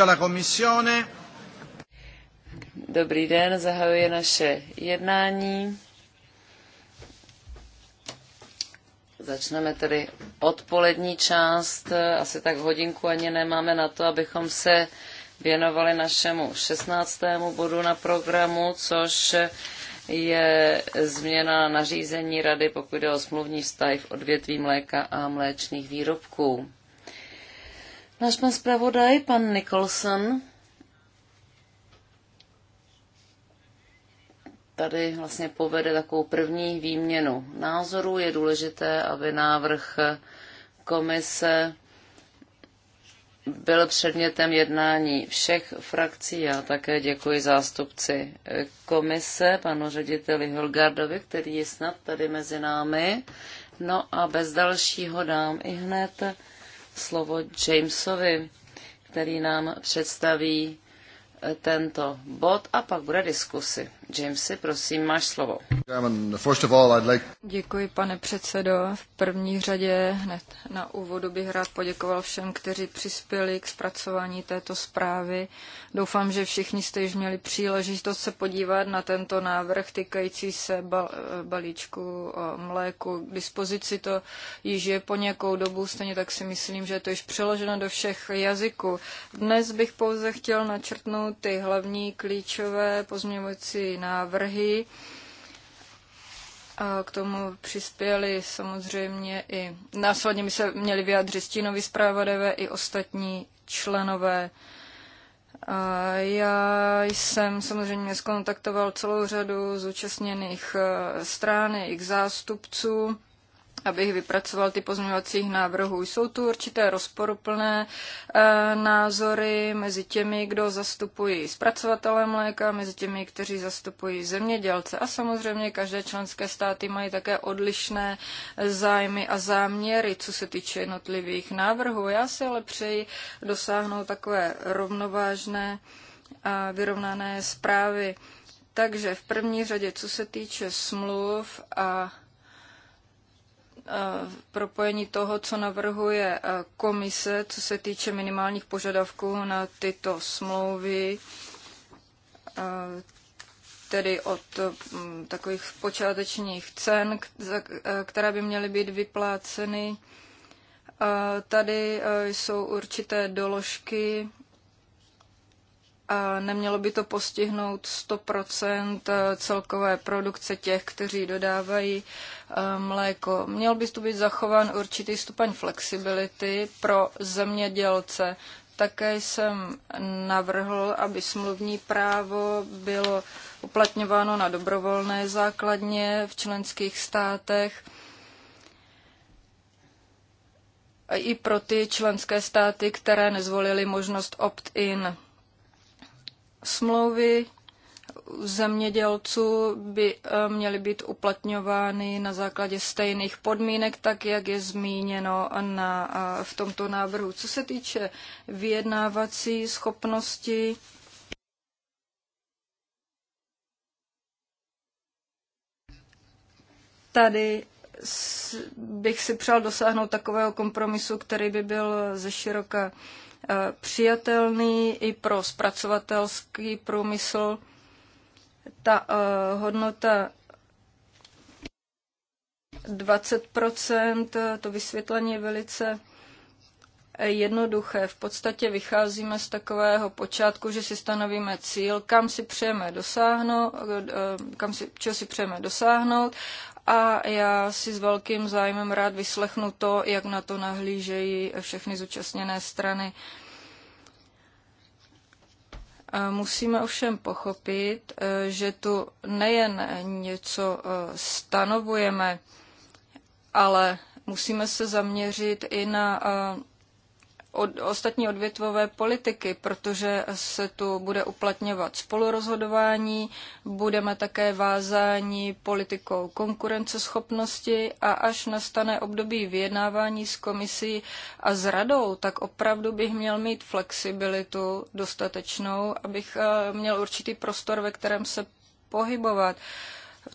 alla commissione. Dobrý den, zahajuje naše jednání. Začneme tedy odpolední část, asi tak hodinku ani nemáme na to, abychom se věnovali našemu 16. bodu na programu, což je změna nařízení rady, pokud jde o smluvní vztahy v odvětví mléka a mléčných výrobků. Náš pan zpravodaj, pan Nicholson, tady vlastně povede takovou první výměnu názorů. Je důležité, aby návrh komise byl předmětem jednání všech frakcí. Já také děkuji zástupci komise, panu řediteli Holgardovi, který je snad tady mezi námi. No a bez dalšího dám i hned slovo Jamesovi, který nám představí tento bod a pak bude diskusy. Jamesy, prosím, máš slovo. Děkuji, pane předsedo. V první řadě hned na úvodu bych rád poděkoval všem, kteří přispěli k zpracování této zprávy. Doufám, že všichni jste již měli příležitost se podívat na tento návrh týkající se balíčku mléku. K dispozici to již je po nějakou dobu, stejně tak si myslím, že je to již přeloženo do všech jazyků. Dnes bych pouze chtěl načrtnout ty hlavní klíčové pozměňovací návrhy. A k tomu přispěli samozřejmě i následně by se měli vyjádřit stínoví zpravodajové i ostatní členové. A já jsem samozřejmě skontaktoval celou řadu zúčastněných eh, strán, jejich zástupců abych vypracoval ty pozměňovacích návrhů. Jsou tu určité rozporuplné e, názory mezi těmi, kdo zastupují zpracovatele mléka, mezi těmi, kteří zastupují zemědělce. A samozřejmě každé členské státy mají také odlišné zájmy a záměry, co se týče jednotlivých návrhů. Já si ale přeji dosáhnout takové rovnovážné a vyrovnané zprávy. Takže v první řadě, co se týče smluv a Eh, propojení toho, co navrhuje eh, komise, co se týče minimálních požadavků na tyto smlouvy, eh, tedy od takových počátečních cen, které by měly být vypláceny. Tady jsou určité doložky a nemělo by to postihnout 100% eh, celkové produkce těch, kteří dodávají eh, mléko. Měl by tu být zachován určitý stupeň flexibility pro zemědělce. Také jsem navrhl, aby smluvní právo bylo uplatňováno na dobrovolné základně v členských státech i pro ty členské státy, které nezvolily možnost opt-in smlouvy zemědělců by eh, měly být uplatňovány na základě stejných podmínek, tak jak je zmíněno na, eh, v tomto návrhu. Co se týče vyjednávací schopnosti, tady bych si přál dosáhnout takového kompromisu, který by byl ze široka Eh, přijatelný i pro zpracovatelský průmysl. Ta eh, hodnota 20 eh, to vysvětlení je velice jednoduché. V podstatě vycházíme z takového počátku, že si stanovíme cíl, kam si přejeme dosáhnout, kam si, čeho si přejeme dosáhnout a já si s velkým zájmem rád vyslechnu to, jak na to nahlížejí všechny zúčastněné strany. Musíme ovšem pochopit, e, že tu nejen něco e, stanovujeme, ale musíme se zaměřit i na e, od, ostatní odvětvové politiky, protože se tu bude uplatňovat spolurozhodování, budeme také vázáni politikou konkurenceschopnosti a až nastane období vyjednávání s komisí a s radou, tak opravdu bych měl mít flexibilitu dostatečnou, abych eh, měl určitý prostor, ve kterém se pohybovat.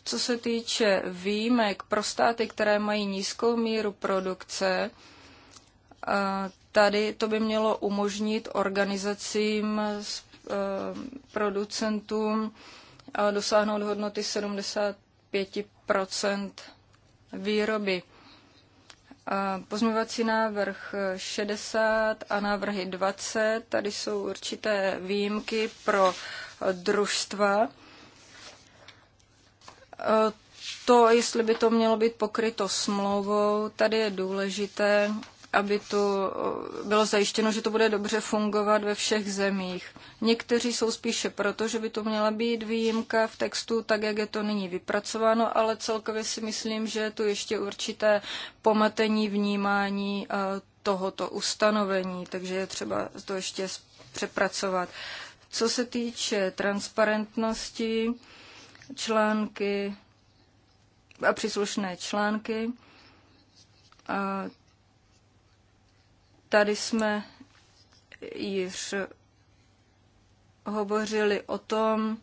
Co se týče výjimek pro státy, které mají nízkou míru produkce, eh, Tady to by mělo umožnit organizacím, eh, producentům eh, dosáhnout hodnoty 75 výroby. Pozměvací návrh 60 a návrhy 20, tady jsou určité výjimky pro družstva. Eh, to, jestli by to mělo být pokryto smlouvou, tady je důležité, aby to eh, bylo zajištěno, že to bude dobře fungovat ve všech zemích. Někteří jsou spíše proto, že by to měla být výjimka v textu, tak jak je to nyní vypracováno, ale celkově si myslím, že je tu ještě určité pomatení vnímání eh, tohoto ustanovení, takže je třeba to ještě přepracovat. Co se týče transparentnosti, články a příslušné články, Tady jsme již hovořili o tom,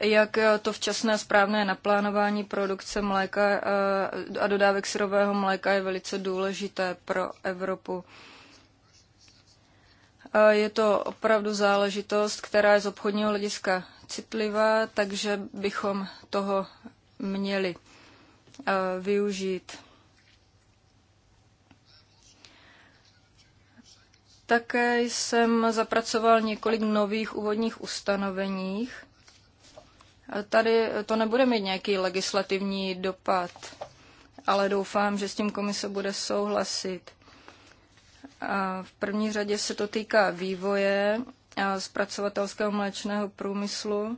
jak to včasné správné naplánování produkce mléka eh, a dodávek syrového mléka je velice důležité pro Evropu. Eh, je to opravdu záležitost, která je z obchodního hlediska citlivá, takže bychom toho měli eh, využít. Také jsem zapracoval několik nových úvodních ustanoveních. tady to nebude mít nějaký legislativní dopad, ale doufám, že s tím komise bude souhlasit. A v první řadě se to týká vývoje zpracovatelského mléčného průmyslu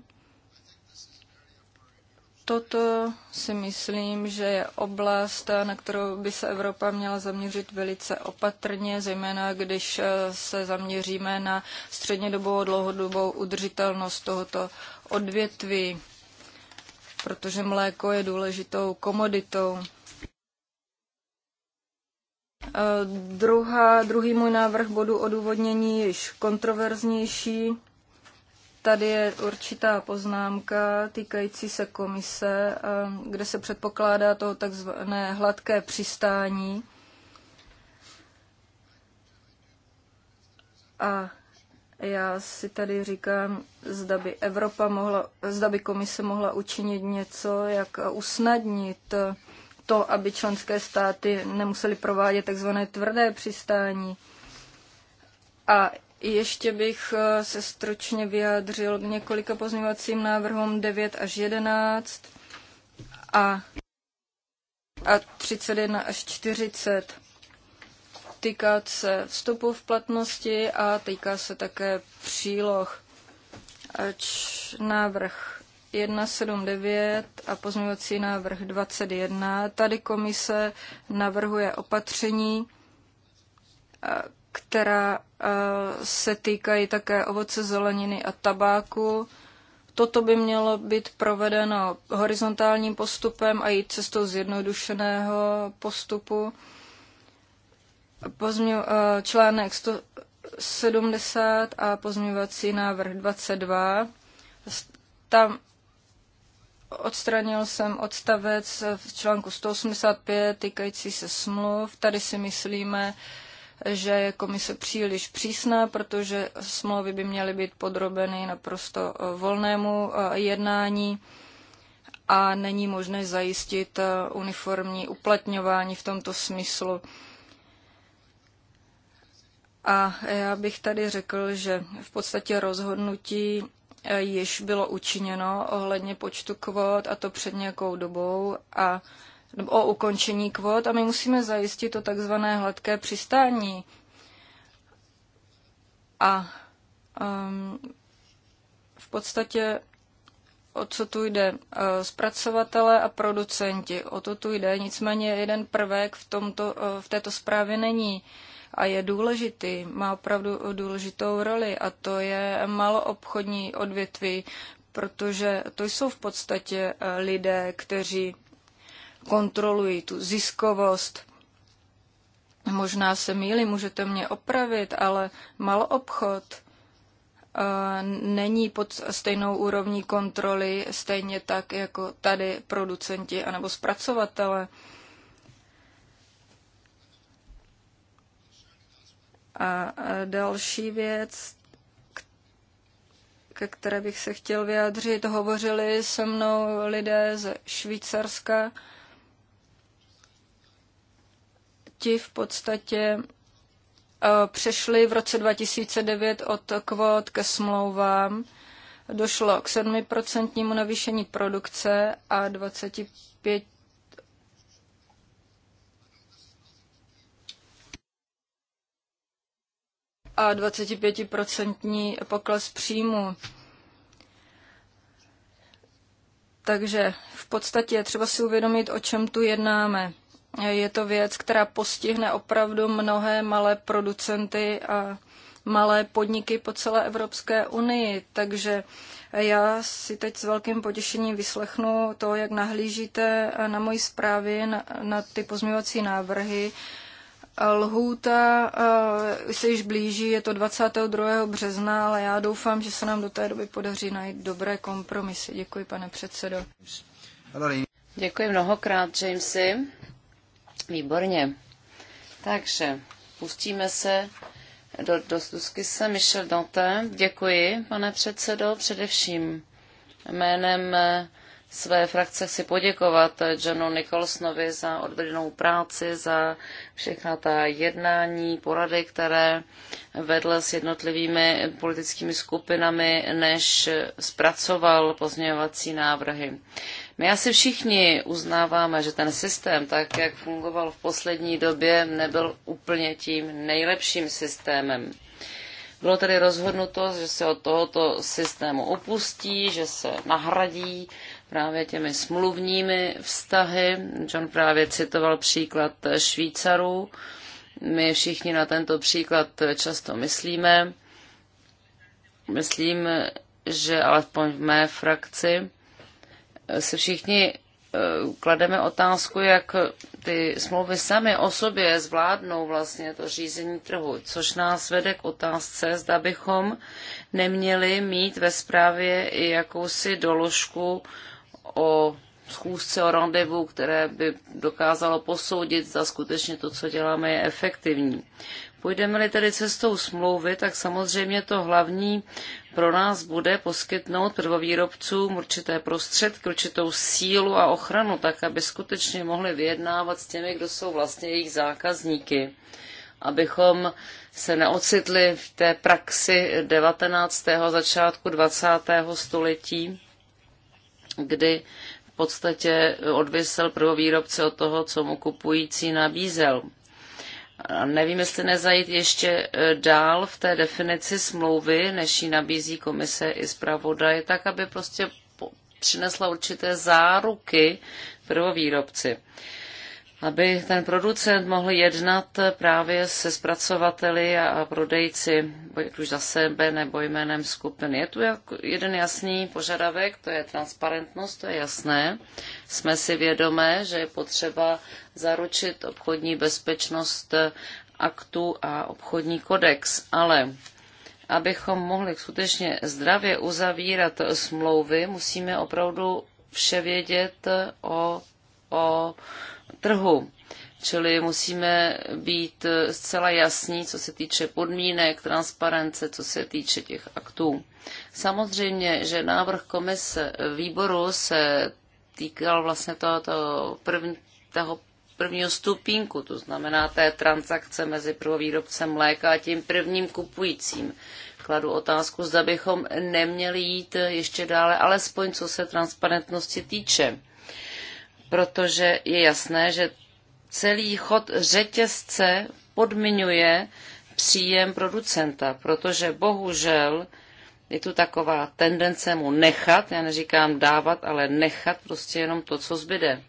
toto si myslím, že je oblast, na kterou by se Evropa měla zaměřit velice opatrně, zejména když eh, se zaměříme na střednědobou a dlouhodobou udržitelnost tohoto odvětví, protože mléko je důležitou komoditou. Eh, druhá, druhý můj návrh bodu odůvodnění je již kontroverznější. Tady je určitá poznámka týkající se komise, eh, kde se předpokládá to takzvané hladké přistání. A já si tady říkám, zda by Evropa mohla, zda by komise mohla učinit něco, jak usnadnit to, aby členské státy nemusely provádět takzvané tvrdé přistání. A ještě bych eh, se stročně vyjádřil k několika pozměňovacím návrhům 9 až 11 a, a 31 až 40. Týká se vstupu v platnosti a týká se také příloh. Ač návrh 179 a pozměňovací návrh 21. Tady komise navrhuje opatření, eh, která eh, se týkají také ovoce, zeleniny a tabáku. Toto by mělo být provedeno horizontálním postupem a jít cestou zjednodušeného postupu. Pozměň, eh, článek 170 a pozměvací návrh 22. Tam odstranil jsem odstavec v článku 185 týkající se smluv. Tady si myslíme, že je komise příliš přísná, protože smlouvy by měly být podrobeny naprosto eh, volnému eh, jednání a není možné zajistit eh, uniformní uplatňování v tomto smyslu. A já bych tady řekl, že v podstatě rozhodnutí již bylo učiněno ohledně počtu kvót a to před nějakou dobou a o ukončení kvot a my musíme zajistit to takzvané hladké přistání. A um, v podstatě o co tu jde? Uh, zpracovatele a producenti, o to tu jde. Nicméně jeden prvek v, tomto, uh, v této zprávě není a je důležitý, má opravdu důležitou roli a to je maloobchodní odvětví, protože to jsou v podstatě uh, lidé, kteří kontrolují tu ziskovost. Možná se míli, můžete mě opravit, ale maloobchod eh, není pod stejnou úrovní kontroly, stejně tak jako tady producenti anebo zpracovatele. A další věc, ke které bych se chtěl vyjádřit, hovořili se mnou lidé ze Švýcarska ti v podstatě eh, přešli v roce 2009 od kvót ke smlouvám. Došlo k 7% navýšení produkce a 25 a 25% pokles příjmu. Takže v podstatě je třeba si uvědomit, o čem tu jednáme. Je to věc, která postihne opravdu mnohé malé producenty a malé podniky po celé Evropské unii. Takže já si teď s velkým potěšením vyslechnu to, jak nahlížíte na moji zprávy, na, na ty pozměvací návrhy. Lhůta eh, se již blíží, je to 22. března, ale já doufám, že se nám do té doby podaří najít dobré kompromisy. Děkuji, pane předsedo. Děkuji mnohokrát, Jamesy. Výborně. Takže pustíme se do, do se Michel Dantin. Děkuji, pane předsedo, především jménem eh, své frakce si poděkovat Johnu Nicholsonovi za odvedenou práci, za všechna ta jednání, porady, které vedl s jednotlivými politickými skupinami, než eh, zpracoval pozměňovací návrhy. My asi všichni uznáváme, že ten systém, tak jak fungoval v poslední době, nebyl úplně tím nejlepším systémem. Bylo tedy rozhodnuto, že se od tohoto systému opustí, že se nahradí právě těmi smluvními vztahy. John právě citoval příklad Švýcarů. My všichni na tento příklad často myslíme. Myslím, že alespoň v mé frakci se všichni eh, klademe otázku, jak ty smlouvy sami o sobě zvládnou vlastně to řízení trhu, což nás vede k otázce, zda bychom neměli mít ve zprávě i jakousi doložku o schůzce o randevu, které by dokázalo posoudit, zda skutečně to, co děláme, je efektivní. Půjdeme-li tedy cestou smlouvy, tak samozřejmě to hlavní pro nás bude poskytnout prvovýrobcům určité prostředky, určitou sílu a ochranu, tak aby skutečně mohli vyjednávat s těmi, kdo jsou vlastně jejich zákazníky. Abychom se neocitli v té praxi 19. začátku 20. století, kdy v podstatě odvisel prvovýrobce od toho, co mu kupující nabízel nevím, jestli nezajít ještě eh, dál v té definici smlouvy, než ji nabízí komise i zpravodaj, tak aby prostě přinesla určité záruky prvovýrobci. výrobci aby ten producent mohl jednat právě se zpracovateli a prodejci, buď už za sebe nebo jménem skupiny. Je tu jeden jasný požadavek, to je transparentnost, to je jasné. Jsme si vědomé, že je potřeba zaručit obchodní bezpečnost aktu a obchodní kodex, ale abychom mohli skutečně zdravě uzavírat smlouvy, musíme opravdu vše vědět o, o trhu. Čili musíme být zcela jasní, co se týče podmínek, transparence, co se týče těch aktů. Samozřejmě, že návrh komise výboru se týkal vlastně tohoto první, toho prvního stupínku, to znamená té transakce mezi prvovýrobcem mléka a tím prvním kupujícím. Kladu otázku, zda bychom neměli jít ještě dále, alespoň co se transparentnosti týče protože je jasné, že celý chod řetězce podmiňuje příjem producenta, protože bohužel je tu taková tendence mu nechat, já neříkám dávat, ale nechat prostě jenom to, co zbyde.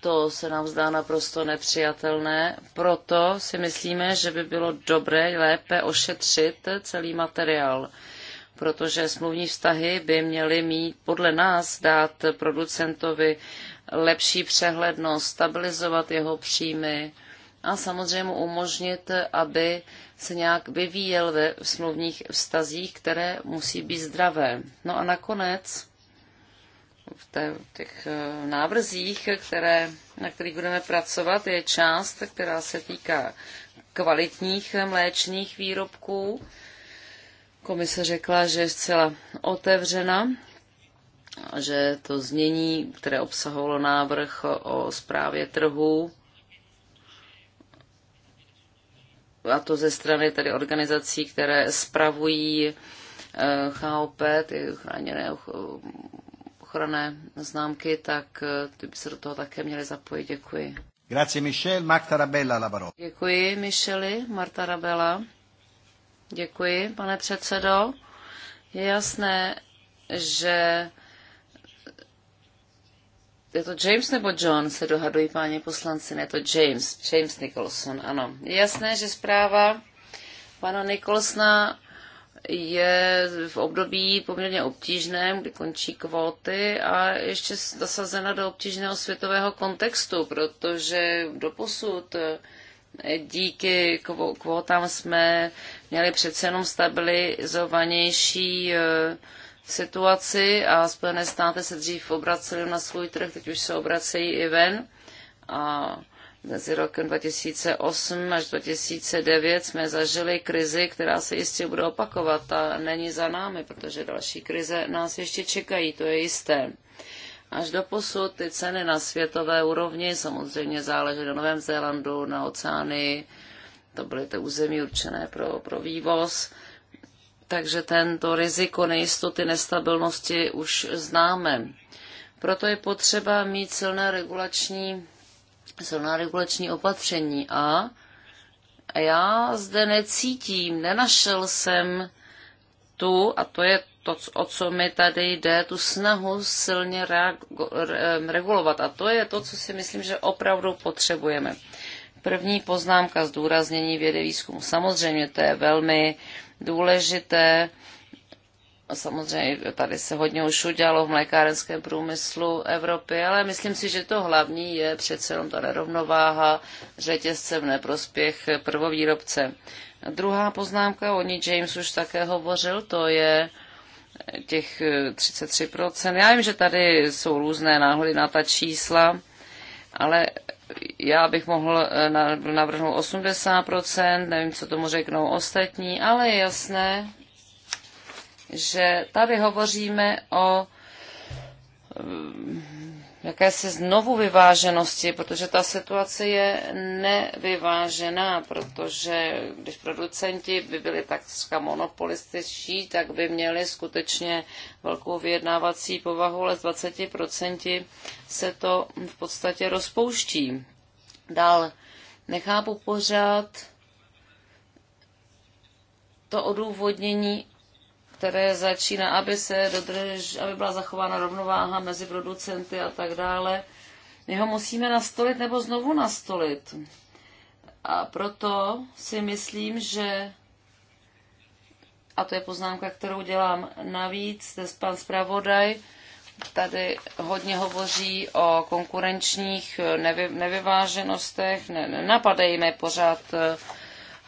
To se nám zdá naprosto nepřijatelné, proto si myslíme, že by bylo dobré lépe ošetřit celý materiál protože smluvní vztahy by měly mít podle nás dát producentovi lepší přehlednost, stabilizovat jeho příjmy a samozřejmě umožnit, aby se nějak vyvíjel ve smluvních vztazích, které musí být zdravé. No a nakonec v těch eh, návrzích, které, na kterých budeme pracovat, je část, která se týká kvalitních mléčných výrobků Komise řekla, že je zcela otevřena, že to znění, které obsahovalo návrh o zprávě trhu, a to ze strany tedy organizací, které spravují CHOP, eh, ty chráněné ochranné známky, tak eh, ty by se do toho také měly zapojit. Děkuji. Grazie Michel, Marta Rabella la Děkuji Micheli, Marta Rabella. Děkuji, pane předsedo. Je jasné, že je to James nebo John, se dohadují páni poslanci, ne to James, James Nicholson, ano. Je jasné, že zpráva pana Nicholsona je v období poměrně obtížném, kdy končí kvóty a ještě zasazena do obtížného světového kontextu, protože doposud díky kvótám jsme měli přece jenom stabilizovanější e, situaci a Spojené státy se dřív obracely na svůj trh, teď už se obracejí i ven. A mezi rokem 2008 až 2009 jsme zažili krizi, která se jistě bude opakovat a není za námi, protože další krize nás ještě čekají, to je jisté. Až do posud ty ceny na světové úrovni, samozřejmě záleží na Novém Zélandu, na oceány, to byly ty území určené pro, pro vývoz, takže tento riziko nejistoty, nestabilnosti už známe. Proto je potřeba mít silné regulační, silná regulační opatření a já zde necítím, nenašel jsem tu, a to je to, o co mi tady jde, tu snahu silně regulovat. A to je to, co si myslím, že opravdu potřebujeme. První poznámka zdůraznění vědy výzkumu. Samozřejmě to je velmi důležité. Samozřejmě tady se hodně už udělalo v mlékárenském průmyslu Evropy, ale myslím si, že to hlavní je přece jenom ta nerovnováha řetězce v neprospěch prvovýrobce. A druhá poznámka, o ní James už také hovořil, to je těch 33%. Já vím, že tady jsou různé náhody na ta čísla, ale já bych mohl eh, navrhnout 80%, nevím, co tomu řeknou ostatní, ale je jasné, že tady hovoříme o eh, jakési znovu vyváženosti, protože ta situace je nevyvážená, protože když producenti by byli takzka monopolističtí, tak by měli skutečně velkou vyjednávací povahu, ale z 20% se to v podstatě rozpouští. Dál nechápu pořád to odůvodnění které začíná, aby, se dodrž, aby byla zachována rovnováha mezi producenty a tak dále. My ho musíme nastolit nebo znovu nastolit. A proto si myslím, že a to je poznámka, kterou dělám navíc, pan zpravodaj tady hodně hovoří o konkurenčních nevy, nevyváženostech, ne, nenapadejme pořád eh,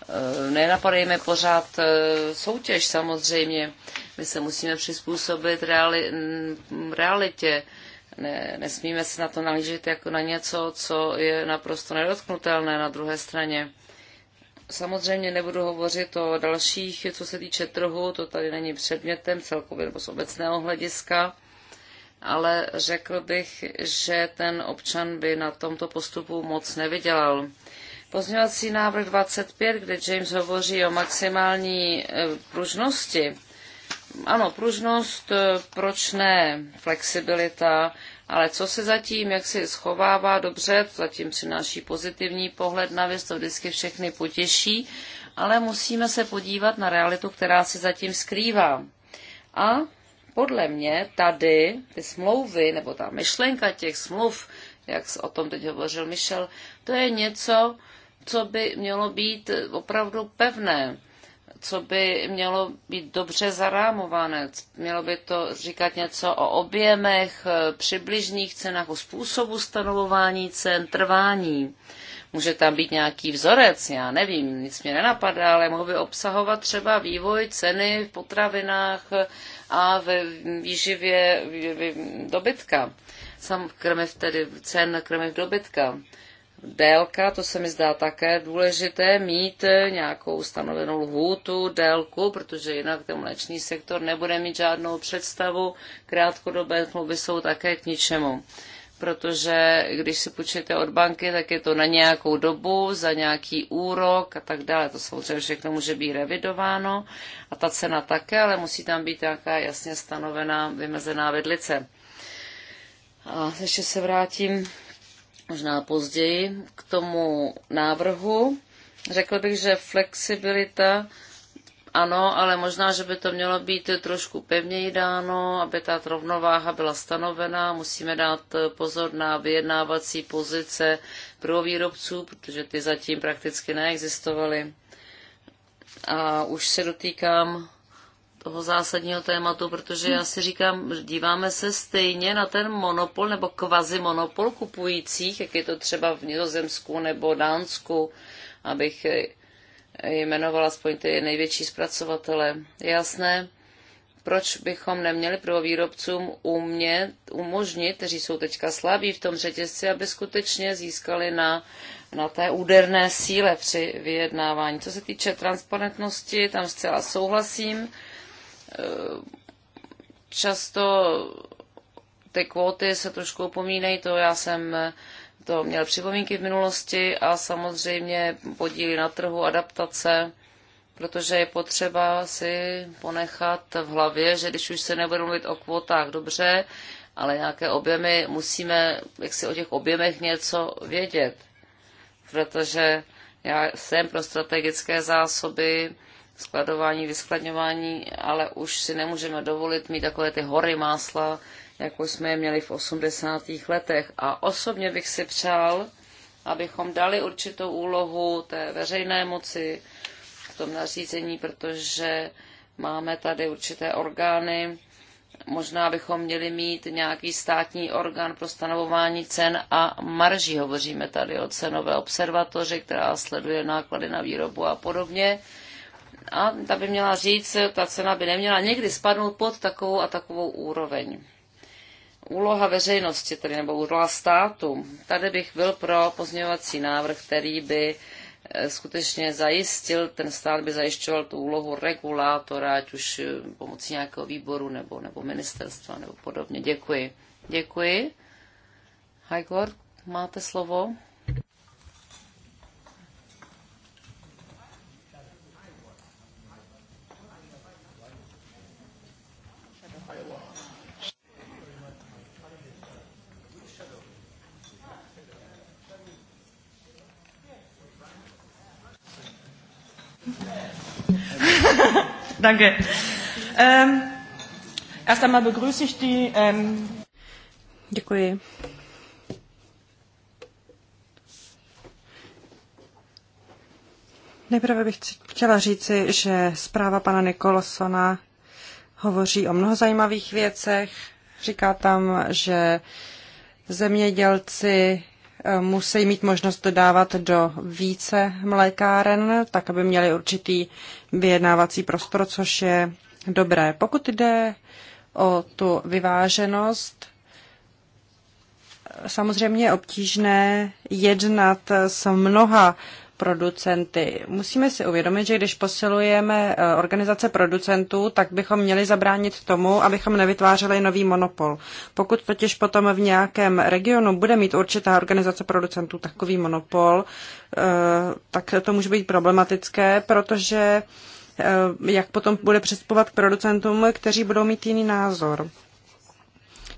Eh, nenapadejme pořád eh, soutěž samozřejmě. My se musíme přizpůsobit reali, mm, realitě. Ne, nesmíme se na to nalížit jako na něco, co je naprosto nedotknutelné na druhé straně. Samozřejmě nebudu hovořit o dalších, co se týče trhu, to tady není předmětem celkově nebo z obecného hlediska, ale řekl bych, že ten občan by na tomto postupu moc nevydělal. Pozměňovací návrh 25, kde James hovoří o maximální e, pružnosti. Ano, pružnost, e, proč ne, flexibilita, ale co se zatím, jak se schovává dobře, to zatím přináší pozitivní pohled na věc, to vždycky všechny potěší, ale musíme se podívat na realitu, která se zatím skrývá. A podle mě tady ty smlouvy, nebo ta myšlenka těch smluv, jak o tom teď hovořil Michel, to je něco, co by mělo být opravdu pevné, co by mělo být dobře zarámované. Mělo by to říkat něco o objemech, přibližných cenách, o způsobu stanovování cen, trvání. Může tam být nějaký vzorec, já nevím, nic mě nenapadá, ale mohl by obsahovat třeba vývoj ceny v potravinách a ve výživě dobytka. Sam krmiv tedy cen krmiv dobytka délka, to se mi zdá také důležité, mít nějakou stanovenou lhůtu, délku, protože jinak ten mléčný sektor nebude mít žádnou představu. Krátkodobé smlouvy jsou také k ničemu protože když si půjčíte od banky, tak je to na nějakou dobu, za nějaký úrok a tak dále. To samozřejmě všechno může být revidováno a ta cena také, ale musí tam být nějaká jasně stanovená, vymezená vedlice. A ještě se vrátím možná později k tomu návrhu. Řekl bych, že flexibilita ano, ale možná, že by to mělo být trošku pevněji dáno, aby ta rovnováha byla stanovená. Musíme dát pozor na vyjednávací pozice pro výrobců, protože ty zatím prakticky neexistovaly. A už se dotýkám toho zásadního tématu, protože já si říkám, díváme se stejně na ten monopol nebo kvazi monopol kupujících, jak je to třeba v Nizozemsku nebo Dánsku, abych jmenovala aspoň ty největší zpracovatele. Jasné, proč bychom neměli prvovýrobcům umět, umožnit, kteří jsou teďka slabí v tom řetězci, aby skutečně získali na, na té úderné síle při vyjednávání. Co se týče transparentnosti, tam zcela souhlasím. Eh, často ty kvóty se trošku opomínají, to já jsem eh, to měl připomínky v minulosti a samozřejmě podíly na trhu, adaptace, protože je potřeba si ponechat v hlavě, že když už se nebude mluvit o kvótách dobře, ale nějaké objemy, musíme jak si o těch objemech něco vědět, protože já jsem pro strategické zásoby, skladování, vyskladňování, ale už si nemůžeme dovolit mít takové ty hory másla, jako jsme je měli v 80. letech. A osobně bych si přál, abychom dali určitou úlohu té veřejné moci v tom nařízení, protože máme tady určité orgány, možná bychom měli mít nějaký státní orgán pro stanovování cen a marží. Hovoříme tady o cenové observatoři, která sleduje náklady na výrobu a podobně a ta by měla říct, ta cena by neměla někdy spadnout pod takovou a takovou úroveň. Úloha veřejnosti, tedy nebo úloha státu. Tady bych byl pro pozměňovací návrh, který by e, skutečně zajistil, ten stát by zajišťoval tu úlohu regulátora, ať už e, pomocí nějakého výboru nebo, nebo ministerstva nebo podobně. Děkuji. Děkuji. High Court, máte slovo. Danke. Ähm, erst einmal begrüße ich die. Ähm Děkuji. Nejprve bych chtěla říci, že zpráva pana Nikolsona hovoří o mnoho zajímavých věcech. Říká tam, že zemědělci musí mít možnost dodávat do více mlékáren, tak aby měli určitý vyjednávací prostor, což je dobré. Pokud jde o tu vyváženost, samozřejmě je obtížné jednat s mnoha producenty. Musíme si uvědomit, že když posilujeme eh, organizace producentů, tak bychom měli zabránit tomu, abychom nevytvářeli nový monopol. Pokud totiž potom v nějakém regionu bude mít určitá organizace producentů takový monopol, eh, tak to může být problematické, protože eh, jak potom bude přistupovat k producentům, kteří budou mít jiný názor.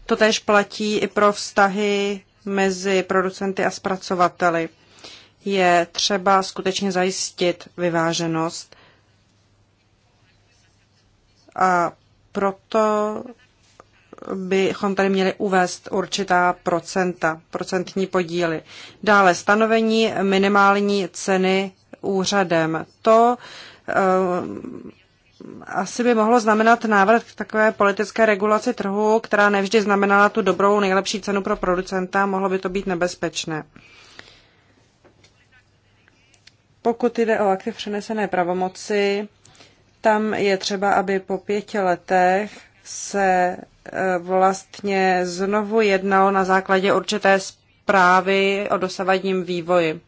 To též platí i pro vztahy mezi producenty a zpracovateli je třeba skutečně zajistit vyváženost. A proto bychom tady měli uvést určitá procenta, procentní podíly. Dále stanovení minimální ceny úřadem. To uh, asi by mohlo znamenat návrat k takové politické regulaci trhu, která nevždy znamenala tu dobrou, nejlepší cenu pro producenta, mohlo by to být nebezpečné. Pokud jde o akty přenesené pravomoci, tam je třeba, aby po pěti letech se e, vlastně znovu jednalo na základě určité zprávy o dosavadním vývoji. E,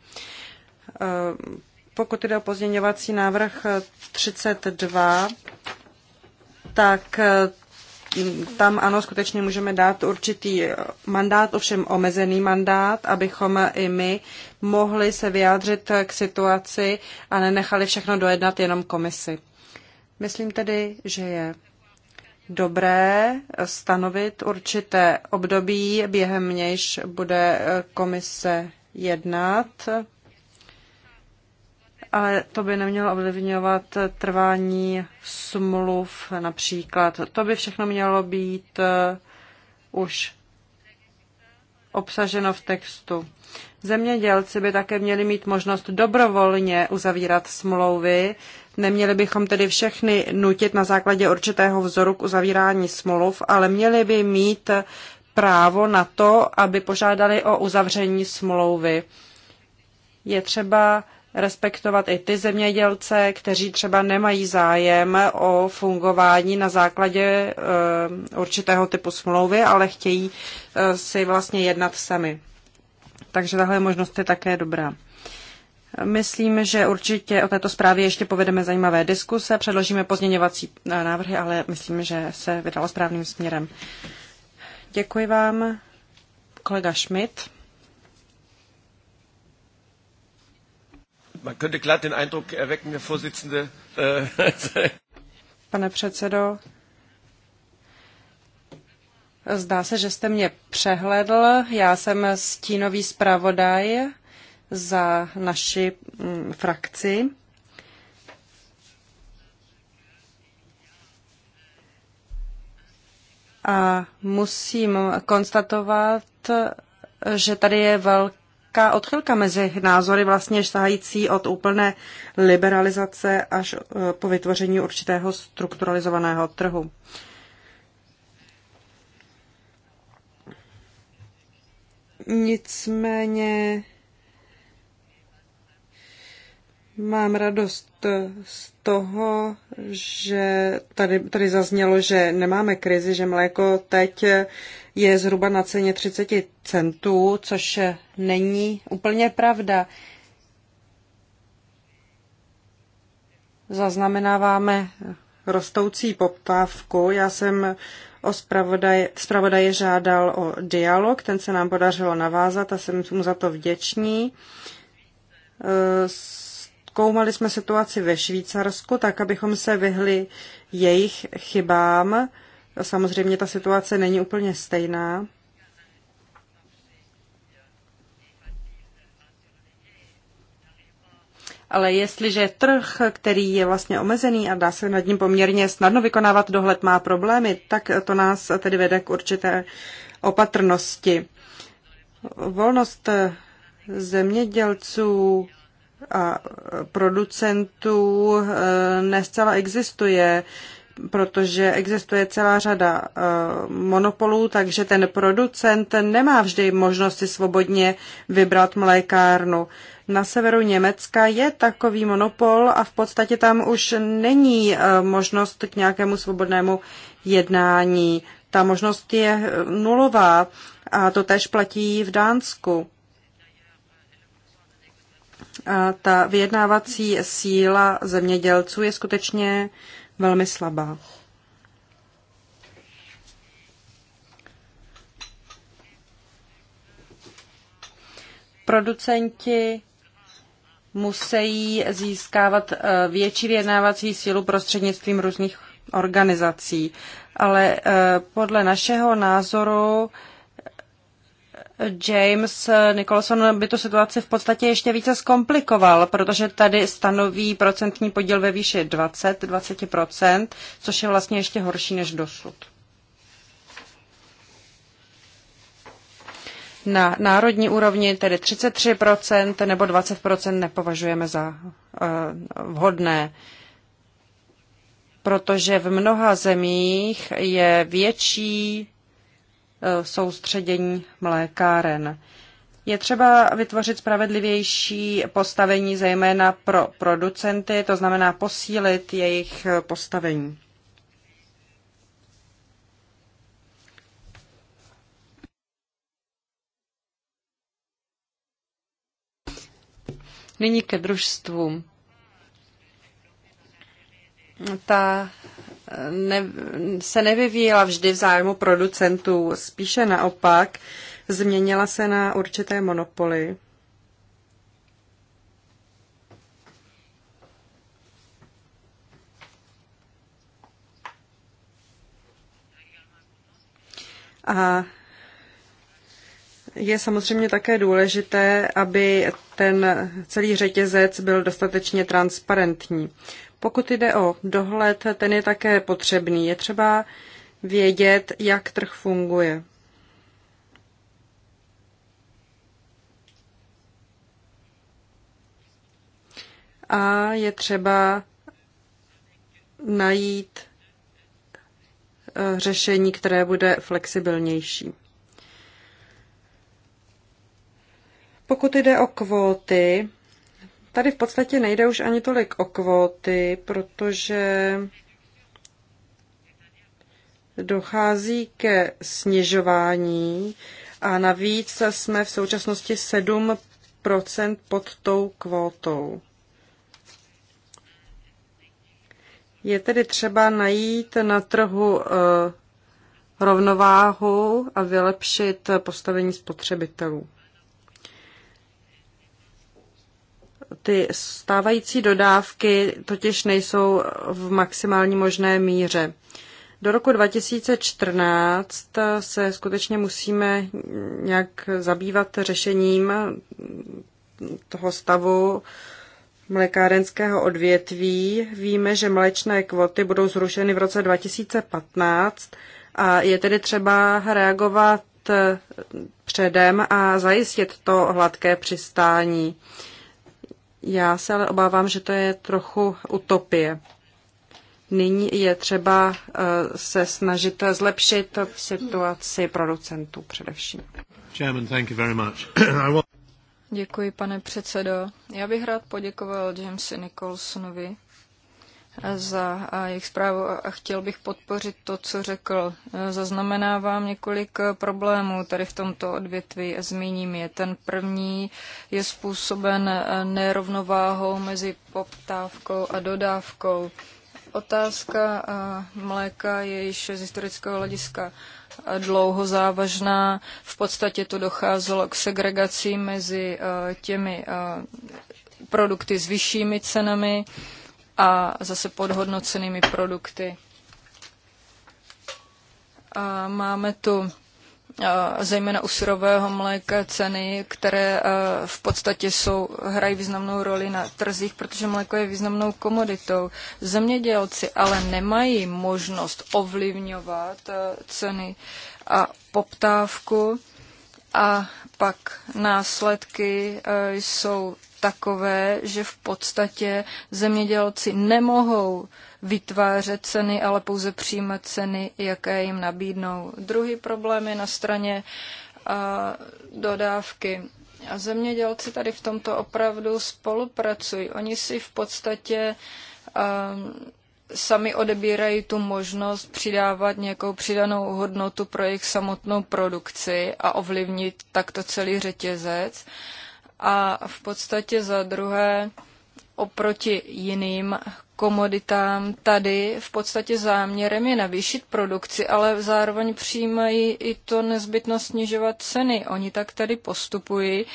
pokud jde o pozměňovací návrh 32, tak e, tam ano, skutečně můžeme dát určitý mandát, ovšem omezený mandát, abychom i my mohli se vyjádřit k situaci a nenechali všechno dojednat jenom komisi. Myslím tedy, že je dobré stanovit určité období, během nějž bude komise jednat, ale to by nemělo ovlivňovat trvání smluv například. To by všechno mělo být eh, už obsaženo v textu. Zemědělci by také měli mít možnost dobrovolně uzavírat smlouvy. Neměli bychom tedy všechny nutit na základě určitého vzoru k uzavírání smluv, ale měli by mít právo na to, aby požádali o uzavření smlouvy. Je třeba respektovat i ty zemědělce, kteří třeba nemají zájem o fungování na základě eh, určitého typu smlouvy, ale chtějí eh, si vlastně jednat sami. Takže tahle možnost je také dobrá. Myslím, že určitě o této zprávě ještě povedeme zajímavé diskuse, předložíme pozměňovací návrhy, ale myslím, že se vydala správným směrem. Děkuji vám, kolega Schmidt. Man könnte glatt den Eindruck erwecken, Herr Vorsitzende. Äh, Pane předsedo, Zdá se, že jste mě přehledl. Já jsem stínový zpravodaj za naši mm, frakci. A musím konstatovat, že tady je velká odchylka mezi názory vlastně sahající od úplné liberalizace až e, po vytvoření určitého strukturalizovaného trhu. Uh, Nicméně mám radost z toho, že tady, tady zaznělo, že nemáme krizi, že mléko teď je zhruba na ceně 30 centů, což není úplně pravda. Zaznamenáváme rostoucí poptávku. Já jsem o zpravodaje, zpravodaje žádal o dialog, ten se nám podařilo navázat a jsem mu za to vděčný. E, zkoumali jsme situaci ve Švýcarsku, tak abychom se vyhli jejich chybám. Samozřejmě ta situace není úplně stejná. ale jestliže trh, který je vlastně omezený a dá se nad ním poměrně snadno vykonávat dohled, má problémy, tak to nás tedy vede k určité opatrnosti. Volnost zemědělců a producentů eh, nescela existuje, protože existuje celá řada eh, monopolů, takže ten producent nemá vždy možnosti svobodně vybrat mlékárnu na severu Německa je takový monopol a v podstatě tam už není e, možnost k nějakému svobodnému jednání. Ta možnost je e, nulová a to tež platí v Dánsku. A ta vyjednávací síla zemědělců je skutečně velmi slabá. producenti musí získávat eh, větší vyjednávací sílu prostřednictvím různých organizací. Ale eh, podle našeho názoru eh, James Nicholson by tu situaci v podstatě ještě více zkomplikoval, protože tady stanoví procentní podíl ve výši 20, 20%, což je vlastně ještě horší než dosud. na národní úrovni, tedy 33% nebo 20% nepovažujeme za eh, vhodné, protože v mnoha zemích je větší eh, soustředění mlékáren. Je třeba vytvořit spravedlivější postavení zejména pro producenty, to znamená posílit jejich eh, postavení. Nyní ke družstvům. Ta ne, se nevyvíjela vždy v zájmu producentů, spíše naopak, změnila se na určité monopoly. A je samozřejmě také důležité, aby ten celý řetězec byl dostatečně transparentní. Pokud jde o dohled, ten je také potřebný. Je třeba vědět, jak trh funguje. A je třeba najít eh, řešení, které bude flexibilnější. Pokud jde o kvóty, tady v podstatě nejde už ani tolik o kvóty, protože dochází ke snižování a navíc jsme v současnosti 7 pod tou kvótou. Je tedy třeba najít na trhu eh, rovnováhu a vylepšit postavení spotřebitelů. ty stávající dodávky totiž nejsou v maximální možné míře. Do roku 2014 se skutečně musíme nějak zabývat řešením toho stavu mlékárenského odvětví. Víme, že mléčné kvoty budou zrušeny v roce 2015 a je tedy třeba reagovat předem a zajistit to hladké přistání. Já se ale obávám, že to je trochu utopie. Nyní je třeba eh, se snažit zlepšit situaci producentů především. Děkuji, pane předsedo. Já bych rád poděkoval Jamesi Nicholsonovi za eh, jejich zprávu a chtěl bych podpořit to, co řekl. Eh, zaznamenávám několik eh, problémů tady v tomto odvětví a zmíním je. Ten první je způsoben nerovnováhou mezi poptávkou a dodávkou. Otázka mléka je již z historického hlediska dlouho závažná. V podstatě to docházelo k segregaci mezi těmi produkty s vyššími cenami a zase podhodnocenými produkty. A máme tu zejména u surového mléka ceny, které v podstatě jsou, hrají významnou roli na trzích, protože mléko je významnou komoditou. Zemědělci ale nemají možnost ovlivňovat ceny a poptávku a pak následky jsou takové, že v podstatě zemědělci nemohou vytvářet ceny, ale pouze přijímat ceny, jaké jim nabídnou. Druhý problém je na straně a, dodávky. A zemědělci tady v tomto opravdu spolupracují. Oni si v podstatě a, sami odebírají tu možnost přidávat nějakou přidanou hodnotu pro jejich samotnou produkci a ovlivnit takto celý řetězec a v podstatě za druhé oproti jiným komoditám tady v podstatě záměrem je navýšit produkci, ale zároveň přijímají i to nezbytnost snižovat ceny. Oni tak tady postupují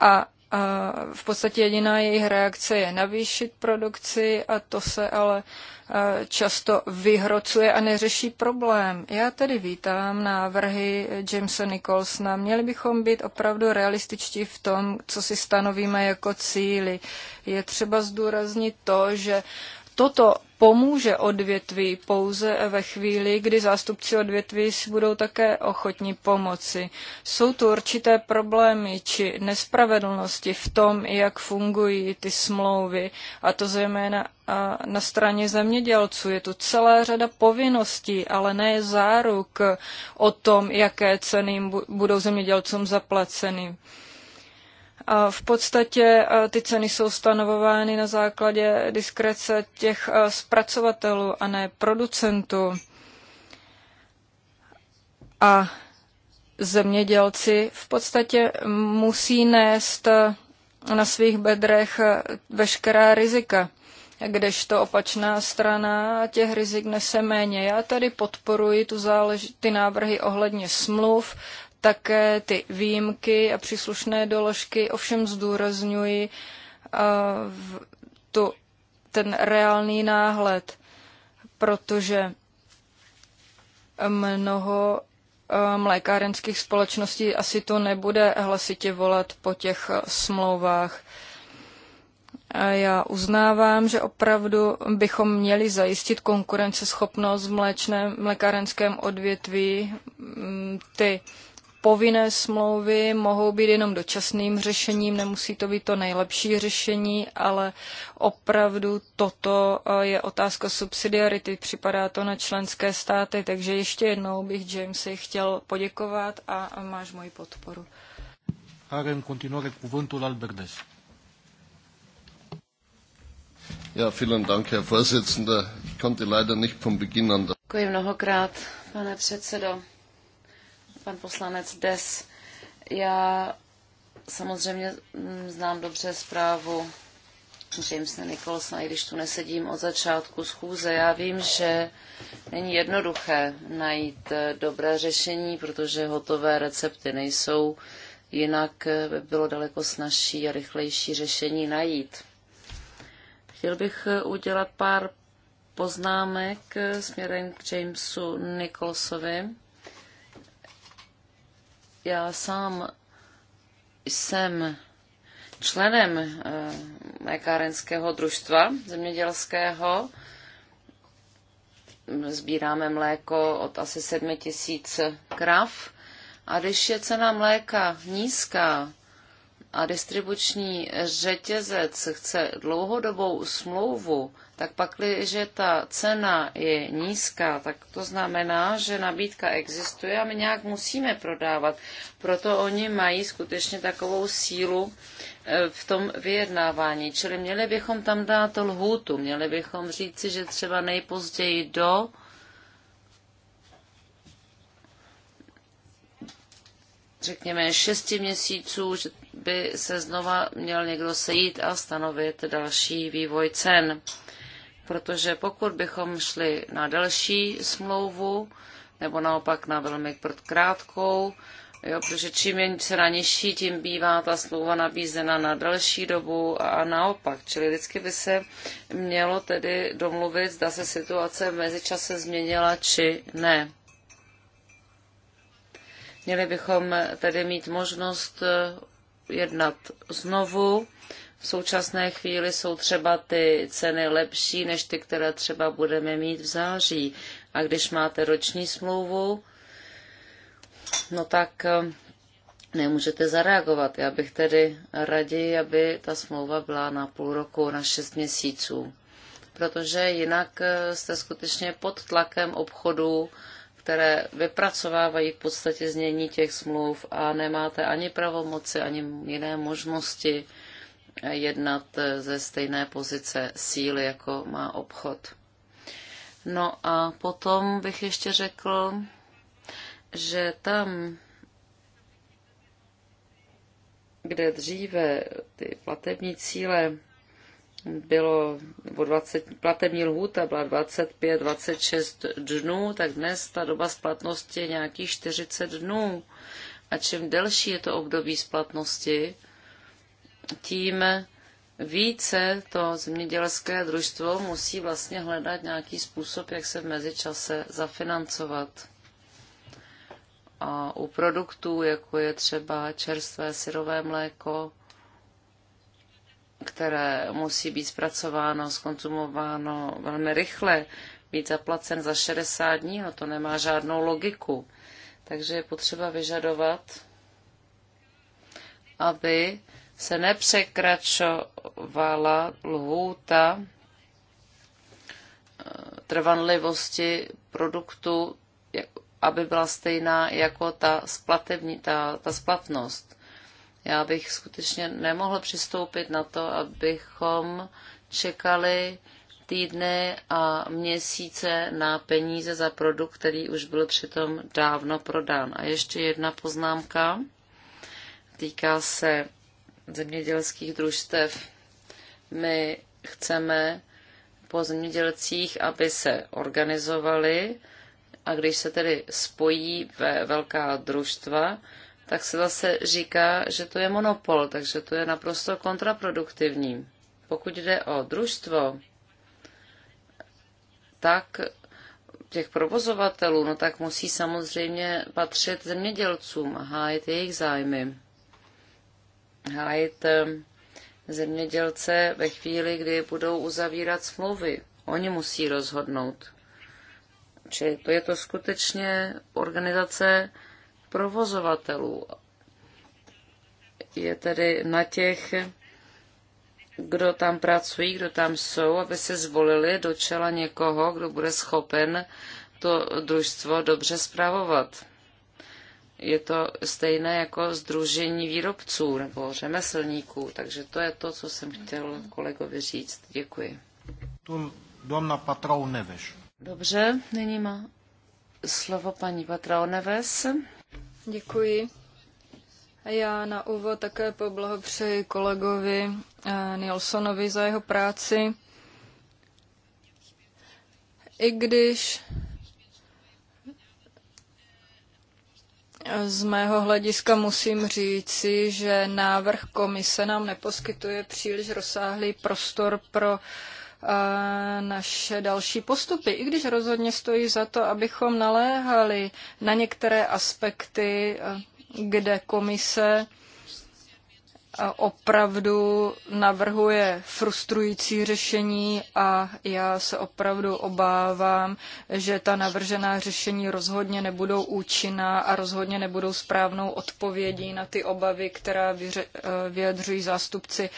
a a v podstatě jediná jejich reakce je navýšit produkci a to se ale často vyhrocuje a neřeší problém. Já tedy vítám návrhy Jamesa Nicholsona. Měli bychom být opravdu realističtí v tom, co si stanovíme jako cíly. Je třeba zdůraznit to, že Toto pomůže odvětví pouze ve chvíli, kdy zástupci odvětví si budou také ochotní pomoci. Jsou tu určité problémy či nespravedlnosti v tom, jak fungují ty smlouvy, a to zejména na straně zemědělců. Je tu celá řada povinností, ale ne záruk o tom, jaké ceny budou zemědělcům zaplaceny. V podstatě e, ty ceny jsou stanovovány na základě diskrece těch e, zpracovatelů a ne producentů. A zemědělci v podstatě musí nést e, na svých bedrech veškerá rizika, kdežto opačná strana těch rizik nese méně. Já tady podporuji tu zálež- ty návrhy ohledně smluv také ty výjimky a příslušné doložky. Ovšem zdůrazňuji uh, tu, ten reálný náhled, protože mnoho eh, mlékárenských společností asi to nebude hlasitě volat po těch eh, smlouvách. A já uznávám, že opravdu bychom měli zajistit konkurenceschopnost v mléčném, mlékárenském odvětví. Mm, ty povinné smlouvy mohou být jenom dočasným řešením, nemusí to být to nejlepší řešení, ale opravdu toto eh, je otázka subsidiarity, připadá to na členské státy, takže ještě jednou bych Jamesy chtěl poděkovat a máš moji podporu. continuare cuvântul Albertes. Ja, vielen Dank, Herr Vorsitzender. Ich konnte leider nicht von Beginn an. Děkuji mnohokrát, pane předsedo. Pan poslanec Des, já samozřejmě mm, znám dobře zprávu Jamesa Nicholsona, i když tu nesedím od začátku schůze. Já vím, že není jednoduché najít eh, dobré řešení, protože hotové recepty nejsou, jinak eh, by bylo daleko snažší a rychlejší řešení najít. Chtěl bych eh, udělat pár poznámek směrem k Jamesu Nicholsovi. Já sám jsem členem mlékárenského eh, družstva zemědělského. Sbíráme mléko od asi 7 tisíc krav. A když je cena mléka nízká a distribuční řetězec chce dlouhodobou smlouvu tak pak, když ta cena je nízká, tak to znamená, že nabídka existuje a my nějak musíme prodávat. Proto oni mají skutečně takovou sílu e, v tom vyjednávání. Čili měli bychom tam dát lhůtu, měli bychom říci, že třeba nejpozději do řekněme, šesti měsíců, že by se znova měl někdo sejít a stanovit další vývoj cen protože pokud bychom šli na delší smlouvu, nebo naopak na velmi krátkou, jo, protože čím je cena nižší, tím bývá ta smlouva nabízena na delší dobu a naopak. Čili vždycky by se mělo tedy domluvit, zda se situace v mezičase změnila, či ne. Měli bychom tedy mít možnost eh, jednat znovu v současné chvíli jsou třeba ty ceny lepší než ty, které třeba budeme mít v září. A když máte roční smlouvu, no tak eh, nemůžete zareagovat. Já bych tedy raději, aby ta smlouva byla na půl roku, na šest měsíců. Protože jinak eh, jste skutečně pod tlakem obchodu, které vypracovávají v podstatě znění těch smluv a nemáte ani pravomoci, ani jiné možnosti jednat eh, ze stejné pozice síly, jako má obchod. No a potom bych ještě řekl, že tam, kde dříve ty platební cíle bylo, nebo 20, platební lhůta byla 25, 26 dnů, tak dnes ta doba splatnosti je nějakých 40 dnů. A čím delší je to období splatnosti, tím více to zemědělské družstvo musí vlastně hledat nějaký způsob, jak se v mezičase zafinancovat. A u produktů, jako je třeba čerstvé syrové mléko, které musí být zpracováno, skonzumováno velmi rychle, být zaplacen za 60 dní, no to nemá žádnou logiku. Takže je potřeba vyžadovat, aby se nepřekračovala lhůta eh, trvanlivosti produktu, aby byla stejná jako ta, splatební, ta, ta splatnost. Já bych skutečně nemohl přistoupit na to, abychom čekali týdny a měsíce na peníze za produkt, který už byl přitom dávno prodán. A ještě jedna poznámka. Týká se zemědělských družstev. My chceme po zemědělcích, aby se organizovali a když se tedy spojí ve velká družstva, tak se zase říká, že to je monopol, takže to je naprosto kontraproduktivní. Pokud jde o družstvo, tak těch provozovatelů, no tak musí samozřejmě patřit zemědělcům a hájit jejich zájmy hájit ehm, zemědělce ve chvíli, kdy budou uzavírat smlouvy. Oni musí rozhodnout. Či to je to skutečně organizace provozovatelů. Je tedy na těch, kdo tam pracují, kdo tam jsou, aby se zvolili do čela někoho, kdo bude schopen to družstvo dobře zpravovat je to stejné jako združení výrobců nebo řemeslníků, takže to je to, co jsem chtěl kolegovi říct. Děkuji. Tu domna Patrou Neves. Dobře, nyní má slovo paní Patrou Neves. Děkuji. Já na úvod také poblahopřeji kolegovi eh, Nilsonovi za jeho práci. I když Z mého hlediska musím říci, že návrh komise nám neposkytuje příliš rozsáhlý prostor pro eh, naše další postupy. I když rozhodně stojí za to, abychom naléhali na některé aspekty, eh, kde komise opravdu navrhuje frustrující řešení a já se opravdu obávám, že ta navržená řešení rozhodně nebudou účinná a rozhodně nebudou správnou odpovědí na ty obavy, která eh, vyjadřují zástupci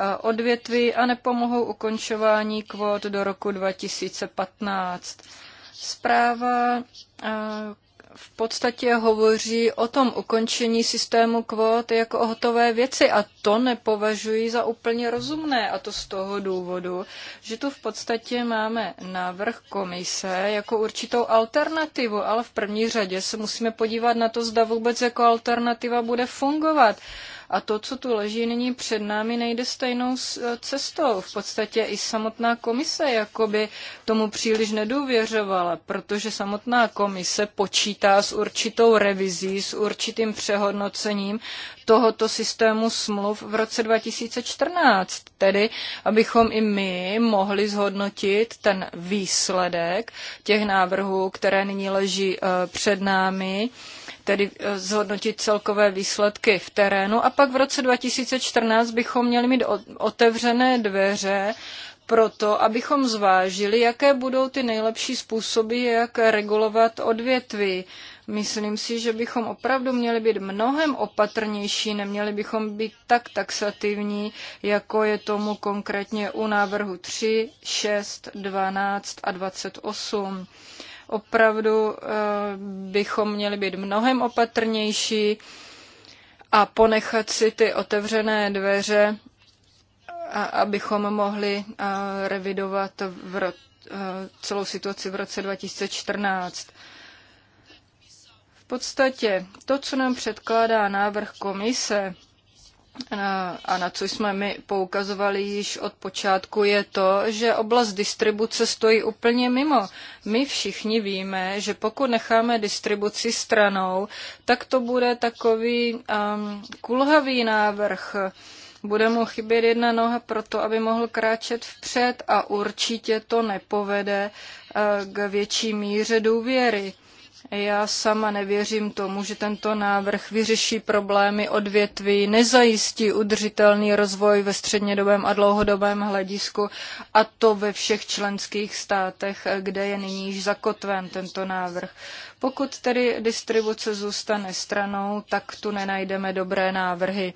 eh, odvětví a nepomohou ukončování kvót do roku 2015. Zpráva eh, v podstatě hovoří o tom ukončení systému kvót jako o hotové věci a to nepovažuji za úplně rozumné a to z toho důvodu, že tu v podstatě máme návrh komise jako určitou alternativu, ale v první řadě se musíme podívat na to, zda vůbec jako alternativa bude fungovat. A to, co tu leží nyní před námi, nejde stejnou eh, cestou. V podstatě i samotná komise jakoby tomu příliš nedůvěřovala, protože samotná komise počítá s určitou revizí, s určitým přehodnocením tohoto systému smluv v roce 2014. Tedy, abychom i my mohli zhodnotit ten výsledek těch návrhů, které nyní leží eh, před námi tedy eh, zhodnotit celkové výsledky v terénu. A pak v roce 2014 bychom měli mít otevřené dveře proto, abychom zvážili, jaké budou ty nejlepší způsoby, jak regulovat odvětví. Myslím si, že bychom opravdu měli být mnohem opatrnější, neměli bychom být tak taxativní, jako je tomu konkrétně u návrhu 3, 6, 12 a 28. Opravdu eh, bychom měli být mnohem opatrnější a ponechat si ty otevřené dveře, abychom mohli eh, revidovat v ro- eh, celou situaci v roce 2014. V podstatě to, co nám předkládá návrh komise, a na co jsme my poukazovali již od počátku, je to, že oblast distribuce stojí úplně mimo. My všichni víme, že pokud necháme distribuci stranou, tak to bude takový um, kulhavý návrh. Bude mu chybět jedna noha pro to, aby mohl kráčet vpřed a určitě to nepovede uh, k větší míře důvěry. Já sama nevěřím tomu, že tento návrh vyřeší problémy odvětví, nezajistí udržitelný rozvoj ve střednědobém a dlouhodobém hledisku a to ve všech členských státech, kde je nyní již zakotven tento návrh. Pokud tedy distribuce zůstane stranou, tak tu nenajdeme dobré návrhy.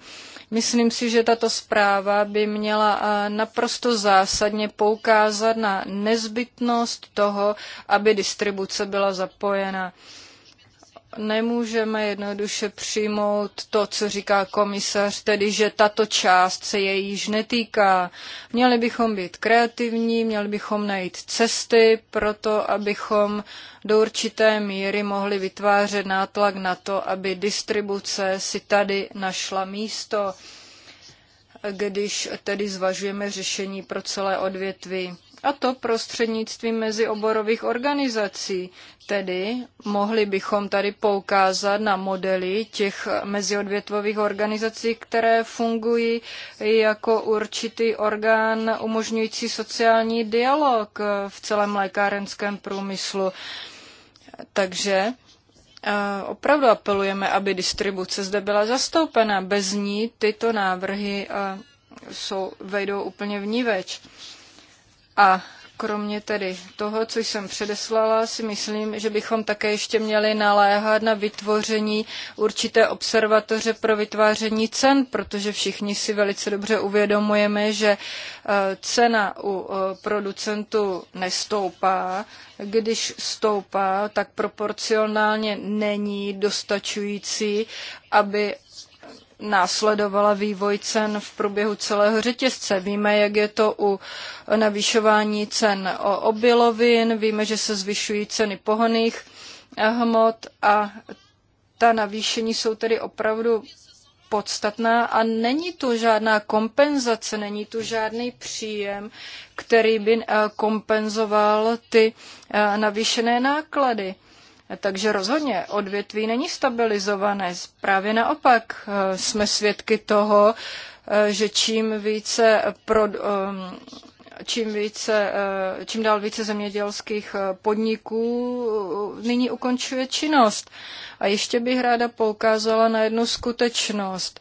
Myslím si, že tato zpráva by měla eh, naprosto zásadně poukázat na nezbytnost toho, aby distribuce byla zapojena nemůžeme jednoduše přijmout to, co říká komisař, tedy že tato část se jej již netýká. Měli bychom být kreativní, měli bychom najít cesty pro to, abychom do určité míry mohli vytvářet nátlak na to, aby distribuce si tady našla místo, když tedy zvažujeme řešení pro celé odvětví a to prostřednictvím mezioborových organizací. Tedy mohli bychom tady poukázat na modely těch meziodvětvových organizací, které fungují jako určitý orgán umožňující sociální dialog v celém lékárenském průmyslu. Takže eh, opravdu apelujeme, aby distribuce zde byla zastoupena. Bez ní tyto návrhy eh, jsou, vejdou úplně v več. A kromě tedy toho, co jsem předeslala, si myslím, že bychom také ještě měli naléhat na vytvoření určité observatoře pro vytváření cen, protože všichni si velice dobře uvědomujeme, že e, cena u e, producentů nestoupá. Když stoupá, tak proporcionálně není dostačující, aby následovala vývoj cen v průběhu celého řetězce. Víme, jak je to u navýšování cen obilovin, víme, že se zvyšují ceny pohoných hmot a ta navýšení jsou tedy opravdu podstatná a není tu žádná kompenzace, není tu žádný příjem, který by eh, kompenzoval ty eh, navýšené náklady. Takže rozhodně odvětví není stabilizované. Právě naopak eh, jsme svědky toho, eh, že čím více pro, ehm, čím, více, eh, čím dál více zemědělských podniků nyní ukončuje činnost. A ještě bych ráda poukázala na jednu skutečnost.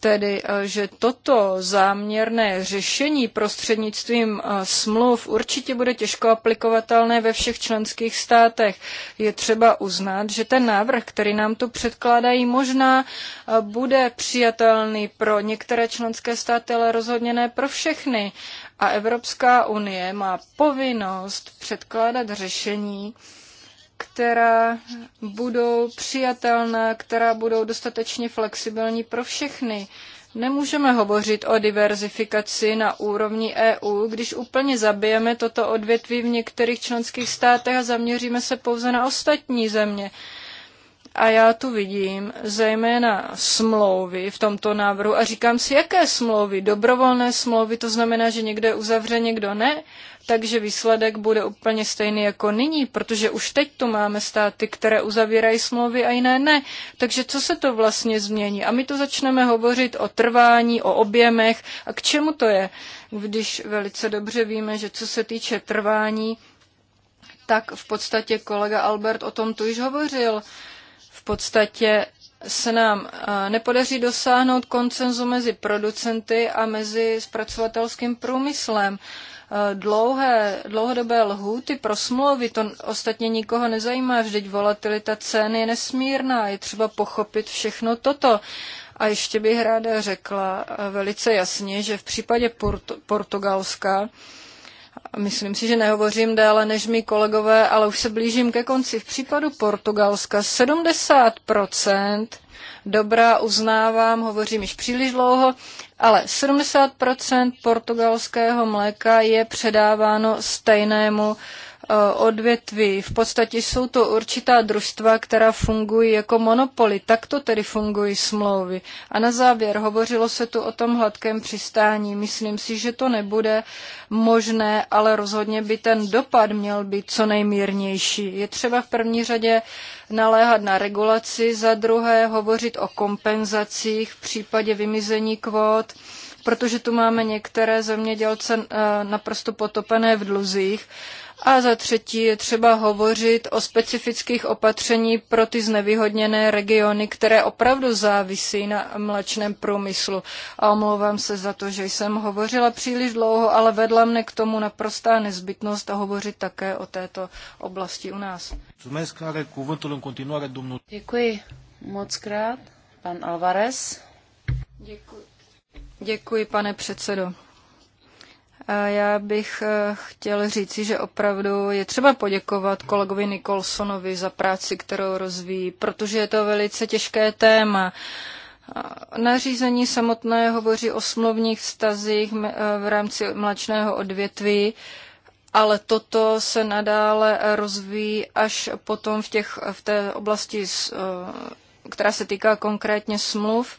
Tedy, eh, že toto záměrné řešení prostřednictvím eh, smluv určitě bude těžko aplikovatelné ve všech členských státech. Je třeba uznat, že ten návrh, který nám tu předkládají, možná eh, bude přijatelný pro některé členské státy, ale rozhodně ne pro všechny. A Evropská unie má povinnost předkládat řešení, která budou přijatelná, která budou dostatečně flexibilní pro všechny. Nemůžeme hovořit o diverzifikaci na úrovni EU, když úplně zabijeme toto odvětví v některých členských státech a zaměříme se pouze na ostatní země. A já tu vidím zejména smlouvy v tomto návrhu a říkám si, jaké smlouvy? Dobrovolné smlouvy, to znamená, že někdo je uzavře, někdo ne, takže výsledek bude úplně stejný jako nyní, protože už teď tu máme státy, které uzavírají smlouvy a jiné ne. Takže co se to vlastně změní? A my to začneme hovořit o trvání, o objemech a k čemu to je, když velice dobře víme, že co se týče trvání, tak v podstatě kolega Albert o tom tu již hovořil. V podstatě se nám eh, nepodaří dosáhnout koncenzu mezi producenty a mezi zpracovatelským průmyslem. Eh, dlouhé, dlouhodobé lhůty pro smlouvy, to ostatně nikoho nezajímá, vždyť volatilita cen je nesmírná, je třeba pochopit všechno toto. A ještě bych ráda řekla eh, velice jasně, že v případě Port- Portugalska Myslím si, že nehovořím déle než mi kolegové, ale už se blížím ke konci. V případu Portugalska 70 dobrá, uznávám, hovořím již příliš dlouho, ale 70 portugalského mléka je předáváno stejnému uh, E, odvětví. V podstatě jsou to určitá družstva, která fungují jako monopoly. Tak to tedy fungují smlouvy. A na závěr hovořilo se tu o tom hladkém přistání. Myslím si, že to nebude možné, ale rozhodně by ten dopad měl být co nejmírnější. Je třeba v první řadě naléhat na regulaci, za druhé hovořit o kompenzacích v případě vymizení kvót protože tu máme některé zemědělce e, naprosto potopené v dluzích a za třetí je třeba hovořit o specifických opatření pro ty znevýhodněné regiony, které opravdu závisí na mlečném průmyslu. A omlouvám se za to, že jsem hovořila příliš dlouho, ale vedla mne k tomu naprostá nezbytnost a hovořit také o této oblasti u nás. Děkuji moc krát. Pan Alvarez. Děkuji. Děkuji, pane předsedo. Já bych eh, chtěl říci, že opravdu je třeba poděkovat kolegovi Nikolsonovi za práci, kterou rozvíjí, protože je to velice těžké téma. Nařízení samotné hovoří o smluvních vztazích eh, v rámci mlačného odvětví, ale toto se nadále rozvíjí až potom v, těch, v té oblasti, eh, která se týká konkrétně smluv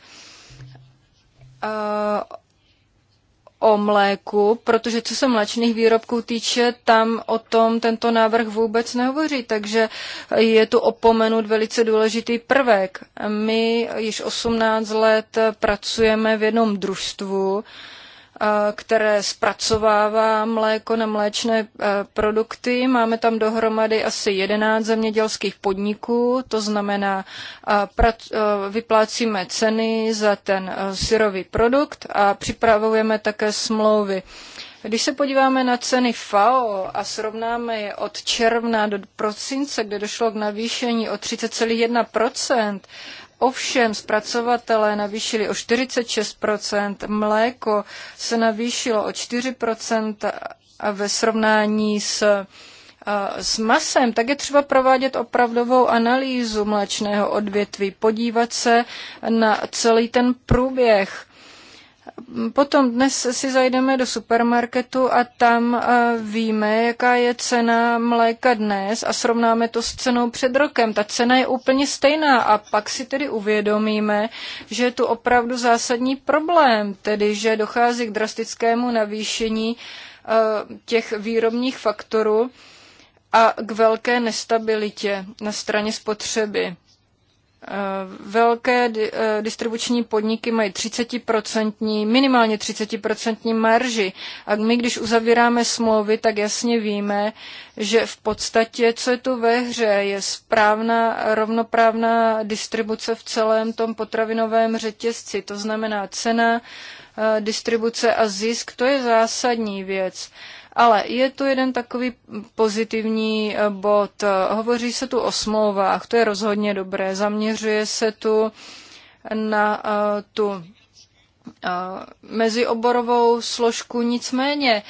o mléku, protože co se mléčných výrobků týče, tam o tom tento návrh vůbec nehovoří, takže je tu opomenut velice důležitý prvek. My již 18 let pracujeme v jednom družstvu, které zpracovává mléko na mléčné e, produkty. Máme tam dohromady asi 11 zemědělských podniků, to znamená, e, vyplácíme ceny za ten e, syrový produkt a připravujeme také smlouvy. Když se podíváme na ceny FAO a srovnáme je od června do prosince, kde došlo k navýšení o 30,1 Ovšem zpracovatelé navýšili o 46%, mléko se navýšilo o 4% a ve srovnání s s masem, tak je třeba provádět opravdovou analýzu mléčného odvětví, podívat se na celý ten průběh Potom dnes si zajdeme do supermarketu a tam eh, víme, jaká je cena mléka dnes a srovnáme to s cenou před rokem. Ta cena je úplně stejná a pak si tedy uvědomíme, že je tu opravdu zásadní problém, tedy že dochází k drastickému navýšení eh, těch výrobních faktorů a k velké nestabilitě na straně spotřeby. Eh, velké eh, distribuční podniky mají 30%, minimálně 30% marži. A my, když uzavíráme smlouvy, tak jasně víme, že v podstatě, co je tu ve hře, je správná rovnoprávná distribuce v celém tom potravinovém řetězci. To znamená cena, eh, distribuce a zisk, to je zásadní věc. Ale je to jeden takový pozitivní eh, bod. Hovoří se tu o smlouvách, to je rozhodně dobré. Zaměřuje se tu na eh, tu eh, mezioborovou složku, nicméně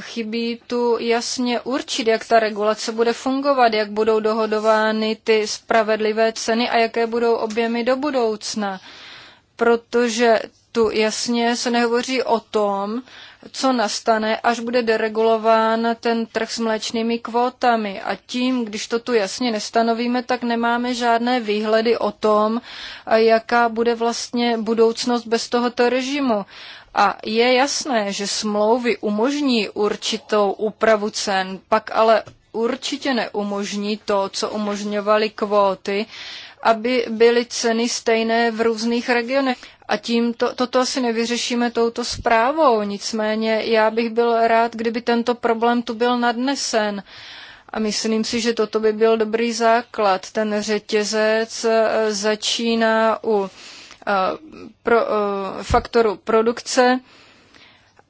chybí tu jasně určit, jak ta regulace bude fungovat, jak budou dohodovány ty spravedlivé ceny a jaké budou objemy do budoucna. Protože tu jasně se nehovoří o tom, co nastane, až bude deregulován ten trh s mléčnými kvótami. A tím, když to tu jasně nestanovíme, tak nemáme žádné výhledy o tom, jaká bude vlastně budoucnost bez tohoto režimu. A je jasné, že smlouvy umožní určitou úpravu cen, pak ale určitě neumožní to, co umožňovaly kvóty, aby byly ceny stejné v různých regionech. A tím to, toto asi nevyřešíme touto zprávou. Nicméně já bych byl rád, kdyby tento problém tu byl nadnesen. A myslím si, že toto by byl dobrý základ. Ten řetězec eh, začíná u eh, pro, eh, faktoru produkce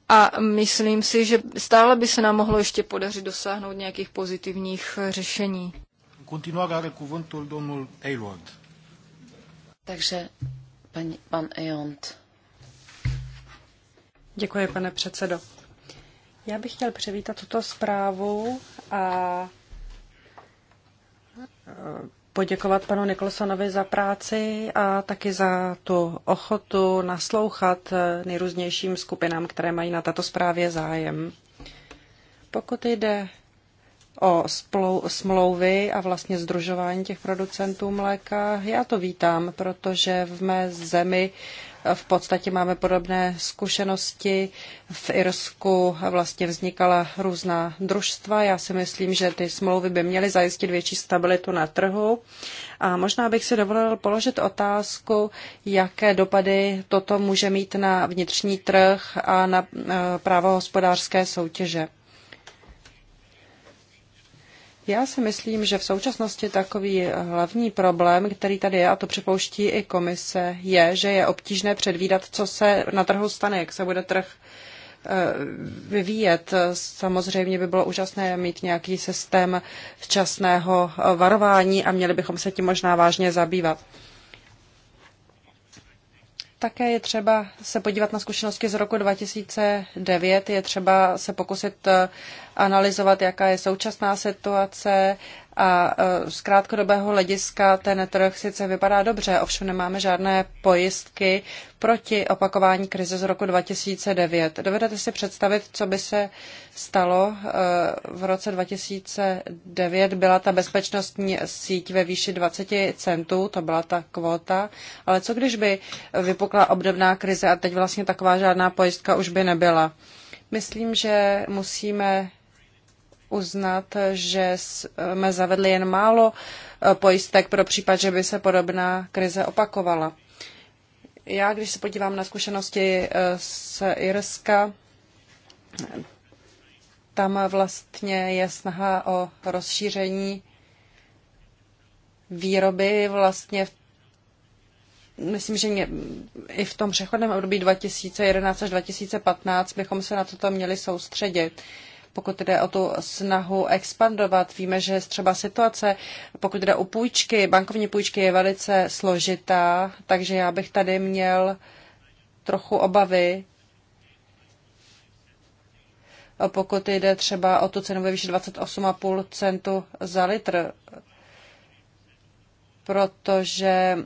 a myslím si, že stále by se nám mohlo ještě podařit dosáhnout nějakých pozitivních řešení. Takže paní, pan Eont. Děkuji, pane předsedo. Já bych chtěl přivítat tuto zprávu a e, poděkovat panu Nikolsonovi za práci a taky za tu ochotu naslouchat e, nejrůznějším skupinám, které mají na tato zprávě zájem. Pokud jde o smlouvy a vlastně združování těch producentů mléka. Já to vítám, protože v mé zemi v podstatě máme podobné zkušenosti. V Irsku vlastně vznikala různá družstva. Já si myslím, že ty smlouvy by měly zajistit větší stabilitu na trhu. A možná bych si dovolil položit otázku, jaké dopady toto může mít na vnitřní trh a na e, právo hospodářské soutěže. Já si myslím, že v současnosti takový hlavní problém, který tady je, a to připouští i komise, je, že je obtížné předvídat, co se na trhu stane, jak se bude trh eh, vyvíjet. Samozřejmě by bylo úžasné mít nějaký systém včasného eh, varování a měli bychom se tím možná vážně zabývat. Také je třeba se podívat na zkušenosti z roku 2009, je třeba se pokusit eh, analyzovat, jaká je současná situace a e, z krátkodobého hlediska ten trh sice vypadá dobře, ovšem nemáme žádné pojistky proti opakování krize z roku 2009. Dovedete si představit, co by se stalo e, v roce 2009? Byla ta bezpečnostní síť ve výši 20 centů, to byla ta kvota. ale co když by vypukla obdobná krize a teď vlastně taková žádná pojistka už by nebyla? Myslím, že musíme uznat, že jsme zavedli jen málo eh, pojistek pro případ, že by se podobná krize opakovala. Já, když se podívám na zkušenosti eh, z Irska, tam vlastně je snaha o rozšíření výroby vlastně v Myslím, že mě, i v tom přechodném období 2011 až 2015 bychom se na toto měli soustředit. Uh, pokud jde o tu snahu expandovat. Víme, že třeba situace, pokud jde o půjčky, bankovní půjčky je velice složitá, takže já bych tady měl trochu obavy, pokud jde třeba o tu cenu ve výši 28,5 centu za litr, protože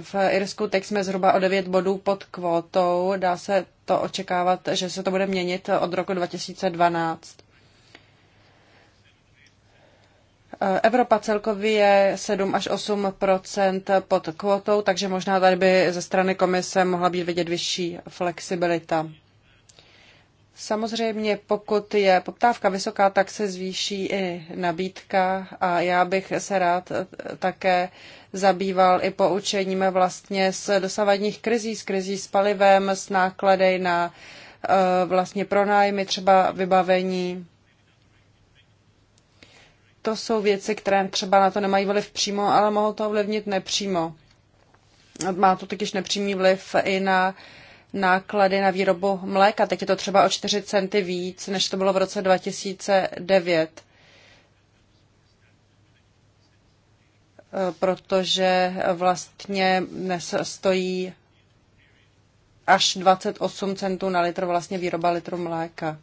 v Irsku teď jsme zhruba o 9 bodů pod kvótou. Dá se to očekávat, že se to bude měnit od roku 2012. Evropa celkově je 7 až 8 pod kvotou, takže možná tady by ze strany komise mohla být vidět vyšší flexibilita. Samozřejmě, pokud je poptávka vysoká, tak se zvýší i nabídka a já bych se rád také zabýval i poučením vlastně z dosavadních krizí, z krizí s palivem, s náklady na eh, vlastně pronájmy, třeba vybavení to jsou věci, které třeba na to nemají vliv přímo, ale mohou to ovlivnit nepřímo. Má to totiž nepřímý vliv i na náklady na výrobu mléka. Teď je to třeba o 4 centy víc, než to bylo v roce 2009. Protože vlastně dnes stojí až 28 centů na litr vlastně výroba litru mléka.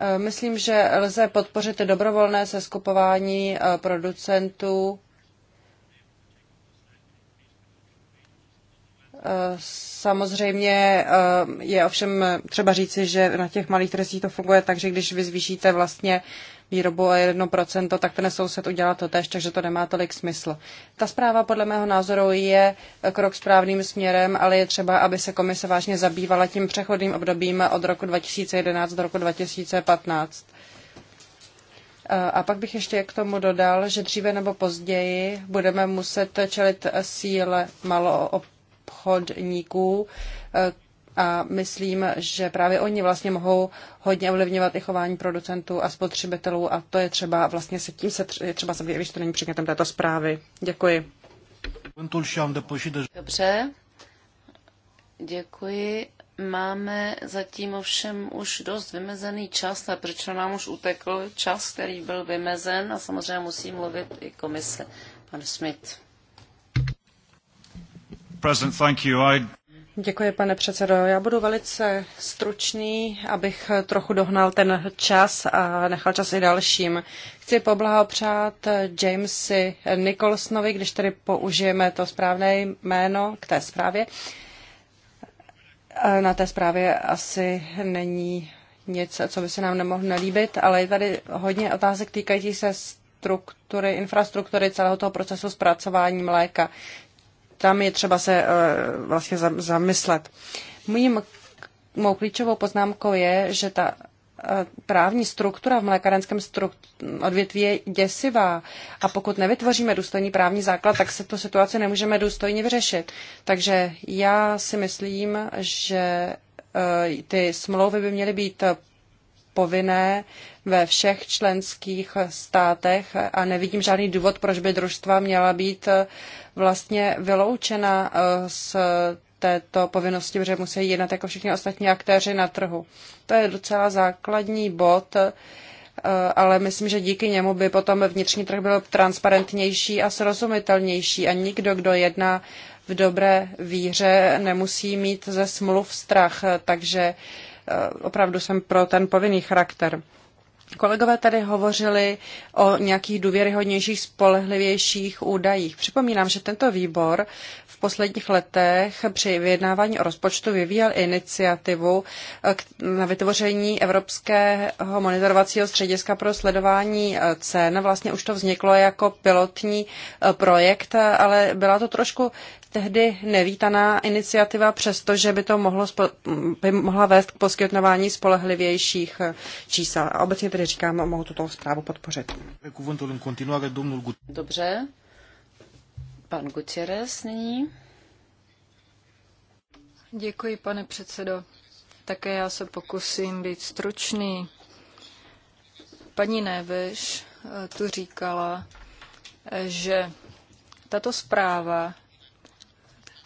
Eh, myslím, že lze podpořit dobrovolné seskupování eh, producentů eh, Samozřejmě je ovšem třeba říci, že na těch malých trzích to funguje tak, že když vy zvýšíte vlastně výrobu o 1%, tak ten soused udělá to tež, takže to nemá tolik smysl. Ta zpráva podle mého názoru je krok správným směrem, ale je třeba, aby se komise vážně zabývala tím přechodným obdobím od roku 2011 do roku 2015. A pak bych ještě k tomu dodal, že dříve nebo později budeme muset čelit síle maloobchodníků, a myslím, že právě oni vlastně mohou hodně ovlivňovat i chování producentů a spotřebitelů a to je třeba vlastně se tím se třeba, třeba se když to není předmětem této zprávy. Děkuji. Dobře, děkuji. Máme zatím ovšem už dost vymezený čas, a proč nám už utekl čas, který byl vymezen a samozřejmě musí mluvit i komise. Pan Smith. President, thank you. I Děkuji, pane předsedo. Já budu velice stručný, abych trochu dohnal ten čas a nechal čas i dalším. Chci poblahopřát Jamesi Nicholsonovi, když tedy použijeme to správné jméno k té zprávě. Na té zprávě asi není nic, co by se nám nemohlo nelíbit, ale je tady hodně otázek týkající se struktury, infrastruktury celého toho procesu zpracování mléka tam je třeba se eh, vlastně zamyslet. Mým, mou klíčovou poznámkou je, že ta eh, právní struktura v mlékárenském odvětví je děsivá a pokud nevytvoříme důstojný právní základ, tak se tu situaci nemůžeme důstojně vyřešit. Takže já si myslím, že eh, ty smlouvy by měly být povinné ve všech členských státech a nevidím žádný důvod, proč by družstva měla být eh, vlastně vyloučena eh, z této povinnosti, protože musí jednat jako všichni ostatní aktéři na trhu. To je docela základní bod, eh, ale myslím, že díky němu by potom vnitřní trh byl transparentnější a srozumitelnější a nikdo, kdo jedná v dobré víře, nemusí mít ze smluv strach, takže uh, Eh, opravdu jsem pro ten povinný charakter. Kolegové tady hovořili o nějakých důvěryhodnějších, spolehlivějších údajích. Připomínám, že tento výbor v posledních letech při vyjednávání o rozpočtu vyvíjel iniciativu eh, na vytvoření Evropského monitorovacího střediska pro sledování eh, cen. Vlastně už to vzniklo jako pilotní projekt, ale byla to trošku tehdy nevítaná iniciativa, přestože by to mohlo, by mohla vést k poskytnování spolehlivějších eh, čísel. A obecně tedy říkám, mohu tuto zprávu podpořit. Dobře. Pan Gutierrez nyní. Děkuji, pane předsedo. Také já se pokusím být stručný. Paní Neveš eh, tu říkala, eh, že tato zpráva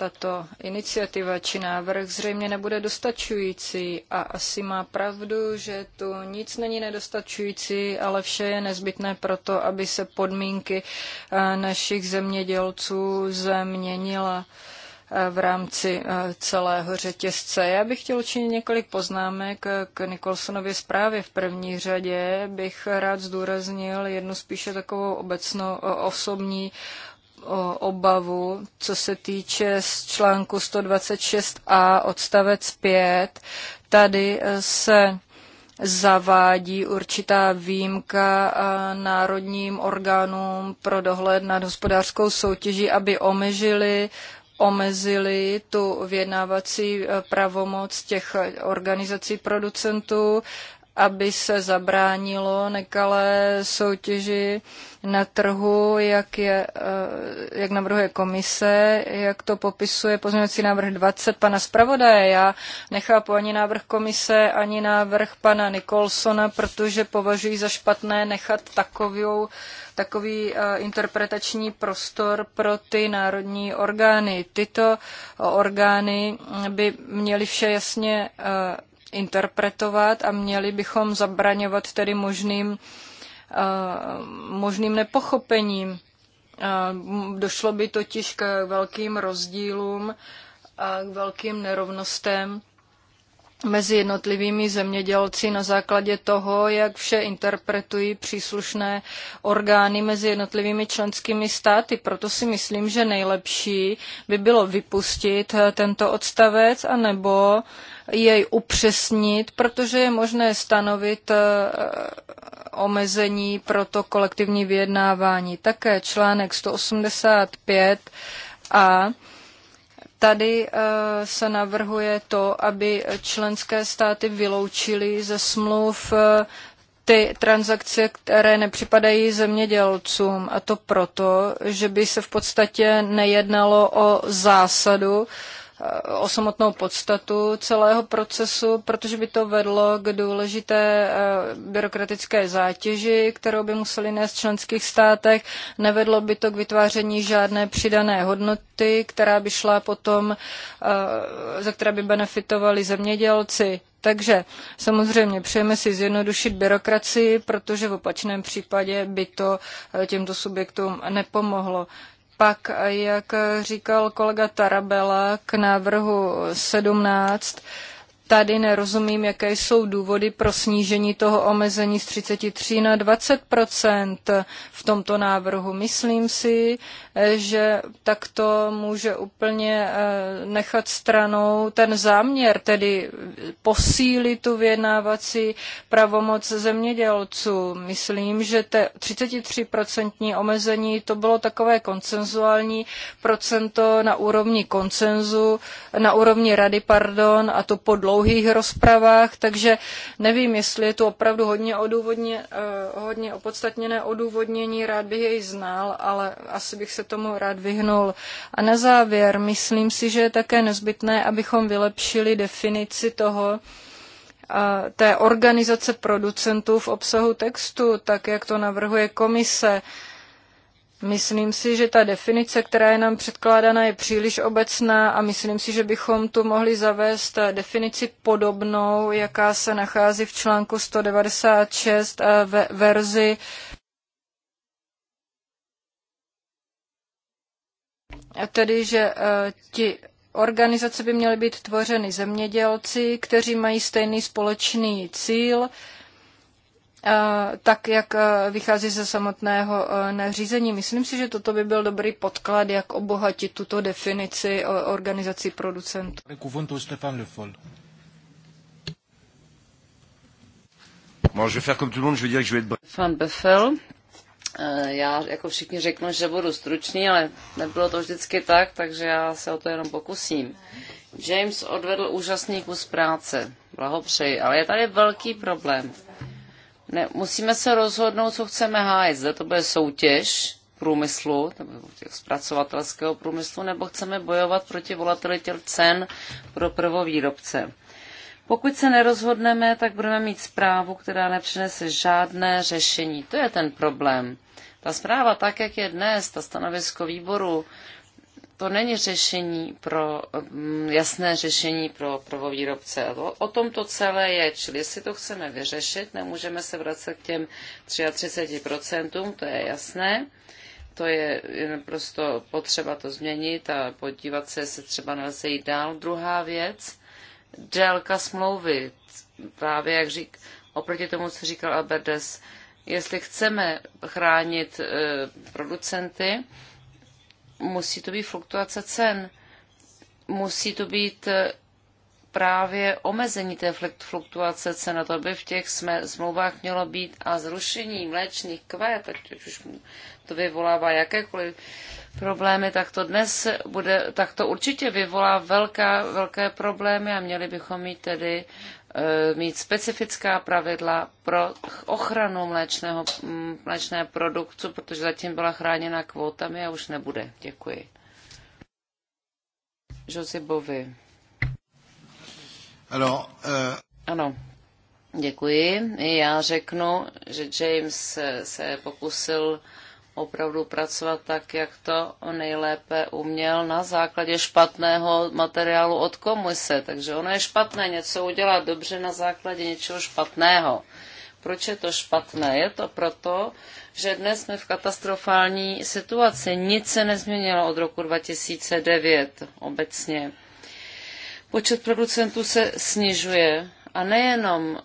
tato iniciativa či návrh zřejmě nebude dostačující a asi má pravdu, že tu nic není nedostačující, ale vše je nezbytné proto, aby se podmínky eh, našich zemědělců změnila eh, v rámci eh, celého řetězce. Já bych chtěl učinit několik poznámek k Nikolsonově zprávě. V první řadě bych rád zdůraznil jednu spíše takovou obecnou osobní obavu, co se týče z článku 126a odstavec 5. Tady e, se zavádí určitá výjimka e, národním orgánům pro dohled nad hospodářskou soutěží, aby omezily, omezili tu vyjednávací e, pravomoc těch organizací producentů, aby se zabránilo nekalé soutěži na trhu, jak, je, eh, jak navrhuje komise, jak to popisuje pozměňovací návrh 20 pana zpravodaje. Já nechápu ani návrh komise, ani návrh pana Nikolsona, protože považuji za špatné nechat takovou, takový eh, interpretační prostor pro ty národní orgány. Tyto orgány by měly vše jasně eh, interpretovat a měli bychom zabraňovat tedy možným Eh, možným nepochopením. Eh, došlo by totiž k velkým rozdílům a k velkým nerovnostem mezi jednotlivými zemědělci na základě toho, jak vše interpretují příslušné orgány mezi jednotlivými členskými státy. Proto si myslím, že nejlepší by bylo vypustit eh, tento odstavec anebo jej upřesnit, protože je možné stanovit omezení pro to kolektivní vyjednávání. Také článek 185 a Tady e, se navrhuje to, aby členské státy vyloučily ze smluv e, ty transakce, které nepřipadají zemědělcům. A to proto, že by se v podstatě nejednalo o zásadu, Eh, o samotnou podstatu celého procesu, protože by to vedlo k důležité eh, byrokratické zátěži, kterou by museli nést v členských státech. Nevedlo by to k vytváření žádné přidané hodnoty, která by šla potom, eh, za které by benefitovali zemědělci. Takže samozřejmě přejeme si zjednodušit byrokracii, protože v opačném případě by to těmto subjektům nepomohlo. Pak, jak říkal kolega Tarabela k návrhu 17, tady nerozumím, jaké jsou důvody pro snížení toho omezení z 33 na 20 v tomto návrhu. Myslím si, eh, že takto může úplně eh, nechat stranou ten záměr, tedy posílit tu vyjednávací pravomoc zemědělců. Myslím, že te 33 omezení to bylo takové koncenzuální procento na úrovni koncenzu, na úrovni rady, pardon, a to po dlouhých rozpravách, takže nevím, jestli je tu opravdu hodně, odůvodně, eh, hodně opodstatněné odůvodnění, rád bych jej znal, ale asi bych se tomu rád vyhnul. A na závěr, myslím si, že je také nezbytné, abychom vylepšili definici toho, eh, té organizace producentů v obsahu textu, tak jak to navrhuje komise Myslím si, že ta definice, která je nám předkládána, je příliš obecná a myslím si, že bychom tu mohli zavést definici podobnou, jaká se nachází v článku 196 ve verzi tedy, že eh, ti organizace by měly být tvořeny zemědělci, kteří mají stejný společný cíl, tak, jak vychází ze samotného nařízení. Myslím si, že toto by byl dobrý podklad, jak obohatit tuto definici o organizaci producentů. Stefan Le Já jako všichni řeknu, že budu stručný, ale nebylo to vždycky tak, takže já se o to jenom pokusím. James odvedl úžasný kus práce, blahopřeji, ale je tady velký problém. Ne, musíme se rozhodnout, co chceme hájit. Zde to bude soutěž průmyslu, nebo těch zpracovatelského průmyslu, nebo chceme bojovat proti volatilitě cen pro prvovýrobce. Pokud se nerozhodneme, tak budeme mít zprávu, která nepřinese žádné řešení. To je ten problém. Ta zpráva, tak jak je dnes, ta stanovisko výboru, to není řešení pro, mm, jasné řešení pro prvovýrobce. O, o tom to celé je, čili jestli to chceme vyřešit, nemůžeme se vracet k těm 33%, to je jasné. To je prosto potřeba to změnit a podívat se, jestli třeba nelze jít dál. Druhá věc, délka smlouvy. Právě jak řík, oproti tomu, co říkal Albertes, jestli chceme chránit e, producenty, musí to být fluktuace cen, musí to být eh, právě omezení té fluktuace cen, a to by v těch smlouvách mělo být a zrušení mléčných kvét, ať už to vyvolává jakékoliv problémy, tak to dnes bude, tak to určitě vyvolá velká, velké problémy a měli bychom mít tedy E, mít specifická pravidla pro ochranu mléčného, mléčné produktu, protože zatím byla chráněna kvótami a už nebude. Děkuji. Josibovi. Ano. Uh... Ano. Děkuji. Já řeknu, že James se, se pokusil opravdu pracovat tak, jak to nejlépe uměl na základě špatného materiálu od komise. Takže ono je špatné něco udělat dobře na základě něčeho špatného. Proč je to špatné? Je to proto, že dnes jsme v katastrofální situaci. Nic se nezměnilo od roku 2009 obecně. Počet producentů se snižuje a nejenom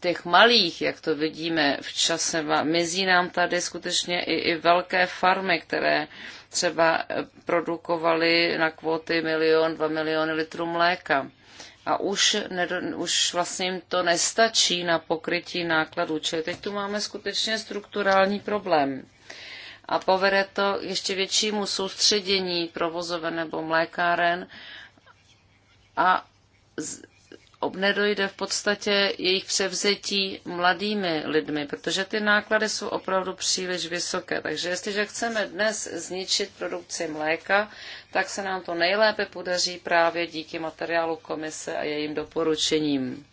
těch malých, jak to vidíme v čase, mizí nám tady skutečně i, i velké farmy, které třeba eh, produkovaly na kvóty milion, dva miliony litrů mléka. A už, ne, už vlastně jim to nestačí na pokrytí nákladů. Čili teď tu máme skutečně strukturální problém. A povede to ještě většímu soustředění provozoven nebo mlékáren a nedojde v podstatě jejich převzetí mladými lidmi, protože ty náklady jsou opravdu příliš vysoké. Takže jestliže chceme dnes zničit produkci mléka, tak se nám to nejlépe podaří právě díky materiálu komise a jejím doporučením.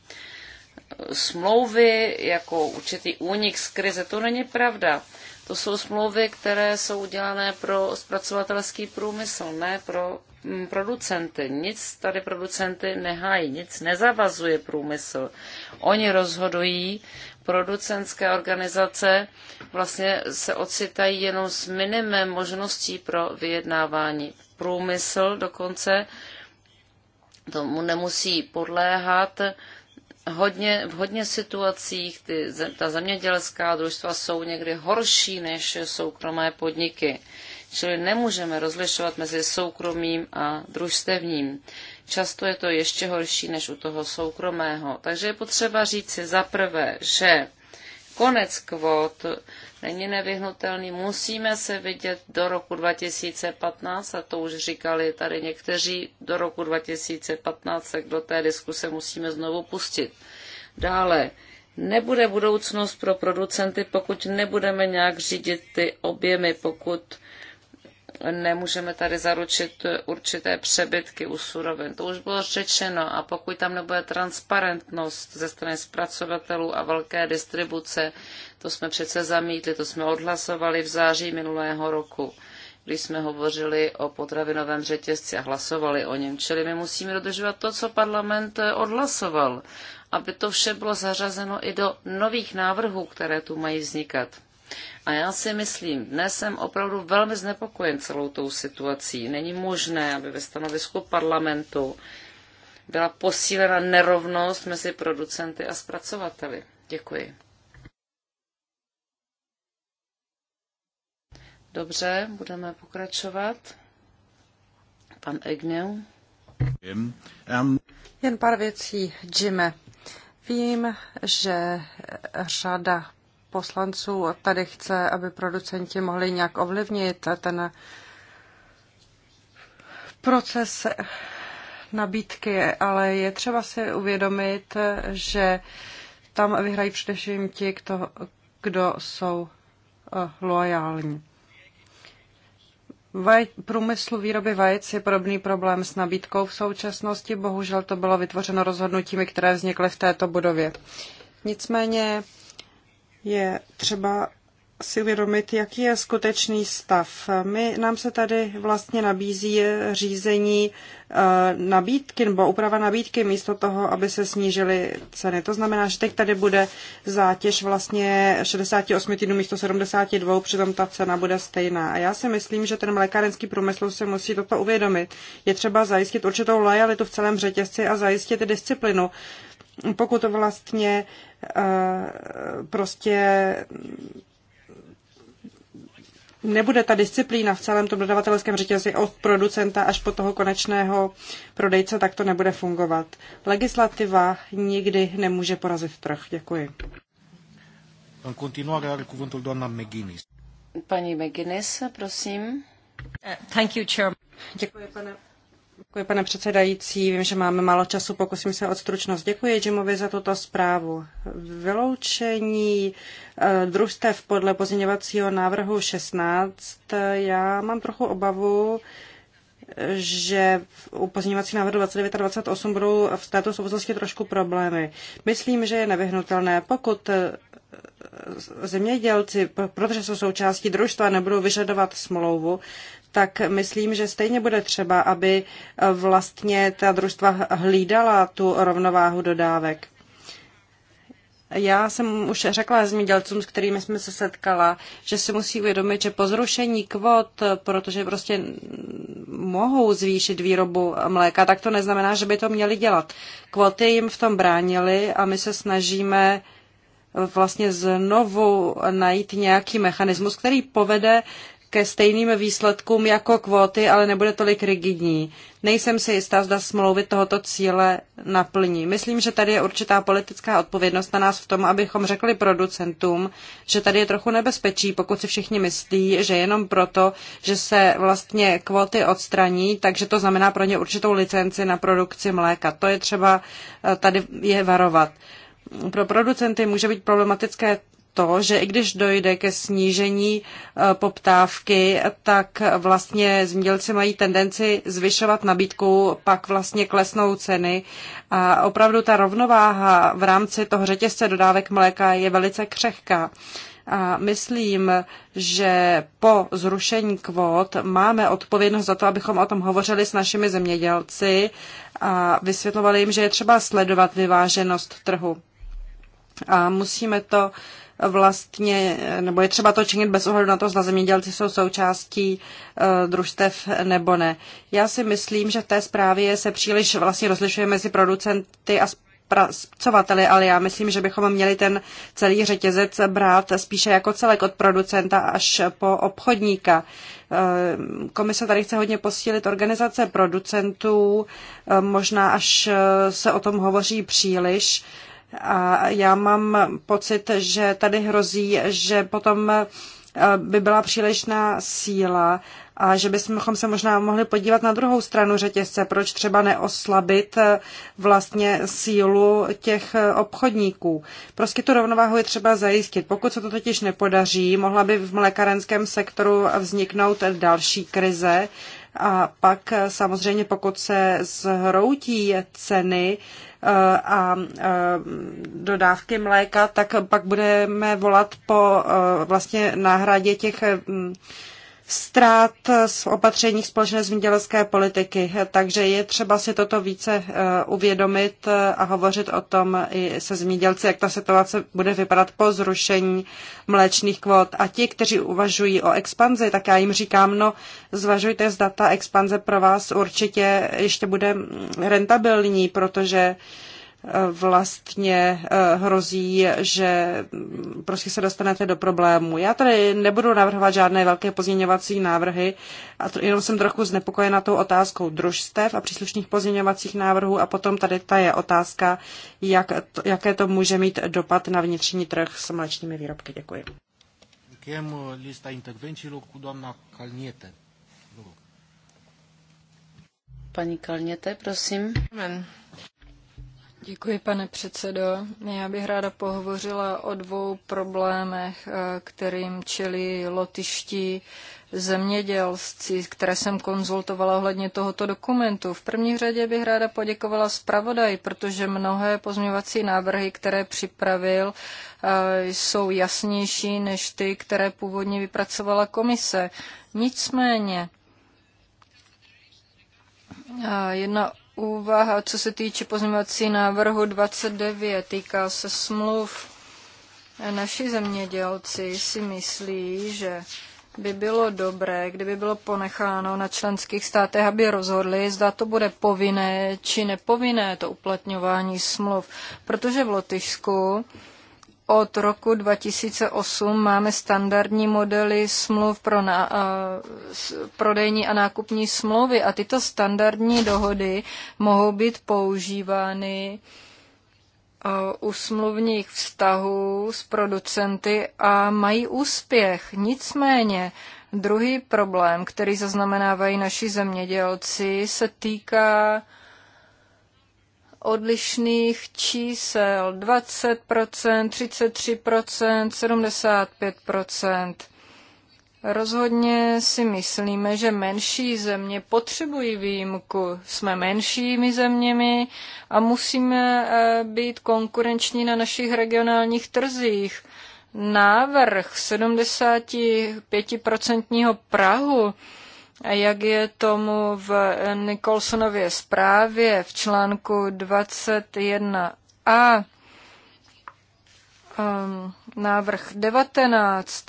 Smlouvy jako určitý únik z krize, to není pravda. To jsou smlouvy, které jsou udělané pro zpracovatelský průmysl, ne pro mm, producenty. Nic tady producenty nehájí, nic nezavazuje průmysl. Oni rozhodují, producentské organizace vlastně se ocitají jenom s minimem možností pro vyjednávání. Průmysl dokonce tomu nemusí podléhat, hodně, v hodně situacích ty, ta zemědělská družstva jsou někdy horší než soukromé podniky. Čili nemůžeme rozlišovat mezi soukromým a družstevním. Často je to ještě horší než u toho soukromého. Takže je potřeba říct, za prvé, že konec kvót není nevyhnutelný. Musíme se vidět do roku 2015, a to už říkali tady někteří, do roku 2015 tak do té diskuse musíme znovu pustit. Dále, nebude budoucnost pro producenty, pokud nebudeme nějak řídit ty objemy, pokud nemůžeme tady zaručit určité přebytky u surovin. To už bylo řečeno a pokud tam nebude transparentnost ze strany zpracovatelů a velké distribuce, to jsme přece zamítli, to jsme odhlasovali v září minulého roku, když jsme hovořili o potravinovém řetězci a hlasovali o něm. Čili my musíme dodržovat to, co parlament odhlasoval, aby to vše bylo zařazeno i do nových návrhů, které tu mají vznikat. A já si myslím, dnes jsem opravdu velmi znepokojen celou tou situací. Není možné, aby ve stanovisku parlamentu byla posílena nerovnost mezi producenty a zpracovateli. Děkuji. Dobře, budeme pokračovat. Pan Egnew. Jen pár věcí, Jime. Vím, že řada poslanců tady chce, aby producenti mohli nějak ovlivnit ten proces nabídky, ale je třeba si uvědomit, že tam vyhrají především ti, kdo, kdo jsou eh, loajální. Vaj, průmyslu výroby vajec je podobný problém s nabídkou v současnosti. Bohužel to bylo vytvořeno rozhodnutími, které vznikly v této budově. Nicméně je třeba si uvědomit, jaký je skutečný stav. My, nám se tady vlastně nabízí řízení eh, nabídky nebo úprava nabídky místo toho, aby se snížily ceny. To znamená, že teď tady bude zátěž vlastně 68 týdnů místo 72, přitom ta cena bude stejná. A já si myslím, že ten lékárenský průmysl se musí toto uvědomit. Je třeba zajistit určitou lojalitu v celém řetězci a zajistit disciplinu pokud vlastně eh, prostě nebude ta disciplína v celém tom dodavatelském řetězci od producenta až po toho konečného prodejce, tak to nebude fungovat. Legislativa nikdy nemůže porazit trh. Děkuji. În continuare are cuvântul doamna McGuinness. Paní McGuinness, prosím. Thank you, Chair. Děkuji, pane Děkuji, pane předsedající. Vím, že máme málo času, pokusím se o stručnost. Děkuji Jimovi za tuto zprávu. Vyloučení eh, družstev podle pozměňovacího návrhu 16. Já mám trochu obavu, že u pozměňovacího návrhu 29 a 28 budou v této souvislosti trošku problémy. Myslím, že je nevyhnutelné, pokud eh, zemědělci, protože jsou součástí družstva, nebudou vyžadovat smlouvu, tak myslím, že stejně bude třeba, aby vlastně ta družstva hlídala tu rovnováhu dodávek. Já jsem už řekla zemědělcům, s kterými jsme se setkala, že si musí uvědomit, že po zrušení kvot, protože prostě mohou zvýšit výrobu mléka, tak to neznamená, že by to měli dělat. Kvoty jim v tom bránily a my se snažíme vlastně znovu najít nějaký mechanismus, který povede ke stejným výsledkům jako kvóty, ale nebude tolik rigidní. Nejsem si jistá, zda smlouvy tohoto cíle naplní. Myslím, že tady je určitá politická odpovědnost na nás v tom, abychom řekli producentům, že tady je trochu nebezpečí, pokud si všichni myslí, že jenom proto, že se vlastně kvóty odstraní, takže to znamená pro ně určitou licenci na produkci mléka. To je třeba eh, tady je varovat. Pro producenty může být problematické to, že i když dojde ke snížení e, poptávky, tak vlastně zemědělci mají tendenci zvyšovat nabídku, pak vlastně klesnou ceny. A opravdu ta rovnováha v rámci toho řetězce dodávek mléka je velice křehká. A myslím, že po zrušení kvót máme odpovědnost za to, abychom o tom hovořili s našimi zemědělci a vysvětlovali jim, že je třeba sledovat vyváženost trhu. A musíme to vlastně, nebo je třeba to činit bez ohledu na to, zda zemědělci jsou součástí eh, družstev nebo ne. Já si myslím, že v té zprávě se příliš vlastně rozlišuje mezi producenty a zpracovateli, ale já myslím, že bychom měli ten celý řetězec brát spíše jako celek od producenta až po obchodníka. Eh, komise tady chce hodně posílit organizace producentů, eh, možná až se o tom hovoří příliš a já mám pocit, že tady hrozí, že potom eh, by byla přílišná síla a že bychom se možná mohli podívat na druhou stranu řetězce, proč třeba neoslabit eh, vlastně sílu těch eh, obchodníků. Prostě tu rovnováhu je třeba zajistit. Pokud se to totiž nepodaří, mohla by v mlékarenském sektoru vzniknout další krize a pak samozřejmě pokud se zhroutí ceny, a dodávky mléka, tak pak budeme volat po vlastně náhradě těch ztrát z opatření společné zemědělské politiky. Takže je třeba si toto více eh, uvědomit eh, a hovořit o tom i se zemědělci, jak ta situace bude vypadat po zrušení mléčných kvot. A ti, kteří uvažují o expanzi, tak já jim říkám, no zvažujte, zda ta expanze pro vás určitě ještě bude mm, rentabilní, protože vlastně eh, hrozí, že prostě se dostanete do problému. Já tady nebudu navrhovat žádné velké pozměňovací návrhy, a to, jenom jsem trochu znepokojena tou otázkou družstev a příslušných pozměňovacích návrhů a potom tady ta je otázka, jak to, jaké to může mít dopad na vnitřní trh s mléčnými výrobky. Děkuji. Uh, lista cu doamna Paní Kalněte, prosím. Amen. Děkuji, pane předsedo. Já bych ráda pohovořila o dvou problémech, eh, kterým čelí lotiští zemědělci, které jsem konzultovala ohledně tohoto dokumentu. V první řadě bych ráda poděkovala zpravodaj, protože mnohé pozměňovací návrhy, které připravil, eh, jsou jasnější než ty, které původně vypracovala komise. Nicméně, eh, Jedna úvaha, co se týče pozměňovací návrhu 29, týká se smluv. Naši zemědělci si myslí, že by bylo dobré, kdyby bylo ponecháno na členských státech, aby rozhodli, zda to bude povinné či nepovinné to uplatňování smluv. Protože v Lotyšsku od roku 2008 máme standardní modely smluv pro na, uh, prodejní a nákupní smlouvy a tyto standardní dohody mohou být používány u smluvních vztahů s producenty a mají úspěch. Nicméně druhý problém, který zaznamenávají naši zemědělci, se týká odlišných čísel 20%, 33%, 75%. Rozhodně si myslíme, že menší země potřebují výjimku. Jsme menšími zeměmi a musíme eh, být konkurenční na našich regionálních trzích. Návrh 75% Prahu jak je tomu v Nicholsonově zprávě v článku 21a, um, ehm, návrh 19,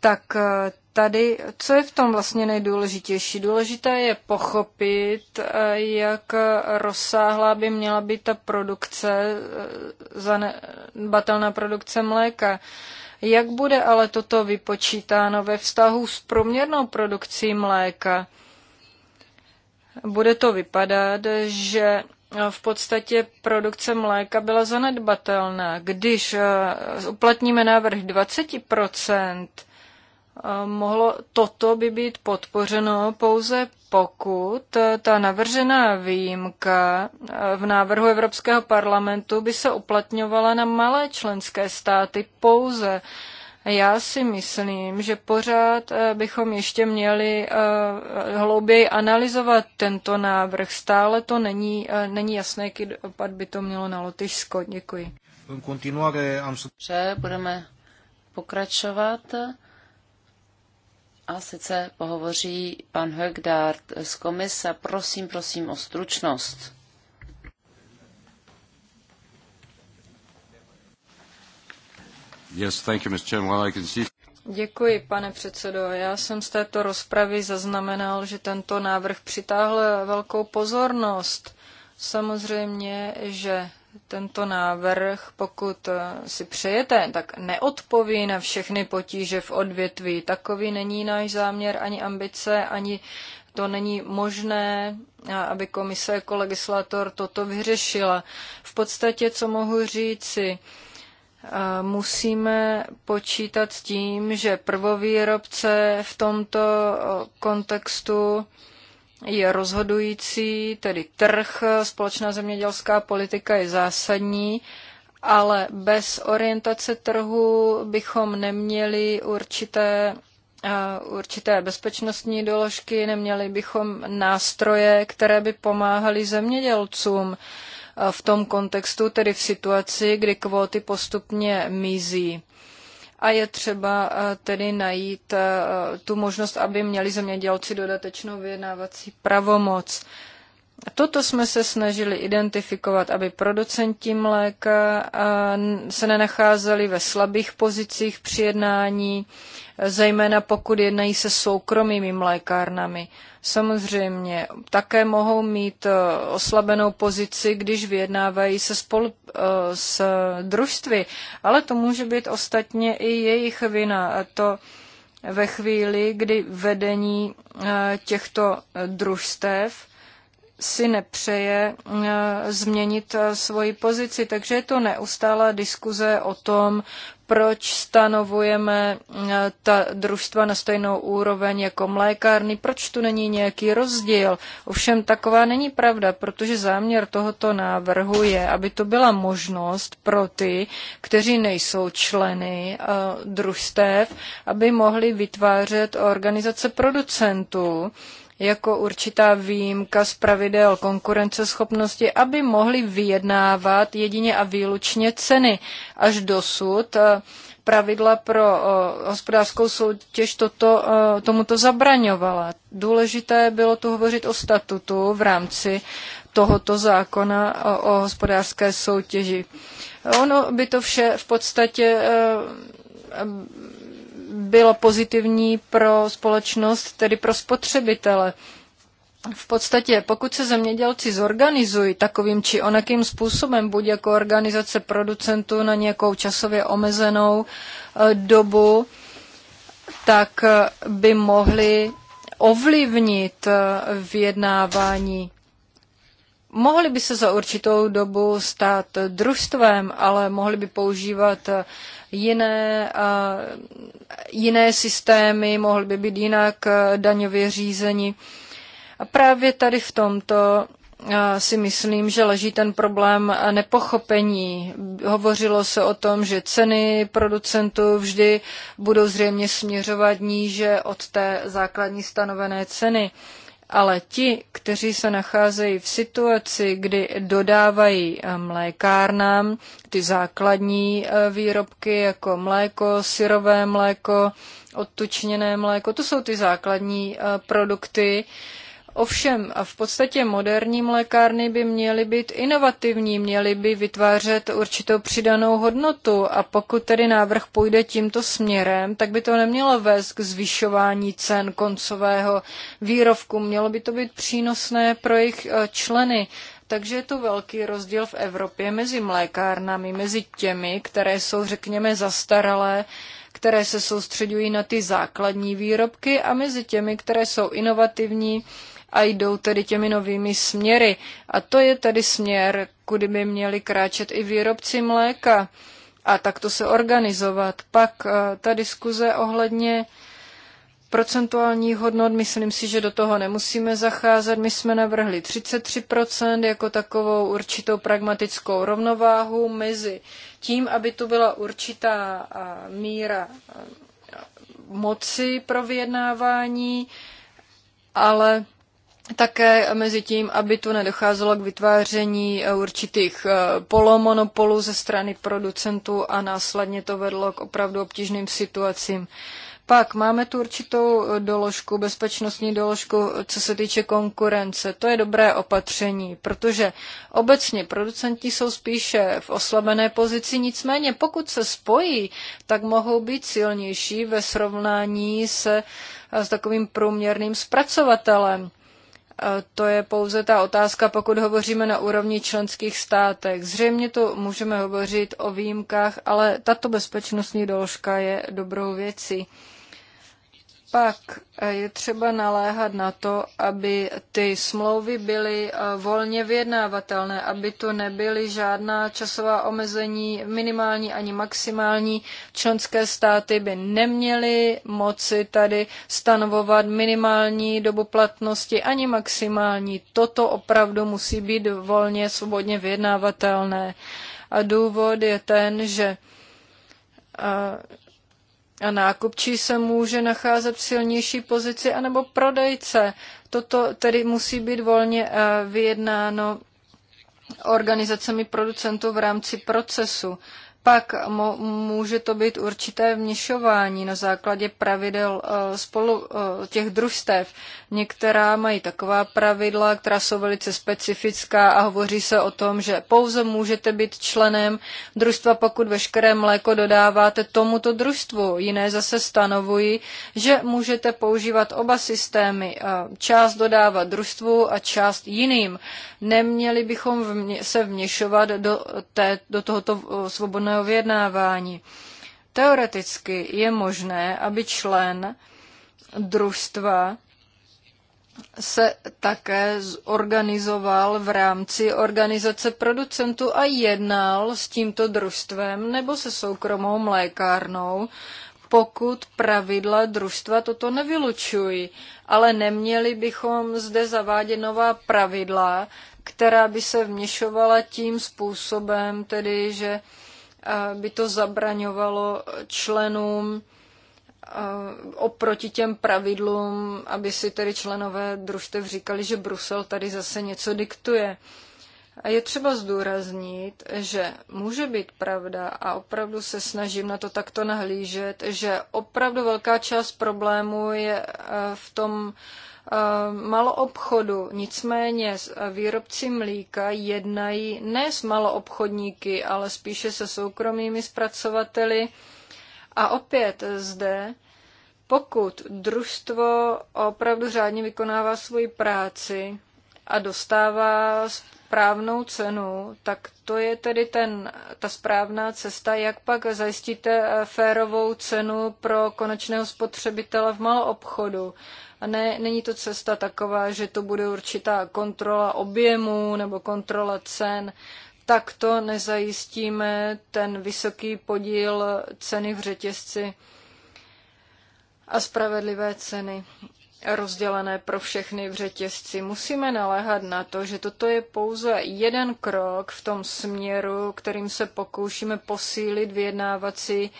tak eh, tady, co je v tom vlastně nejdůležitější? Důležité je pochopit, eh, jak rozsáhlá by měla být ta produkce, eh, zanedbatelná produkce mléka. Uh, jak bude ale toto vypočítáno ve vztahu s proměrnou produkcí mléka? Bude to vypadat, že v podstatě produkce mléka byla zanedbatelná. Když eh, uplatníme návrh 20 mohlo toto by být podpořeno pouze pokud ta navržená výjimka eh, v návrhu Evropského parlamentu by se uplatňovala na malé členské státy pouze. Já si myslím, že pořád eh, bychom ještě měli eh, hlouběji analyzovat tento návrh. Stále to není, není jasné, jaký dopad by to mělo na Lotyšsko. Děkuji. budeme pokračovat. A sice pohovoří pan Högdard z komise. Prosím, prosím o stručnost. Yes, thank you, Mr. Well, I can see... Děkuji, pane předsedo. Já jsem z této rozpravy zaznamenal, že tento návrh přitáhl velkou pozornost. Samozřejmě, že tento návrh, pokud eh, si přejete, tak neodpoví na všechny potíže v odvětví. Takový není náš záměr ani ambice, ani to není možné, eh, aby komise jako legislator toto vyřešila. V podstatě, co mohu říci, eh, musíme počítat s tím, že prvovýrobce v tomto kontextu je rozhodující, tedy trh, společná zemědělská politika je zásadní, ale bez orientace trhu bychom neměli určité, eh, určité bezpečnostní doložky, neměli bychom nástroje, které by pomáhaly zemědělcům eh, v tom kontextu, tedy v situaci, kdy kvóty postupně mizí a je třeba eh, tedy najít eh, tu možnost, aby měli zemědělci dodatečnou vyjednávací pravomoc. Toto jsme se snažili identifikovat, aby producenti mléka eh, se nenacházeli ve slabých pozicích při jednání zejména pokud jednají se soukromými mlékárnami. Samozřejmě také mohou mít eh, oslabenou pozici, když vyjednávají se spolu eh, s družstvy, ale to může být ostatně i jejich vina. A to ve chvíli, kdy vedení eh, těchto družstev si nepřeje změnit svoji pozici. Takže je to neustálá diskuze o tom, proč stanovujeme eh, ta družstva na stejnou úroveň jako mlékárny, proč tu není nějaký rozdíl. Ovšem taková není pravda, protože záměr tohoto návrhu je, aby to byla možnost pro ty, kteří nejsou členy eh, družstev, aby mohli vytvářet organizace producentů, jako určitá výjimka z pravidel konkurenceschopnosti, aby mohli vyjednávat jedině a výlučně ceny. Až dosud eh, pravidla pro eh, hospodářskou soutěž toto, eh, tomuto zabraňovala. Důležité bylo tu hovořit o statutu v rámci tohoto zákona o, o hospodářské soutěži. Ono by to vše v podstatě bylo pozitivní pro společnost, tedy pro spotřebitele. V podstatě, pokud se zemědělci zorganizují takovým či onakým způsobem, buď jako organizace producentů na nějakou časově omezenou eh, dobu, tak eh, by mohli ovlivnit eh, vyjednávání. Mohli by se za určitou dobu stát družstvem, ale mohli by používat jiné, jiné systémy, mohly by být jinak daňově řízení. A právě tady v tomto si myslím, že leží ten problém nepochopení. Hovořilo se o tom, že ceny producentů vždy budou zřejmě směřovat níže od té základní stanovené ceny ale ti, kteří se nacházejí v situaci, kdy dodávají eh, mlékárnám ty základní eh, výrobky jako mléko, syrové mléko, odtučněné mléko, to jsou ty základní eh, produkty, Ovšem, a v podstatě moderní mlékárny by měly být inovativní, měly by vytvářet určitou přidanou hodnotu a pokud tedy návrh půjde tímto směrem, tak by to nemělo vést k zvyšování cen koncového výrovku. Mělo by to být přínosné pro jejich e, členy. Takže je to velký rozdíl v Evropě mezi mlékárnami, mezi těmi, které jsou, řekněme, zastaralé, které se soustředují na ty základní výrobky a mezi těmi, které jsou inovativní, a jdou tedy těmi novými směry. A to je tedy směr, kudy by měli kráčet i výrobci mléka a takto se organizovat. Pak eh, ta diskuze ohledně procentuálních hodnot, myslím si, že do toho nemusíme zacházet. My jsme navrhli 33% jako takovou určitou pragmatickou rovnováhu mezi tím, aby tu byla určitá eh, míra eh, moci pro vyjednávání, ale také mezi tím, aby tu nedocházelo k vytváření eh, určitých eh, polomonopolů ze strany producentů a následně to vedlo k opravdu obtížným situacím. Pak máme tu určitou eh, doložku, bezpečnostní doložku, co se týče konkurence. To je dobré opatření, protože obecně producenti jsou spíše v oslabené pozici, nicméně pokud se spojí, tak mohou být silnější ve srovnání se s takovým průměrným zpracovatelem. To je pouze ta otázka, pokud hovoříme na úrovni členských států. Zřejmě to můžeme hovořit o výjimkách, ale tato bezpečnostní doložka je dobrou věcí pak eh, je třeba naléhat na to, aby ty smlouvy byly eh, volně vyjednávatelné, aby to nebyly žádná časová omezení, minimální ani maximální. Členské státy by neměly moci tady stanovovat minimální dobu platnosti ani maximální. Toto opravdu musí být volně, svobodně vyjednávatelné. A důvod je ten, že eh, a nákupčí se může nacházet v silnější pozici anebo prodejce. Toto tedy musí být volně eh, vyjednáno organizacemi producentů v rámci procesu pak může to být určité vměšování na základě pravidel eh, spolu eh, těch družstev. Některá mají taková pravidla, která jsou velice specifická a hovoří se o tom, že pouze můžete být členem družstva, pokud veškeré mléko dodáváte tomuto družstvu. Jiné zase stanovují, že můžete používat oba systémy, eh, část dodávat družstvu a část jiným. Neměli bychom se vměšovat do, té, do tohoto svobodného příslušného vyjednávání. Teoreticky je možné, aby člen družstva se také zorganizoval v rámci organizace producentů a jednal s tímto družstvem nebo se soukromou mlékárnou, pokud pravidla družstva toto nevylučují. Ale neměli bychom zde zavádět nová pravidla, která by se vměšovala tím způsobem, tedy že by to zabraňovalo členům eh, oproti těm pravidlům, aby si tedy členové družstev říkali, že Brusel tady zase něco diktuje. A je třeba zdůraznit, že může být pravda, a opravdu se snažím na to takto nahlížet, že opravdu velká část problému je eh, v tom Eh, maloobchodu. Nicméně eh, výrobci mlíka jednají ne s maloobchodníky, ale spíše se soukromými zpracovateli. A opět zde, pokud družstvo opravdu řádně vykonává svoji práci a dostává správnou cenu, tak to je tedy ten, ta správná cesta, jak pak zajistíte eh, férovou cenu pro konečného spotřebitele v maloobchodu. A ne, není to cesta taková, že to bude určitá kontrola objemu nebo kontrola cen. Takto nezajistíme ten vysoký podíl ceny v řetězci a spravedlivé ceny rozdělené pro všechny v řetězci. Musíme naléhat na to, že toto je pouze jeden krok v tom směru, kterým se pokoušíme posílit vyjednávací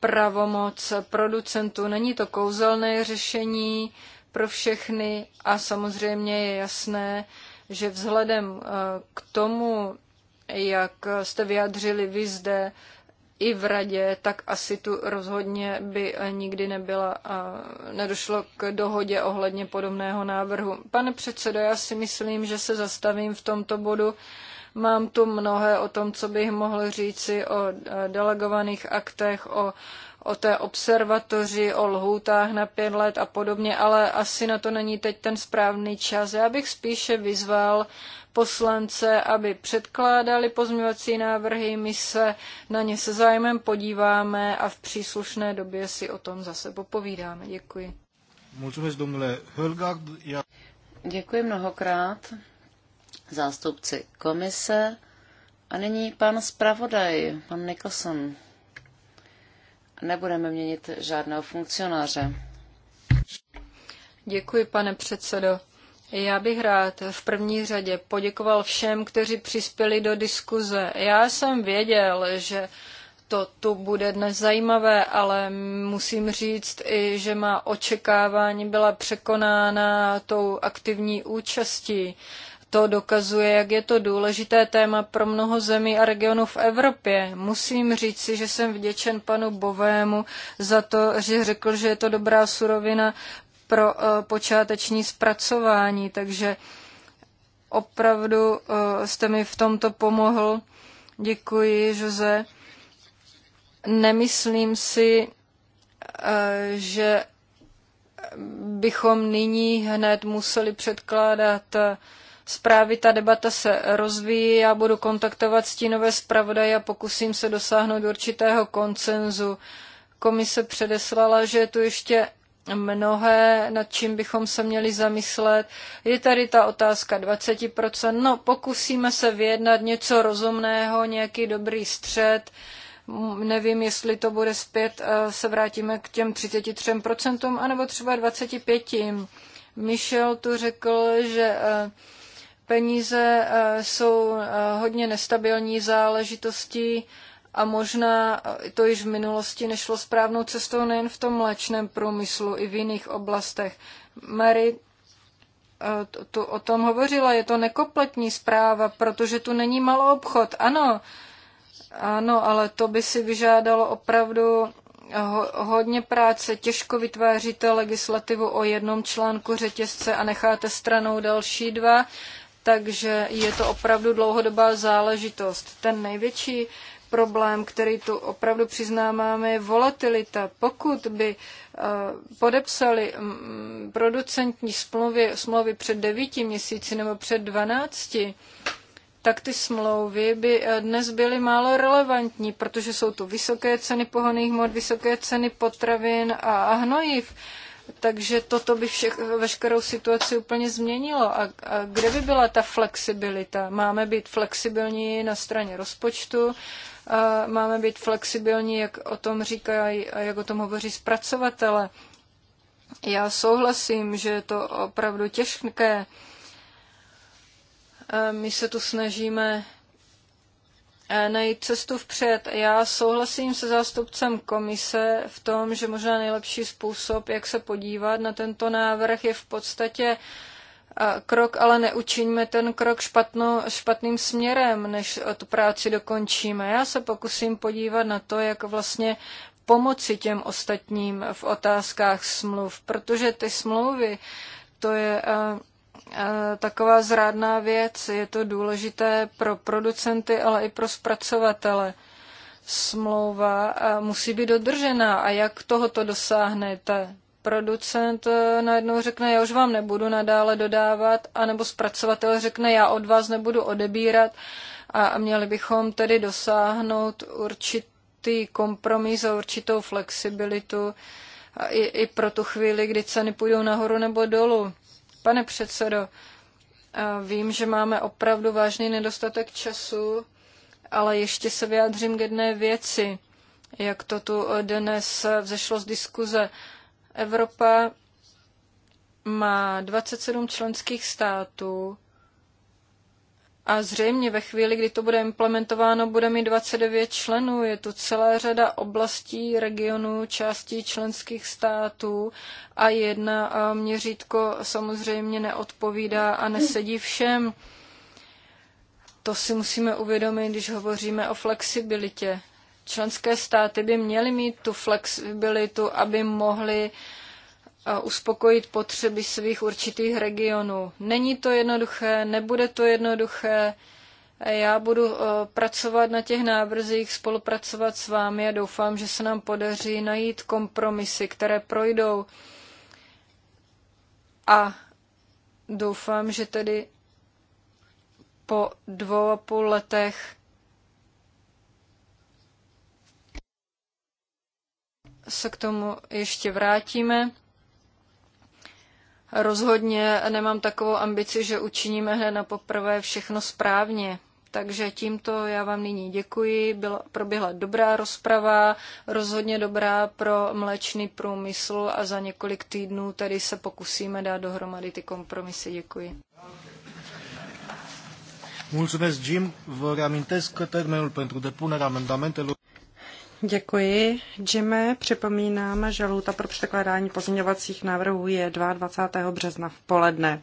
pravomoc producentů. Není to kouzelné řešení pro všechny a samozřejmě je jasné, že vzhledem eh, k tomu, jak jste vyjadřili vy zde, i v radě, tak asi tu rozhodně by eh, nikdy nebyla a nedošlo k dohodě ohledně podobného návrhu. Pane předsedo, já si myslím, že se zastavím v tomto bodu. Mám tu mnohé o tom, co bych mohl říci o eh, delegovaných aktech, o, o té observatoři, o lhůtách na pět let a podobně, ale asi na to není teď ten správný čas. Já bych spíše vyzval poslance, aby předkládali pozměňovací návrhy. My se na ně se zájmem podíváme a v příslušné době si o tom zase popovídáme. Děkuji. Děkuji mnohokrát zástupci komise. A nyní pan zpravodaj, pan Nicholson. Nebudeme měnit žádného funkcionáře. Děkuji, pane předsedo. Já bych rád v první řadě poděkoval všem, kteří přispěli do diskuze. Já jsem věděl, že to tu bude dnes zajímavé, ale musím říct i, že má očekávání byla překonána tou aktivní účastí. To dokazuje, jak je to důležité téma pro mnoho zemí a regionů v Evropě. Musím říct, si, že jsem vděčen panu Bovému za to, že řekl, že je to dobrá surovina pro eh, počáteční zpracování, takže opravdu eh, jste mi v tomto pomohl. Děkuji, Jose. Nemyslím si, eh, že bychom nyní hned museli předkládat zprávy. Ta debata se rozvíjí, já budu kontaktovat stínové zpravodaje a pokusím se dosáhnout určitého koncenzu. Komise předeslala, že je tu ještě mnohé, nad čím bychom se měli zamyslet. Je tady ta otázka 20%. No, pokusíme se vyjednat něco rozumného, nějaký dobrý střed. Nevím, jestli to bude zpět, eh, se vrátíme k těm 33%, anebo třeba 25%. Michel tu řekl, že eh, peníze eh, jsou hodně nestabilní záležitostí a možná to již v minulosti nešlo správnou cestou nejen v tom mléčném průmyslu, i v jiných oblastech. Mary eh, tu o tom hovořila, je to nekompletní zpráva, protože tu není malý obchod. Ano, ano, ale to by si vyžádalo opravdu eh, hodně práce, těžko vytváříte legislativu o jednom článku řetězce a necháte stranou další dva, takže je to opravdu dlouhodobá záležitost. Ten největší problém, který tu opravdu přiznáváme, je volatilita. Pokud by eh, podepsali mm, producentní smlouvy, smlouvy před devíti měsíci nebo před dvanácti, tak ty smlouvy by eh, dnes byly málo relevantní, protože jsou tu vysoké ceny pohoných hmot, vysoké ceny potravin a hnojiv. Takže toto by všech, veškerou situaci úplně změnilo. A, a kde by byla ta flexibilita? Máme být flexibilní na straně rozpočtu, a máme být flexibilní, jak o tom říkají a jak o tom hovoří zpracovatele. Já souhlasím, že je to opravdu těžké. My se tu snažíme Eh, najít cestu vpřed. Já souhlasím se zástupcem komise v tom, že možná nejlepší způsob, jak se podívat na tento návrh, je v podstatě eh, krok, ale neučiníme ten krok špatno, špatným směrem, než eh, tu práci dokončíme. Já se pokusím podívat na to, jak vlastně pomoci těm ostatním v otázkách smluv, protože ty smlouvy, to je Eh, taková zrádná věc. Je to důležité pro producenty, ale i pro zpracovatele. Smlouva eh, musí být dodržena. A jak tohoto dosáhnete? Producent eh, najednou řekne, já už vám nebudu nadále dodávat, anebo zpracovatel řekne, já od vás nebudu odebírat. A měli bychom tedy dosáhnout určitý kompromis a určitou flexibilitu i, i pro tu chvíli, kdy ceny půjdou nahoru nebo dolů Pane předsedo, vím, že máme opravdu vážný nedostatek času, ale ještě se vyjádřím k jedné věci, jak to tu dnes vzešlo z diskuze. Evropa má 27 členských států, a zřejmě ve chvíli, kdy to bude implementováno, bude mít 29 členů. Je tu celá řada oblastí, regionů, částí členských států a jedna a měřítko samozřejmě neodpovídá a nesedí všem. To si musíme uvědomit, když hovoříme o flexibilitě. Členské státy by měly mít tu flexibilitu, aby mohly uh, uspokojit potřeby svých určitých regionů. Není to jednoduché, nebude to jednoduché. Já budu eh, pracovat na těch návrzích, spolupracovat s vámi a doufám, že se nám podaří najít kompromisy, které projdou. A doufám, že tedy po dvou a půl letech se k tomu ještě vrátíme. Rozhodně nemám takovou ambici, že učiníme hned na poprvé všechno správně. Takže tímto já vám nyní děkuji. Byla, proběhla dobrá rozprava, rozhodně dobrá pro mléčný průmysl a za několik týdnů tady se pokusíme dát dohromady ty kompromisy. Děkuji. Mulțumesc, Jim. Vă reamintesc că termenul pentru depunerea amendamentelor... Děkuji, Jimmy. Připomínám, že lhůta pro předkládání pozměňovacích návrhů je 22. března v poledne.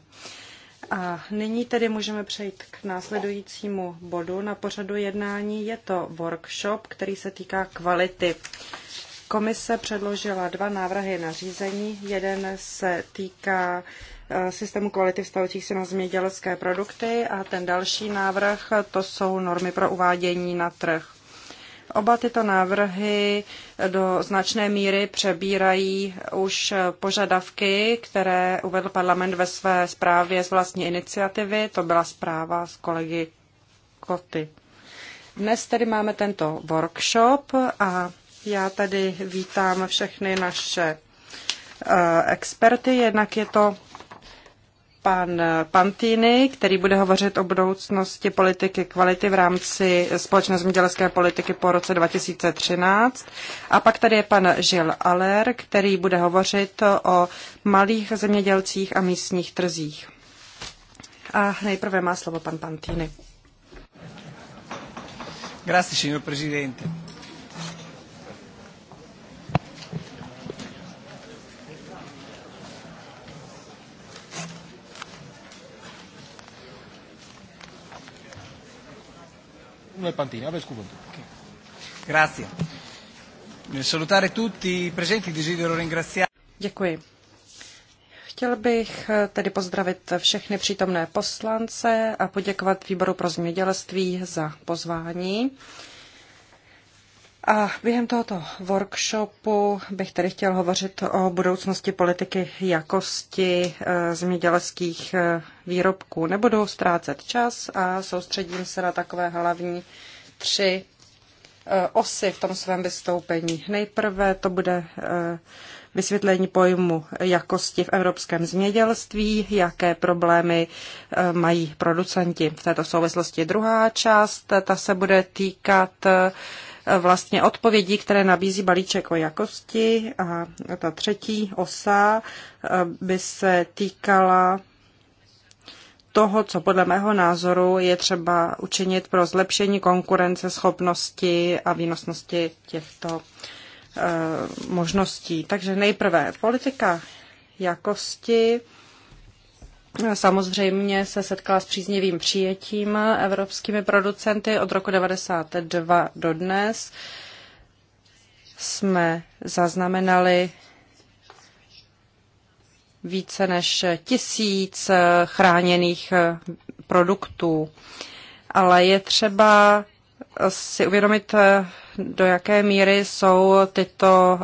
A nyní tedy můžeme přejít k následujícímu bodu na pořadu jednání. Je to workshop, který se týká kvality. Komise předložila dva návrhy na řízení. Jeden se týká e, systému kvality vztahujících se na zemědělské produkty a ten další návrh to jsou normy pro uvádění na trh. Oba tyto návrhy do značné míry přebírají už požadavky, které uvedl parlament ve své zprávě z vlastní iniciativy. To byla zpráva z kolegy Koty. Dnes tedy máme tento workshop a já tady vítám všechny naše eh, experty. Jednak je to pan Pantini, který bude hovořit o budoucnosti politiky kvality v rámci společné zemědělské politiky po roce 2013. A pak tady je pan Žil Aller, který bude hovořit o malých zemědělcích a místních trzích. A nejprve má slovo pan Pantini. Grazie, signor Presidente. Domnule Pantini. aveți cuvântul. Okay. Grazie. Nel salutare tutti i presenti desidero ringraziare. Děkuji. Chtěl bych eh, tedy pozdravit všechny přítomné poslance a poděkovat Výboru pro zemědělství za pozvání. A během tohoto workshopu bych tady chtěl hovořit o budoucnosti politiky jakosti e, zemědělských e, výrobků. Nebudu ztrácet čas a soustředím se na takové hlavní tři e, osy v tom svém vystoupení. Nejprve to bude vysvětlení pojmu jakosti v evropském zemědělství, jaké problémy mají producenti. V této souvislosti druhá část, ta se bude týkat vlastně odpovědí, které nabízí balíček o jakosti. A ta třetí osa eh, by se týkala toho, co podle mého názoru je třeba učinit pro zlepšení konkurenceschopnosti a výnosnosti těchto eh, možností. Takže nejprve politika jakosti Samozřejmě se setkala s příznivým přijetím evropskými producenty od roku 92 do dnes. Jsme zaznamenali více než tisíc chráněných produktů. Ale je třeba si uvědomit, do jaké míry jsou tyto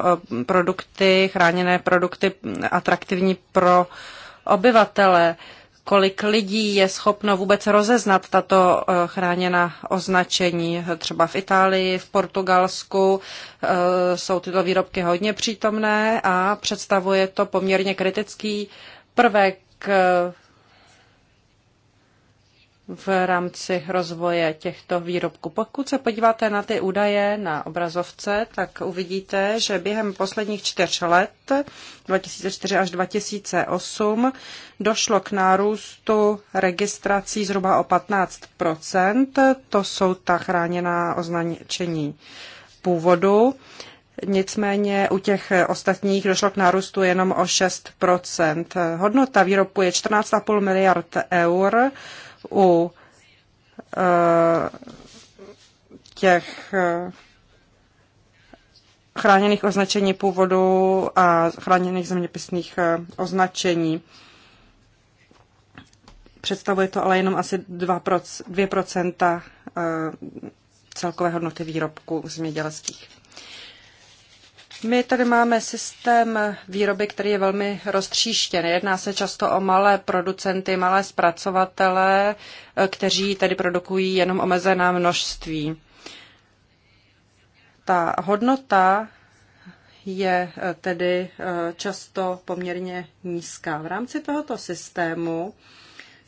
produkty, chráněné produkty, atraktivní pro uh, obyvatele, kolik lidí je schopno vůbec rozeznat tato eh, chráněná označení. Třeba v Itálii, v Portugalsku eh, jsou tyto výrobky hodně přítomné a představuje to poměrně kritický prvek eh, v rámci rozvoje těchto výrobků. Pokud se podíváte na ty údaje na obrazovce, tak uvidíte, že během posledních čtyř let, 2004 až 2008, došlo k nárůstu registrací zhruba o 15 To jsou ta chráněná označení původu. Nicméně u těch ostatních došlo k nárůstu jenom o 6 Hodnota výrobku je 14,5 miliard eur u eh, těch eh, chráněných označení původu a chráněných zeměpisných eh, označení. Představuje to ale jenom asi 2%, 2% celkové hodnoty výrobků zemědělských. My tady máme systém výroby, který je velmi roztříštěný. Jedná se často o malé producenty, malé zpracovatele, eh, kteří tedy produkují jenom omezená množství. Ta hodnota je eh, tedy eh, často poměrně nízká. V rámci tohoto systému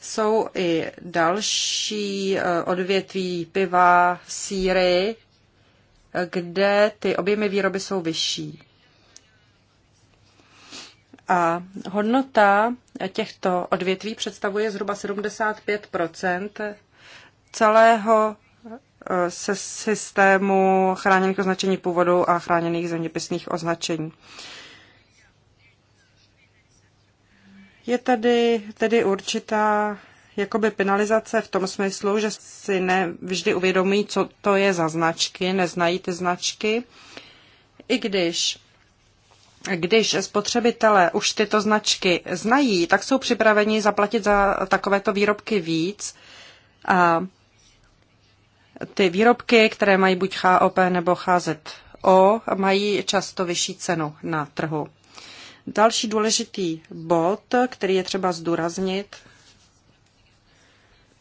jsou i další odvětví piva, síry, kde ty objemy výroby jsou vyšší. A hodnota těchto odvětví představuje zhruba 75 celého eh, se systému chráněných označení původu a chráněných zeměpisných označení. Je tady tedy určitá jakoby penalizace v tom smyslu, že si nevždy uvědomí, co to je za značky, neznají ty značky. I když když spotřebitelé už tyto značky znají, tak jsou připraveni zaplatit za takovéto výrobky víc. A ty výrobky, které mají buď HOP nebo HZO, mají často vyšší cenu na trhu. Další důležitý bod, který je třeba zdůraznit,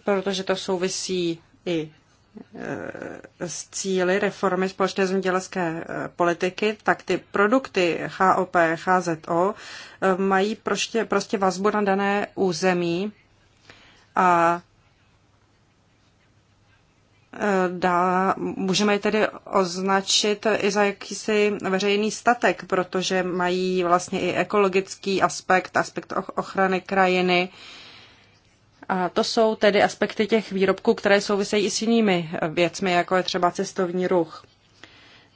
protože to souvisí i e, s cíly reformy společné zemědělské e, politiky, tak ty produkty HOP, HZO e, mají prostě, prostě vazbu na dané území a dá, můžeme je tedy označit i za jakýsi veřejný statek, protože mají vlastně i ekologický aspekt, aspekt ochrany krajiny, a to jsou tedy aspekty těch výrobků, které souvisejí i s jinými věcmi, jako je třeba cestovní ruch.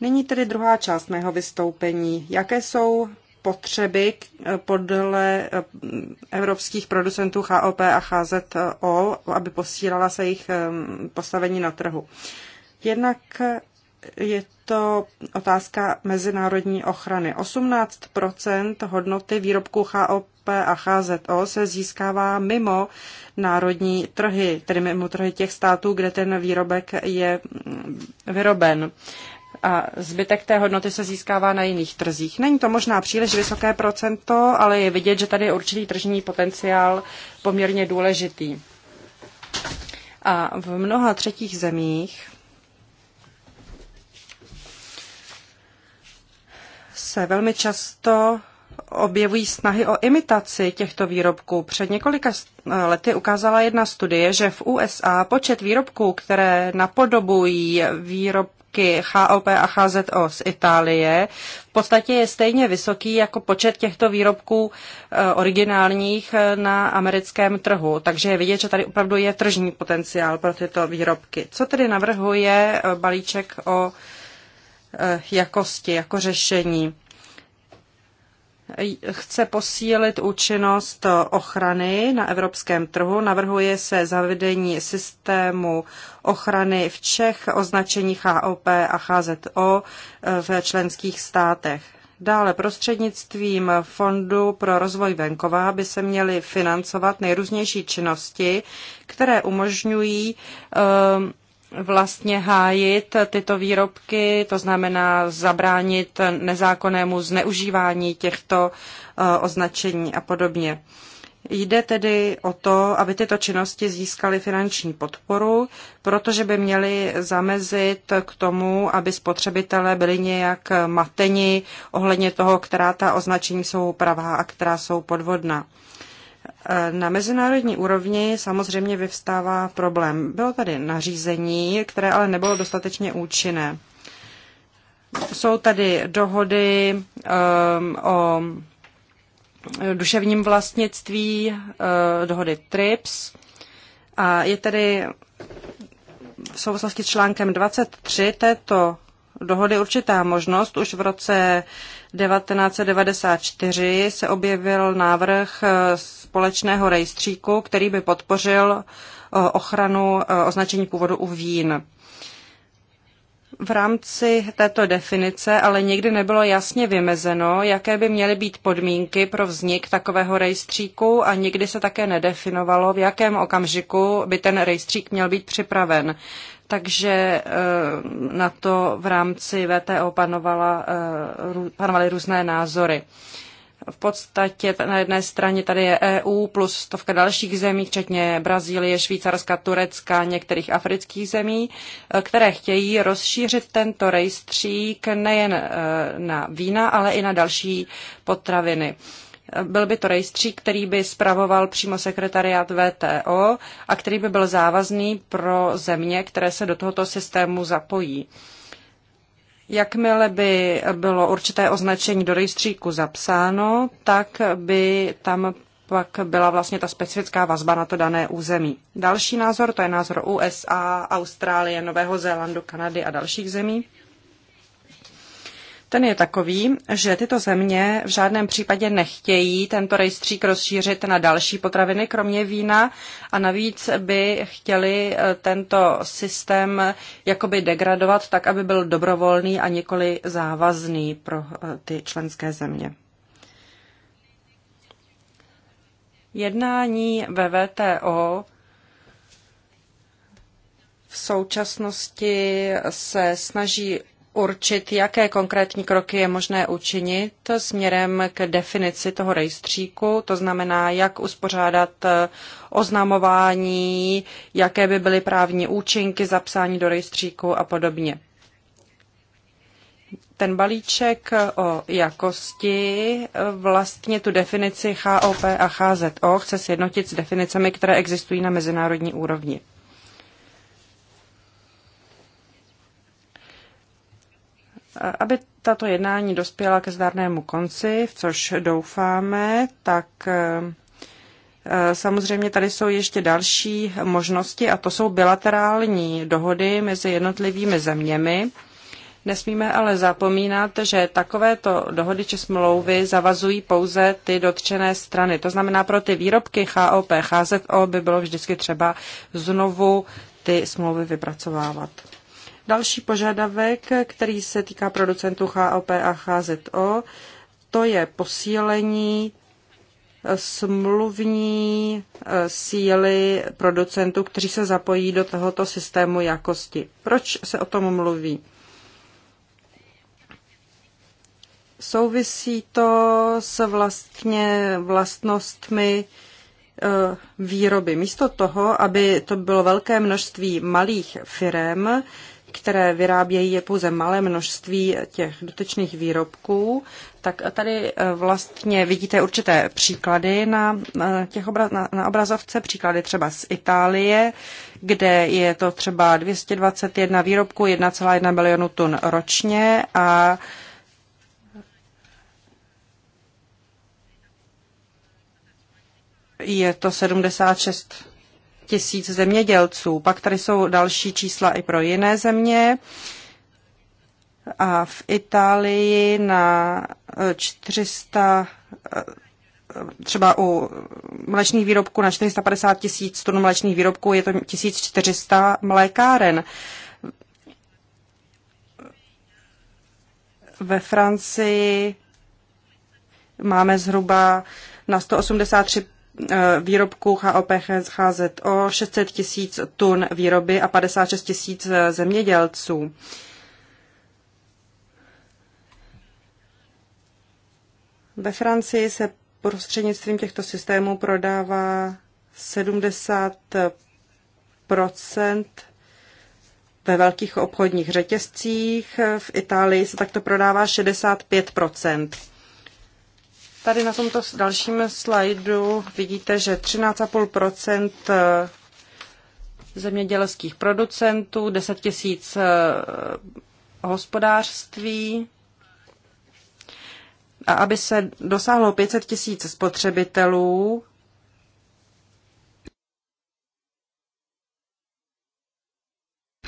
Nyní tedy druhá část mého vystoupení. Jaké jsou potřeby podle eh, evropských producentů HOP a HZO, aby posílala se jejich eh, postavení na trhu? Jednak je to otázka mezinárodní ochrany. 18 hodnoty výrobků HOP a HZO se získává mimo národní trhy, tedy mimo trhy těch států, kde ten výrobek je mm, vyroben. A zbytek té hodnoty se získává na jiných trzích. Není to možná příliš vysoké procento, ale je vidět, že tady je určitý tržní potenciál poměrně důležitý. A v mnoha třetích zemích se velmi často objevují snahy o imitaci těchto výrobků. Před několika lety ukázala jedna studie, že v USA počet výrobků, které napodobují výrobky HOP a HZO z Itálie, v podstatě je stejně vysoký jako počet těchto výrobků eh, originálních eh, na americkém trhu. Takže je vidět, že tady opravdu je tržní potenciál pro tyto výrobky. Co tedy navrhuje eh, balíček o Eh, jakosti jako řešení. Chce posílit účinnost ochrany na evropském trhu. Navrhuje se zavedení systému ochrany v Čech označení HOP a HZO eh, v členských státech. Dále prostřednictvím Fondu pro rozvoj venkova by se měly financovat nejrůznější činnosti, které umožňují um, vlastně hájit tyto výrobky, to znamená zabránit nezákonnému zneužívání těchto eh, označení a podobně. Jde tedy o to, aby tyto činnosti získaly finanční podporu, protože by měly zamezit k tomu, aby spotřebitelé byli nějak mateni ohledně toho, která ta označení jsou pravá a která jsou podvodná. Eh, na mezinárodní úrovni samozřejmě vyvstává problém. Bylo tady nařízení, které ale nebylo dostatečně účinné. Jsou tady dohody um, o duševním vlastnictví, uh, dohody TRIPS a je tedy v souvislosti s článkem 23 této dohody určitá možnost už v roce 1994 se objevil návrh eh, společného rejstříku, který by podpořil eh, ochranu eh, označení původu u vín v rámci této definice ale nikdy nebylo jasně vymezeno, jaké by měly být podmínky pro vznik takového rejstříku a nikdy se také nedefinovalo, v jakém okamžiku by ten rejstřík měl být připraven. Takže eh, na to v rámci VTO panovala, eh, panovaly různé názory. V podstatě na jedné straně tady je EU plus stovka dalších zemí, včetně Brazílie, Švýcarska, Turecka, některých afrických zemí, e, které chtějí rozšířit tento rejstřík nejen e, na vína, ale i na další potraviny. E, byl by to rejstřík, který by spravoval přímo sekretariát VTO a který by byl závazný pro země, které se do tohoto systému zapojí. Jakmile by bylo určité označení do rejstříku zapsáno, tak by tam pak byla vlastně ta specifická vazba na to dané území. Další názor, to je názor USA, Austrálie, Nového Zélandu, Kanady a dalších zemí ten je takový, že tyto země v žádném případě nechtějí tento rejstřík rozšířit na další potraviny, kromě vína, a navíc by chtěli eh, tento systém eh, jakoby degradovat tak, aby byl dobrovolný a nikoli závazný pro eh, ty členské země. Jednání ve VTO v současnosti se snaží určit, jaké konkrétní kroky je možné učinit směrem k definici toho rejstříku, to znamená, jak uspořádat eh, oznamování, jaké by byly právní účinky zapsání do rejstříku a podobně. Ten balíček eh, o jakosti eh, vlastně tu definici HOP a HZO chce sjednotit s definicemi, které existují na mezinárodní úrovni. Aby tato jednání dospěla ke zdárnému konci, v což doufáme, tak eh, Samozřejmě tady jsou ještě další možnosti a to jsou bilaterální dohody mezi jednotlivými zeměmi. Nesmíme ale zapomínat, že takovéto dohody či smlouvy zavazují pouze ty dotčené strany. To znamená, pro ty výrobky HOP, HZO by bylo vždycky třeba znovu ty smlouvy vypracovávat. Další požadavek, který se týká producentů HOP a HZO, to je posílení eh, smluvní eh, síly producentů, kteří se zapojí do tohoto systému jakosti. Proč se o tom mluví? Souvisí to s vlastně vlastnostmi eh, výroby. Místo toho, aby to bylo velké množství malých firm, které vyrábějí je pouze malé množství těch dotečných výrobků, tak tady eh, vlastně vidíte určité příklady na, eh, těch obra, na, na obrazovce, příklady třeba z Itálie, kde je to třeba 221 výrobků, 1,1 milionu tun ročně a je to 76 tisíc zemědělců. Pak tady jsou další čísla i pro jiné země. A v Itálii na 400 eh, eh, třeba u mléčných výrobků na 450 tisíc tun mléčných výrobků je to 1400 mlékáren. Ve Francii máme zhruba na 183 Eh, výrobku HOP HZO 600 tisíc tun výroby a 56 tisíc eh, zemědělců. Ve Francii se prostřednictvím těchto systémů prodává 70 ve velkých obchodních řetězcích. V Itálii se takto prodává 65 Tady na tomto dalším slajdu vidíte, že 13,5 eh, zemědělských producentů, 10 tisíc eh, hospodářství. A aby se dosáhlo 500 tisíc spotřebitelů,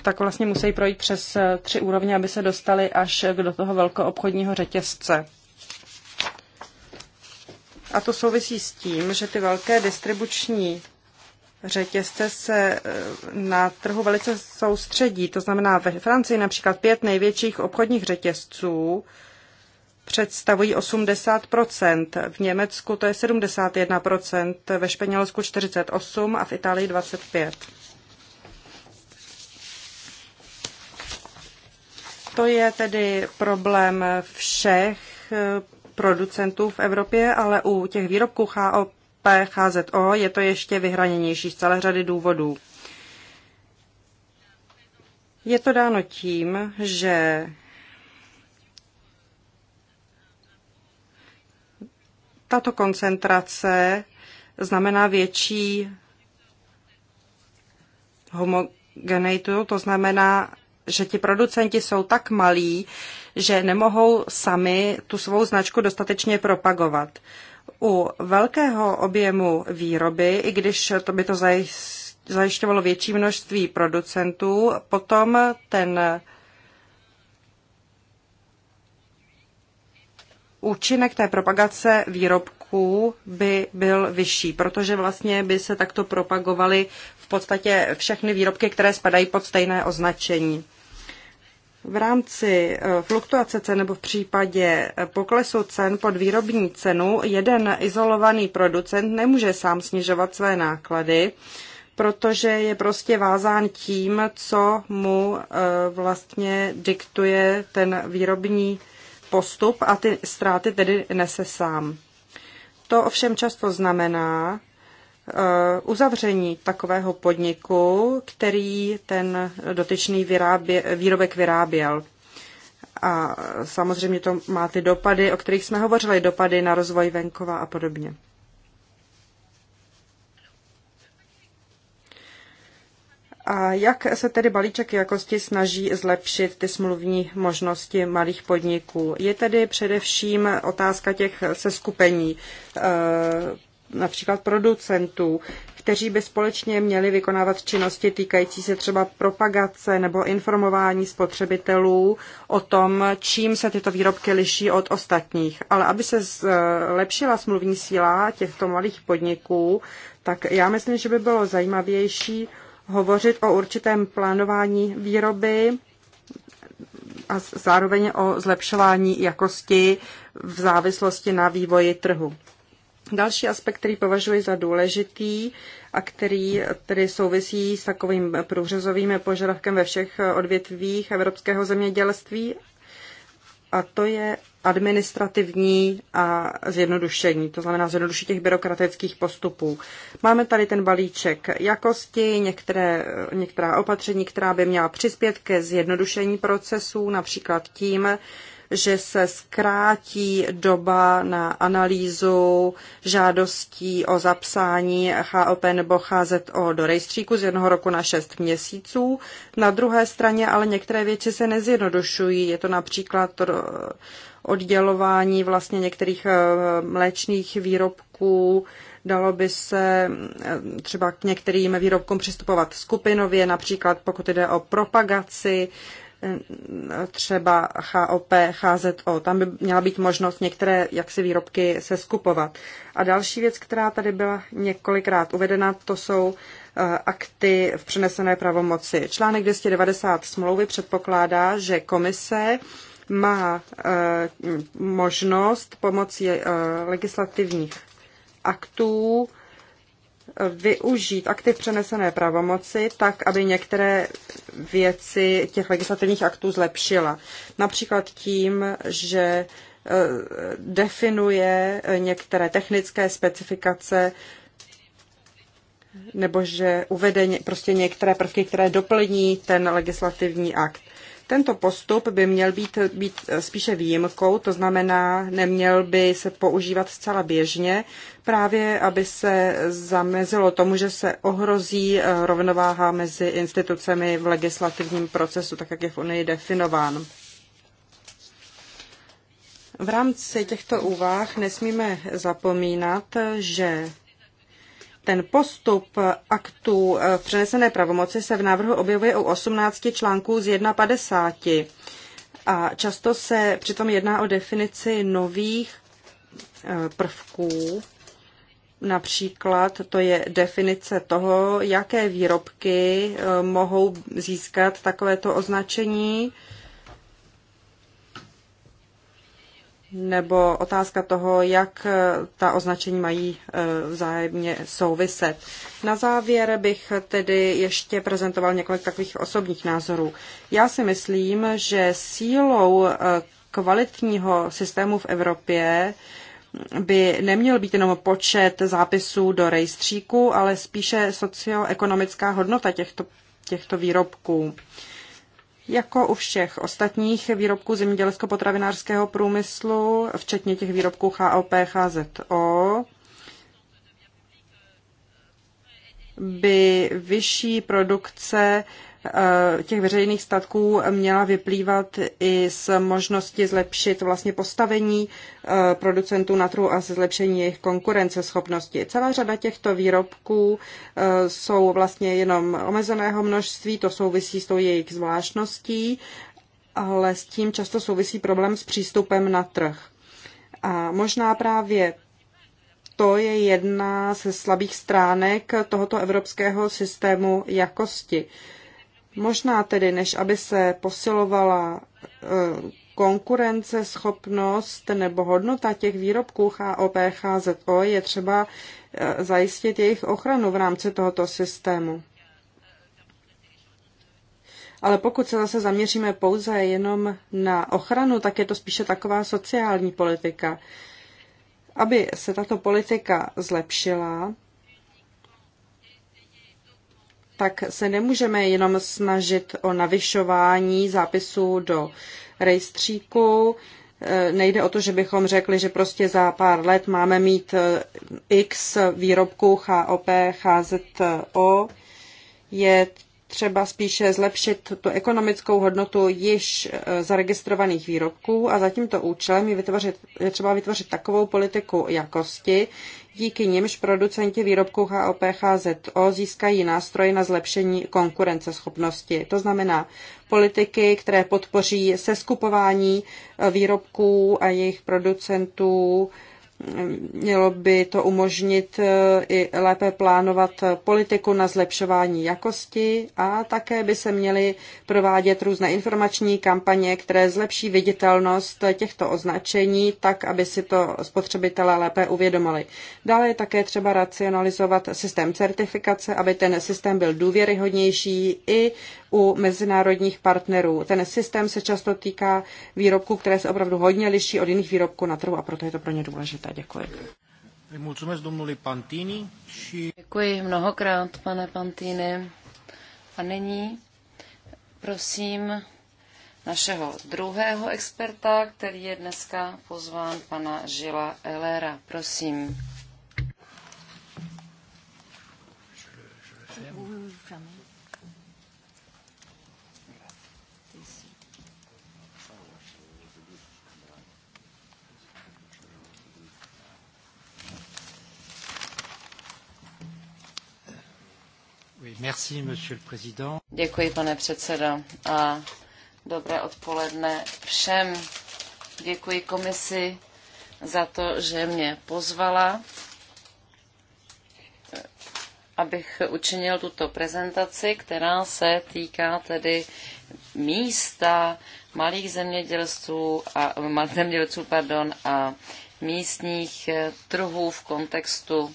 tak vlastně musí projít přes eh, tři úrovně, aby se dostali až do toho velkoobchodního řetězce. A to souvisí s tím, že ty velké distribuční řetězce se e, na trhu velice soustředí. To znamená, ve Francii například pět největších obchodních řetězců představují 80 v Německu to je 71 ve Španělsku 48 a v Itálii 25 To je tedy problém všech e, producentů v Evropě, ale u těch výrobků HOP, HZO je to ještě vyhraněnější z celé řady důvodů. Je to dáno tím, že tato koncentrace znamená větší homogeneitu, to znamená, že ti producenti jsou tak malí, že nemohou sami tu svou značku dostatečně propagovat. U velkého objemu výroby, i když to by to zajišťovalo větší množství producentů, potom ten účinek té propagace výrobků by byl vyšší, protože vlastně by se takto propagovaly v podstatě všechny výrobky, které spadají pod stejné označení. V rámci eh, fluktuace cen nebo v případě eh, poklesu cen pod výrobní cenu jeden izolovaný producent nemůže sám snižovat své náklady, protože je prostě vázán tím, co mu eh, vlastně diktuje ten výrobní postup a ty ztráty tedy nese sám. To ovšem často znamená, Eh, uzavření takového podniku, který ten dotyčný vyrábě, výrobek vyráběl. A samozřejmě to má ty dopady, o kterých jsme hovořili, dopady na rozvoj venkova a podobně. A jak se tedy balíček jakosti snaží zlepšit ty smluvní možnosti malých podniků? Je tedy především otázka těch seskupení eh, například producentů, kteří by společně měli vykonávat činnosti týkající se třeba propagace nebo informování spotřebitelů o tom, čím se tyto výrobky liší od ostatních. Ale aby se zlepšila smluvní síla těchto malých podniků, tak já myslím, že by bylo zajímavější hovořit o určitém plánování výroby a zároveň o zlepšování jakosti v závislosti na vývoji trhu. Další aspekt, který považuji za důležitý a který tedy souvisí s takovým průřezovým požadavkem ve všech odvětvích evropského zemědělství, a to je administrativní a zjednodušení, to znamená zjednodušení těch byrokratických postupů. Máme tady ten balíček jakosti, některé, některá opatření, která by měla přispět ke zjednodušení procesů, například tím, že se zkrátí doba na analýzu žádostí o zapsání HOP nebo HZO do rejstříku z jednoho roku na šest měsíců. Na druhé straně ale některé věci se nezjednodušují. Je to například oddělování vlastně některých eh, mléčných výrobků, dalo by se eh, třeba k některým výrobkům přistupovat skupinově, například pokud jde o propagaci třeba HOP, HZO. Tam by měla být možnost některé jaksi výrobky se skupovat. A další věc, která tady byla několikrát uvedena, to jsou eh, akty v přenesené pravomoci. Článek 290 smlouvy předpokládá, že komise má eh, možnost pomocí eh, legislativních aktů využít aktiv přenesené pravomoci tak, aby některé věci těch legislativních aktů zlepšila. Například tím, že e, definuje některé technické specifikace nebo že uvede prostě některé prvky, které doplní ten legislativní akt. Tento postup by měl být, být spíše výjimkou, to znamená, neměl by se používat zcela běžně, právě aby se zamezilo tomu, že se ohrozí eh, rovnováha mezi institucemi v legislativním procesu, tak jak je v Unii definován. V rámci těchto úvah nesmíme zapomínat, že ten postup aktů v eh, přenesené pravomoci se v návrhu objevuje u 18 článků z 1,50 a často se přitom jedná o definici nových eh, prvků. Například to je definice toho, jaké výrobky eh, mohou získat takovéto označení. nebo otázka toho, jak eh, ta označení mají eh, vzájemně souviset. Na závěr bych tedy ještě prezentoval několik takových osobních názorů. Já si myslím, že sílou eh, kvalitního systému v Evropě mm, by neměl být jenom počet zápisů do rejstříku, ale spíše socioekonomická hodnota těchto, těchto výrobků. Jako u všech ostatních výrobků zemědělsko-potravinářského průmyslu, včetně těch výrobků HOP, HZO, by vyšší produkce Eh, těch veřejných statků měla vyplývat i z možnosti zlepšit vlastně postavení eh, producentů na trhu a zlepšení jejich konkurenceschopnosti. Celá řada těchto výrobků eh, jsou vlastně jenom omezeného množství, to souvisí s tou jejich zvláštností, ale s tím často souvisí problém s přístupem na trh. A možná právě to je jedna ze slabých stránek tohoto evropského systému jakosti. Uh, Možná tedy, než aby se posilovala e, konkurence, schopnost nebo hodnota těch výrobků HOP, HZO, je třeba e, zajistit jejich ochranu v rámci tohoto systému. Ale pokud se zase zaměříme pouze jenom na ochranu, tak je to spíše taková sociální politika. Aby se tato politika zlepšila, tak se nemůžeme jenom snažit o navyšování zápisů do rejstříku. E, nejde o to, že bychom řekli, že prostě za pár let máme mít e, x výrobků HOP, HZO. Je třeba spíše zlepšit tu ekonomickou hodnotu již e, zaregistrovaných výrobků a za tímto účelem je, vytvořit, je třeba vytvořit takovou politiku jakosti, díky nimž producenti výrobků HOP HZO získají nástroj na zlepšení konkurenceschopnosti. To znamená politiky, které podpoří seskupování eh, výrobků a jejich producentů, Mělo by to umožnit e, i lépe plánovat politiku na zlepšování jakosti a také by se měly provádět různé informační kampaně, které zlepší viditelnost těchto označení tak, aby si to spotřebitelé lépe uvědomili. Dále je také třeba racionalizovat systém certifikace, aby ten systém byl důvěryhodnější i u mezinárodních partnerů. Ten systém se často týká výrobků, které se opravdu hodně liší od jiných výrobků na trhu a proto je to pro ně důležité. Děkuji. Děkuji mnohokrát, pane Pantýny. A nyní prosím našeho druhého experta, který je dneska pozván pana Žila Elera. Prosím. Děkuji, pane předsedo, a dobré odpoledne všem. Děkuji komisi za to, že mě pozvala, abych učinil tuto prezentaci, která se týká tedy místa malých zemědělců a, zemědělců pardon, a místních trhů v kontextu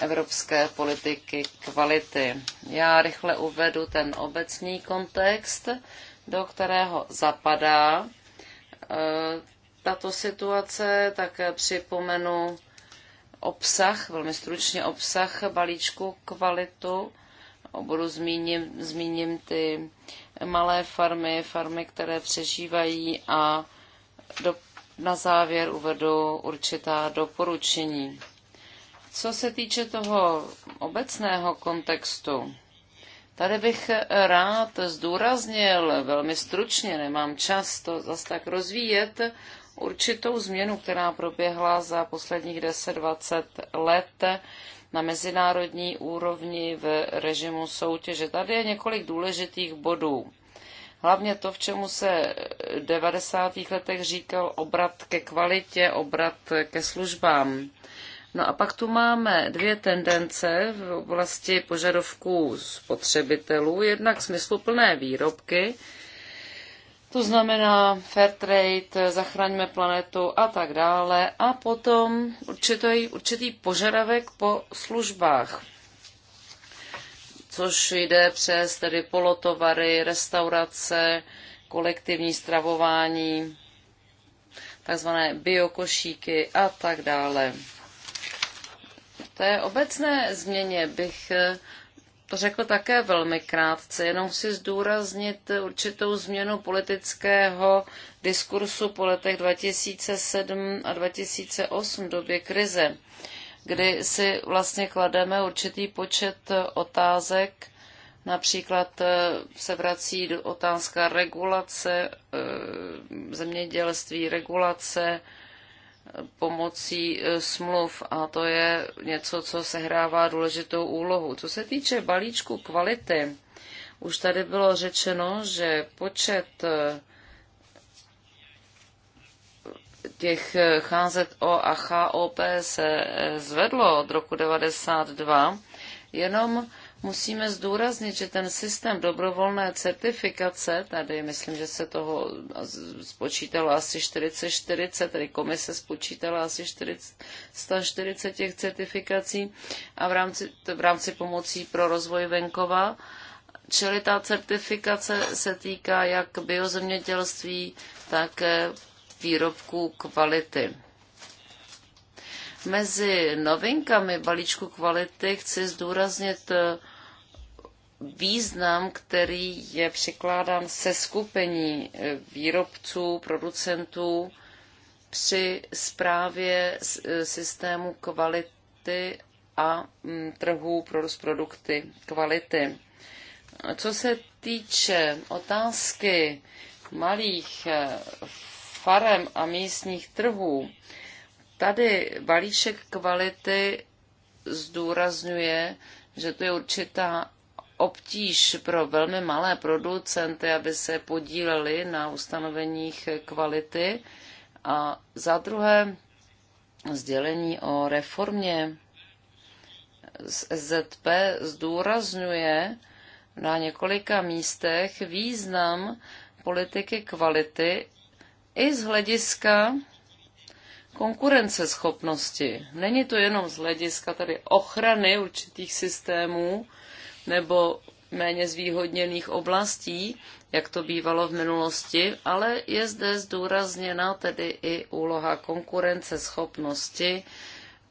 evropské politiky kvality. Já rychle uvedu ten obecný kontext, do kterého zapadá eh, tato situace, tak připomenu obsah, velmi stručně obsah balíčku kvalitu. Budu zmíním, zmíním ty malé farmy, farmy, které přežívají a do, na závěr uvedu určitá doporučení. Co se týče toho obecného kontextu, tady bych rád zdůraznil velmi stručně, nemám čas to zase tak rozvíjet, určitou změnu, která proběhla za posledních 10-20 let na mezinárodní úrovni v režimu soutěže. Tady je několik důležitých bodů. Hlavně to, v čemu se v 90. letech říkal obrat ke kvalitě, obrat ke službám. No a pak tu máme dvě tendence v oblasti požadovků spotřebitelů. Jednak smysluplné výrobky, to znamená fair trade, zachraňme planetu a tak dále. A potom určitý, určitý požadavek po službách, což jde přes tedy polotovary, restaurace, kolektivní stravování, takzvané biokošíky a tak dále té obecné změně bych eh, to řekl také velmi krátce, jenom si zdůraznit určitou změnu politického diskursu po letech 2007 a 2008 době krize, kdy si vlastně klademe určitý počet otázek, Například eh, se vrací otázka regulace eh, zemědělství, regulace pomocí e, smluv a to je něco, co sehrává důležitou úlohu. Co se týče balíčku kvality, už tady bylo řečeno, že počet e, těch e, HZO a HOP se zvedlo od roku 92, jenom Musíme zdůraznit, že ten systém dobrovolné certifikace, tady myslím, že se toho spočítalo asi 40-40, tedy komise spočítala asi 40, 140 těch certifikací a v rámci, v rámci pomocí pro rozvoj venkova. Čili ta certifikace se týká jak biozemědělství, tak výrobků kvality. Mezi novinkami balíčku kvality chci zdůraznit význam, který je překládán se skupení eh, výrobců, producentů při zprávě eh, systému kvality a mm, trhů pro produkty kvality. Co se týče otázky malých eh, farem a místních trhů, tady balíček kvality zdůrazňuje, že to je určitá obtíž pro velmi malé producenty, aby se podíleli na ustanoveních kvality. A za druhé, sdělení o reformě z SZP zdůrazňuje na několika místech význam politiky kvality i z hlediska konkurenceschopnosti. Není to jenom z hlediska tady ochrany určitých systémů, nebo méně zvýhodněných oblastí, jak to bývalo v minulosti, ale je zde zdůrazněna tedy i úloha konkurence schopnosti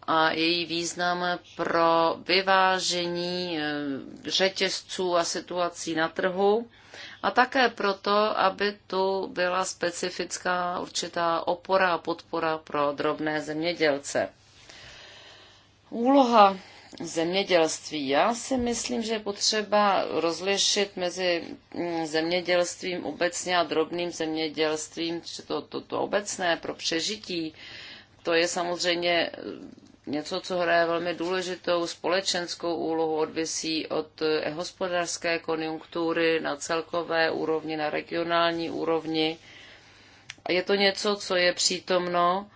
a její význam pro vyvážení eh, řetězců a situací na trhu a také proto, aby tu byla specifická určitá opora a podpora pro drobné zemědělce. Úloha zemědělství. Já si myslím, že je potřeba rozlišit mezi mm, zemědělstvím obecně a drobným zemědělstvím, to, to, to obecné pro přežití. To je samozřejmě eh, něco, co hraje velmi důležitou společenskou úlohu, odvisí od eh, hospodářské konjunktury na celkové úrovni, na regionální úrovni. Je to něco, co je přítomno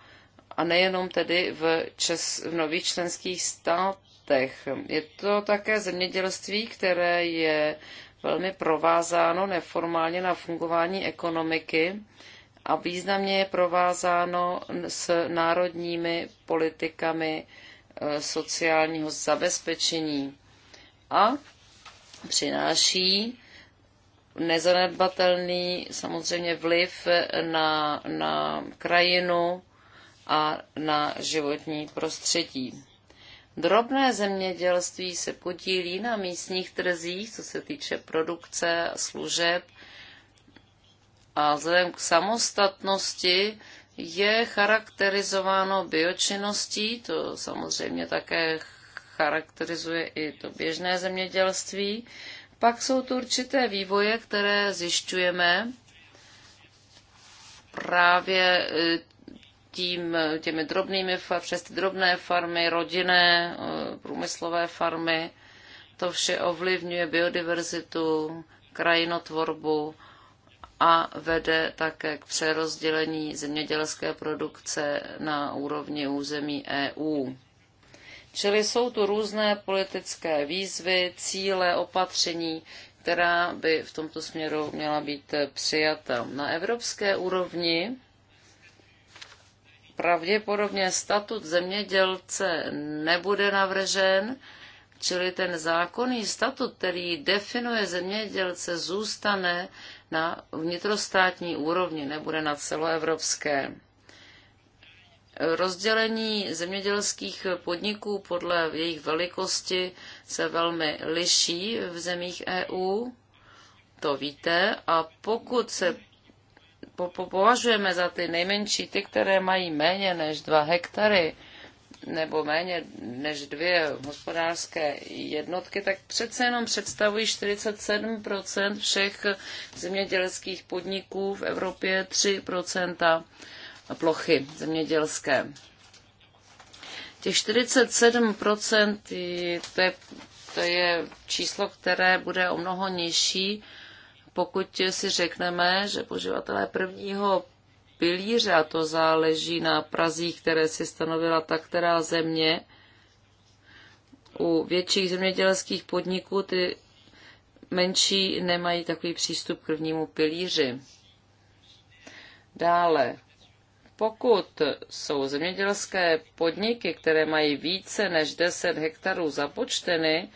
a nejenom tedy v, čes, v nových členských stát, státech. Je to také zemědělství, které je velmi provázáno neformálně na fungování ekonomiky a významně je provázáno s národními politikami eh, sociálního zabezpečení a přináší nezanedbatelný samozřejmě vliv na, na krajinu a na životní prostředí. Drobné zemědělství se podílí na místních trzích, co se týče produkce a služeb. A vzhledem k samostatnosti je charakterizováno biočinností, to samozřejmě také charakterizuje i to běžné zemědělství. Pak jsou tu určité vývoje, které zjišťujeme právě tím, těmi drobnými, přes ty drobné farmy, rodinné, eh, průmyslové farmy. To vše ovlivňuje biodiverzitu, krajinotvorbu a vede také k přerozdělení zemědělské produkce na úrovni území EU. Čili jsou tu různé politické výzvy, cíle, opatření, která by v tomto směru měla být přijata. Na evropské úrovni pravděpodobně statut zemědělce nebude navržen, čili ten zákonný statut, který definuje zemědělce, zůstane na vnitrostátní úrovni, nebude na celoevropské. Rozdělení zemědělských podniků podle jejich velikosti se velmi liší v zemích EU, to víte, a pokud se po, po, považujeme za ty nejmenší, ty, které mají méně než dva hektary nebo méně než dvě hospodářské jednotky, tak přece jenom představují 47 všech zemědělských podniků v Evropě, 3 plochy zemědělské. Těch 47 to je, to je číslo, které bude o mnoho nižší pokud si řekneme, že poživatelé prvního pilíře, a to záleží na prazích, které si stanovila ta která země, u větších zemědělských podniků ty menší nemají takový přístup k prvnímu pilíři. Dále, pokud jsou zemědělské podniky, které mají více než 10 hektarů započteny,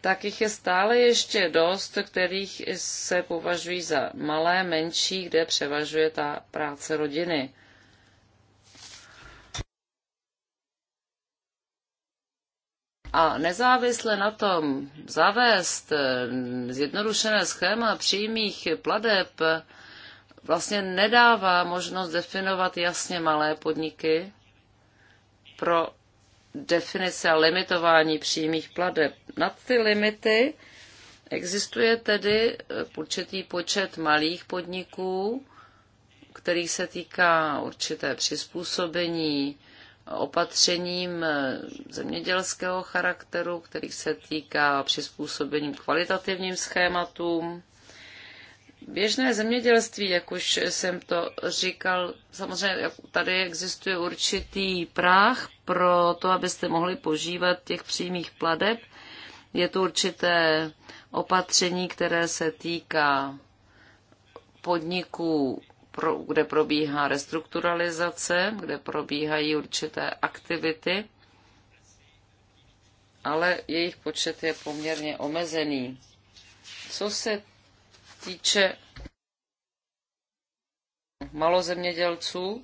tak jich je stále ještě dost, kterých se považují za malé, menší, kde převažuje ta práce rodiny. A nezávisle na tom zavést eh, zjednodušené schéma přímých pladeb vlastně nedává možnost definovat jasně malé podniky pro definice a limitování přímých pladeb. Nad ty limity existuje tedy eh, určitý počet malých podniků, který se týká určité přizpůsobení opatřením eh, zemědělského charakteru, který se týká přizpůsobením kvalitativním schématům Běžné zemědělství, jak už jsem to říkal, samozřejmě tady existuje určitý práh pro to, abyste mohli požívat těch přímých pladeb. Je tu určité opatření, které se týká podniků, kde probíhá restrukturalizace, kde probíhají určité aktivity, ale jejich počet je poměrně omezený. Co se týče malozemědělců,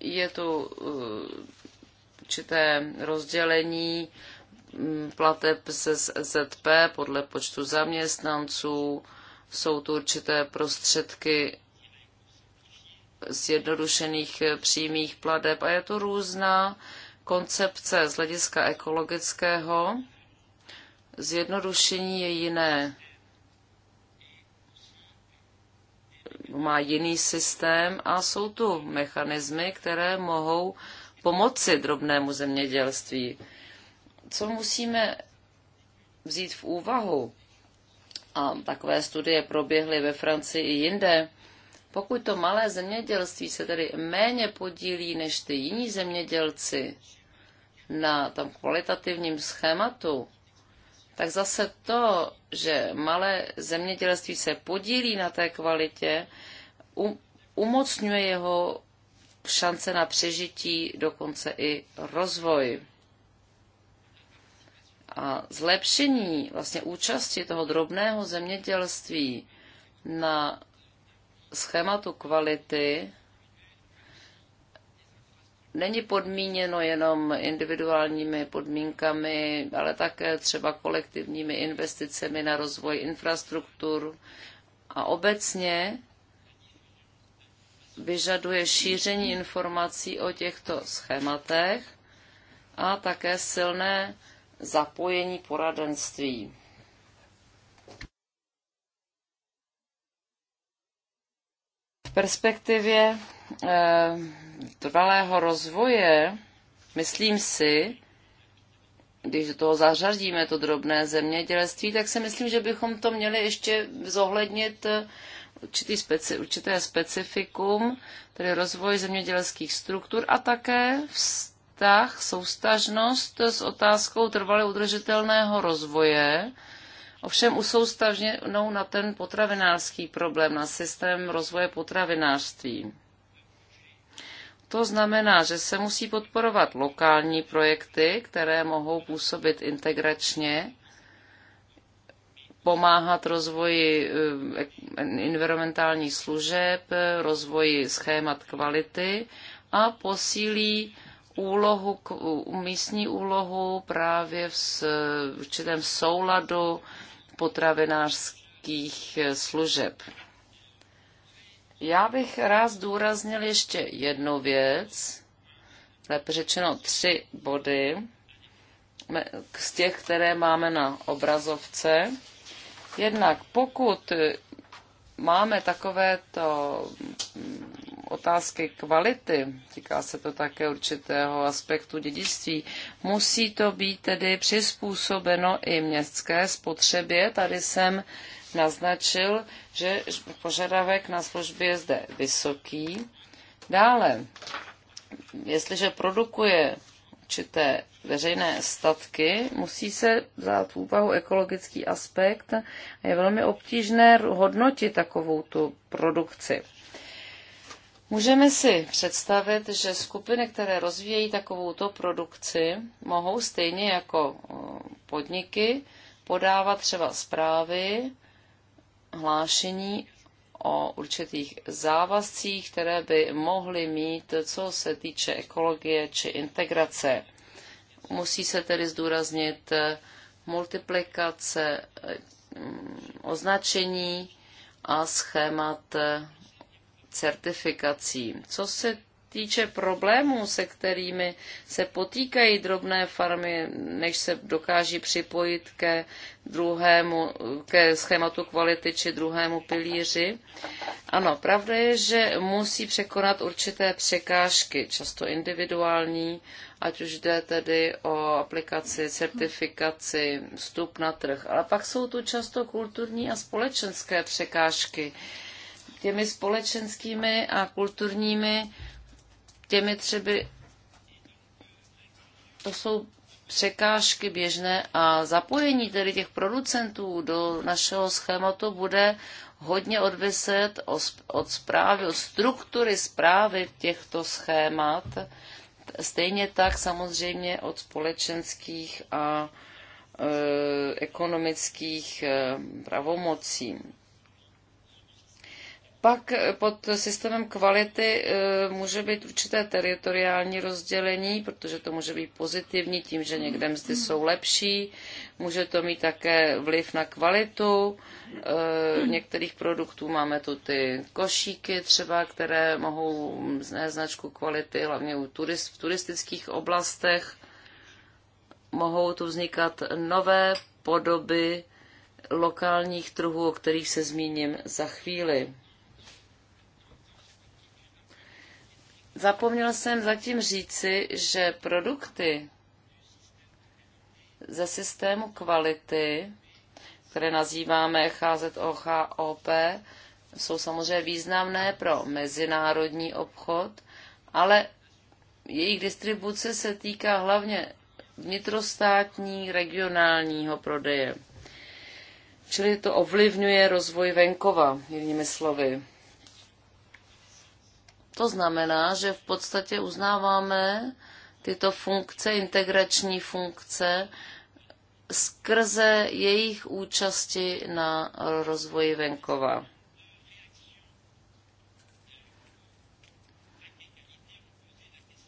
je tu eh, určité rozdělení mm, plateb se ZP podle počtu zaměstnanců, jsou tu určité prostředky zjednodušených eh, přímých pladeb a je to různá koncepce z hlediska ekologického. Zjednodušení je jiné má jiný systém a jsou tu mechanismy, které mohou pomoci drobnému zemědělství. Co musíme vzít v úvahu, a takové studie proběhly ve Francii i jinde, pokud to malé zemědělství se tedy méně podílí než ty jiní zemědělci na tam kvalitativním schématu, tak zase to, že malé zemědělství se podílí na té kvalitě, umocňuje jeho šance na přežití, dokonce i rozvoj. A zlepšení vlastně účasti toho drobného zemědělství na schématu kvality není podmíněno jenom individuálními podmínkami, ale také třeba kolektivními investicemi na rozvoj infrastruktur a obecně vyžaduje šíření informací o těchto schématech a také silné zapojení poradenství. V perspektivě eh, trvalého rozvoje, myslím si, když do toho zařadíme to drobné zemědělství, tak si myslím, že bychom to měli ještě zohlednit eh, určitý speci, určité specifikum, tedy rozvoj zemědělských struktur a také vztah, soustažnost s otázkou trvale udržitelného rozvoje, Ovšem usoustažněnou na ten potravinářský problém, na systém rozvoje potravinářství. To znamená, že se musí podporovat lokální projekty, které mohou působit integračně, pomáhat rozvoji eh, environmentálních služeb, rozvoji schémat kvality a posílí úlohu, místní úlohu právě v určitém souladu potravinářských eh, služeb. Já bych rád zdůraznil ještě jednu věc, lépe řečeno tři body z těch, které máme na obrazovce. Jednak pokud máme takovéto otázky kvality, týká se to také určitého aspektu dědictví, musí to být tedy přizpůsobeno i městské spotřebě. Tady jsem naznačil, že požadavek na služby je zde vysoký. Dále, jestliže produkuje určité veřejné statky, musí se vzát v úvahu ekologický aspekt a je velmi obtížné hodnotit takovou tu produkci. Můžeme si představit, že skupiny, které rozvíjejí takovouto produkci, mohou stejně jako uh, podniky podávat třeba zprávy, hlášení o určitých závazcích, které by mohly mít, co se týče ekologie či integrace. Musí se tedy zdůraznit eh, multiplikace eh, mm, označení a schémat eh, certifikací. Co se týče problémů, se kterými se potýkají drobné farmy, než se dokáží připojit ke druhému, ke schématu kvality či druhému pilíři. Ano, pravda je, že musí překonat určité překážky, často individuální, ať už jde tedy o aplikaci, certifikaci, vstup na trh. Ale pak jsou tu často kulturní a společenské překážky, těmi společenskými a kulturními, těmi třeba to jsou překážky běžné a zapojení tedy těch producentů do našeho schématu bude hodně odviset od zprávy, od struktury zprávy těchto schémat, stejně tak samozřejmě od společenských a e, ekonomických e, pravomocí. Pak eh, pod systémem kvality eh, může být určité teritoriální rozdělení, protože to může být pozitivní tím, že někde mzdy jsou lepší, může to mít také vliv na kvalitu. Eh, některých produktů máme tu ty košíky třeba, které mohou znést značku kvality, hlavně u turist, v turistických oblastech. Mohou tu vznikat nové podoby lokálních trhů, o kterých se zmíním za chvíli. Zapomněl jsem zatím říci, že produkty ze systému kvality, které nazýváme HZOHOP, jsou samozřejmě významné pro mezinárodní obchod, ale jejich distribuce se týká hlavně vnitrostátní regionálního prodeje. Čili to ovlivňuje rozvoj venkova, jinými slovy. To znamená, že v podstatě uznáváme tyto funkce, integrační funkce, skrze jejich účasti na rozvoji venkova.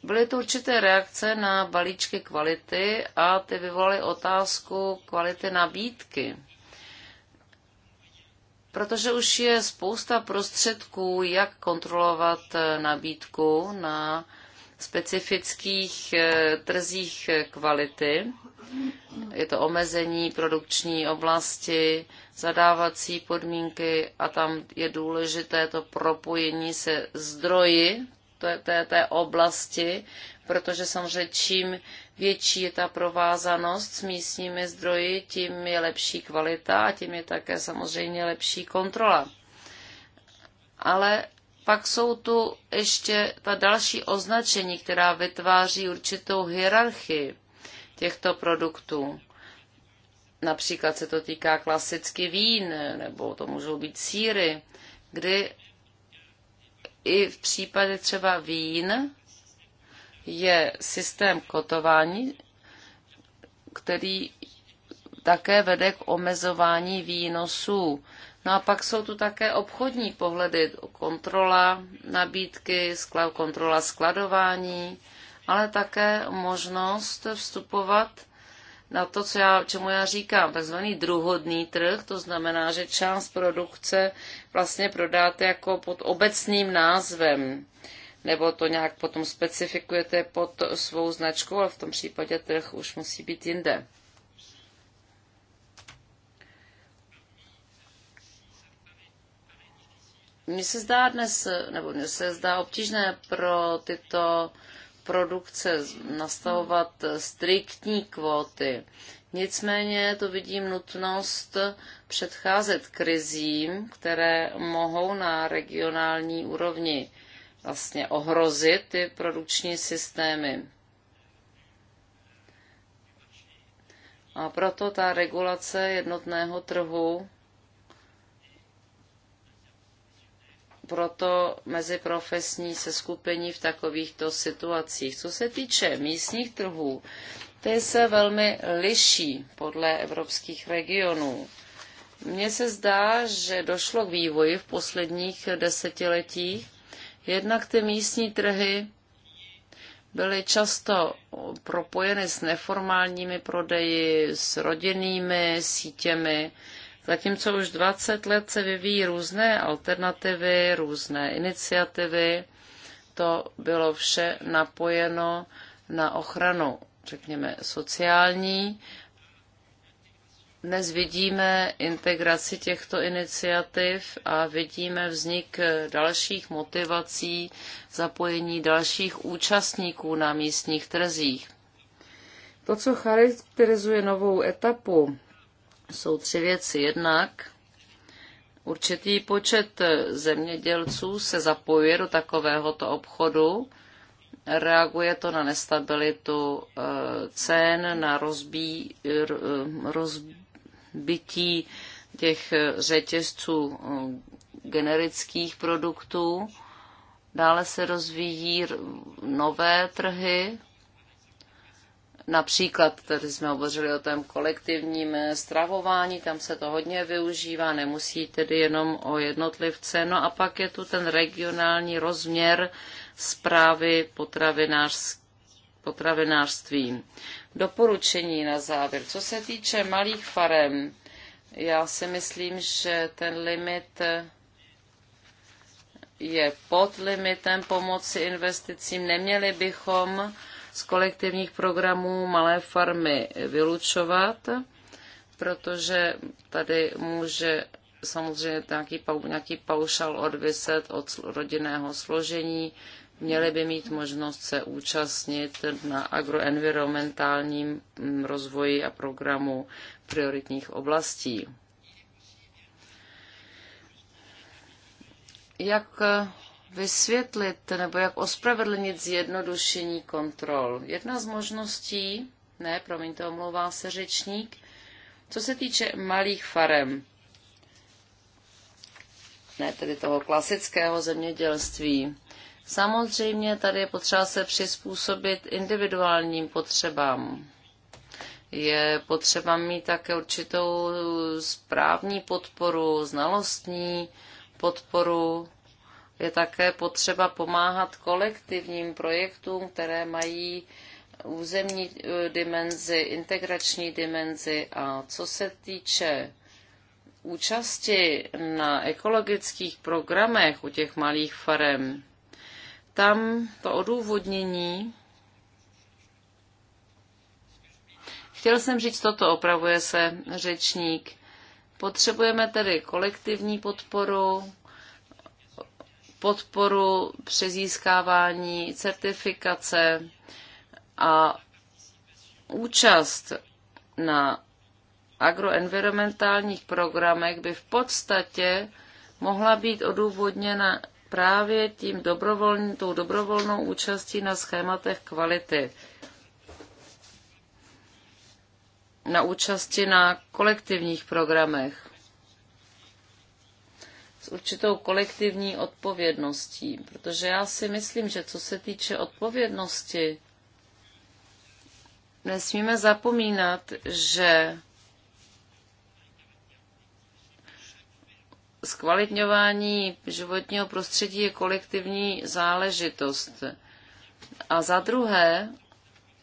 Byly tu určité reakce na balíčky kvality a ty vyvolaly otázku kvality nabídky. Protože už je spousta prostředků, jak kontrolovat eh, nabídku na specifických eh, trzích eh, kvality. Je to omezení produkční oblasti, zadávací podmínky a tam je důležité to propojení se zdroji té, té, té oblasti protože samozřejmě čím větší je ta provázanost s místními zdroji, tím je lepší kvalita a tím je také samozřejmě lepší kontrola. Ale pak jsou tu ještě ta další označení, která vytváří určitou hierarchii těchto produktů. Například se to týká klasicky vín, nebo to můžou být síry, kdy i v případě třeba vín je systém kotování, který také vede k omezování výnosů. No a pak jsou tu také obchodní pohledy, kontrola nabídky, kontrola skladování, ale také možnost vstupovat na to, co já, čemu já říkám, takzvaný druhodný trh, to znamená, že část produkce vlastně prodáte jako pod obecným názvem nebo to nějak potom specifikujete pod svou značku, ale v tom případě trh už musí být jinde. Mně se zdá dnes, nebo mně se zdá obtížné pro tyto produkce nastavovat striktní kvóty. Nicméně to vidím nutnost předcházet krizím, které mohou na regionální úrovni vlastně ohrozit ty produkční systémy. A proto ta regulace jednotného trhu, proto meziprofesní skupení v takovýchto situacích. Co se týče místních trhů, ty se velmi liší podle evropských regionů. Mně se zdá, že došlo k vývoji v posledních desetiletích Jednak ty místní trhy byly často propojeny s neformálními prodeji, s rodinnými sítěmi, zatímco už 20 let se vyvíjí různé alternativy, různé iniciativy. To bylo vše napojeno na ochranu, řekněme, sociální dnes vidíme integraci těchto iniciativ a vidíme vznik dalších motivací, zapojení dalších účastníků na místních trzích. To, co charakterizuje novou etapu, jsou tři věci. Jednak určitý počet zemědělců se zapojuje do takovéhoto obchodu, reaguje to na nestabilitu eh, cen, na rozbí, eh, rozbí bytí těch řetězců eh, generických produktů. Dále se rozvíjí nové trhy, Například tady jsme hovořili o tom kolektivním eh, stravování, tam se to hodně využívá, nemusí tedy jenom o jednotlivce. No a pak je tu ten regionální rozměr zprávy potravinářství doporučení na závěr. Co se týče malých farem, já si myslím, že ten limit je pod limitem pomoci investicím. Neměli bychom z kolektivních programů malé farmy vylučovat, protože tady může samozřejmě nějaký, nějaký paušal odviset od rodinného složení, měli by mít možnost se účastnit na agroenvironmentálním mm, rozvoji a programu prioritních oblastí. Jak eh, vysvětlit nebo jak ospravedlnit zjednodušení kontrol? Jedna z možností, ne, promiňte, omlouvá se řečník, co se týče malých farem, ne tedy toho klasického zemědělství, Samozřejmě tady je potřeba se přizpůsobit individuálním potřebám. Je potřeba mít také určitou správní podporu, znalostní podporu. Je také potřeba pomáhat kolektivním projektům, které mají územní eh, dimenzi, integrační dimenzi. A co se týče účasti na ekologických programech u těch malých farem, tam to odůvodnění Chtěl jsem říct toto, opravuje se řečník. Potřebujeme tedy kolektivní podporu, podporu při získávání certifikace a účast na agroenvironmentálních programech by v podstatě mohla být odůvodněna právě tím dobrovoln, tou dobrovolnou účastí na schématech kvality. Na účasti na kolektivních programech. S určitou kolektivní odpovědností. Protože já si myslím, že co se týče odpovědnosti, nesmíme zapomínat, že zkvalitňování životního prostředí je kolektivní záležitost. A za druhé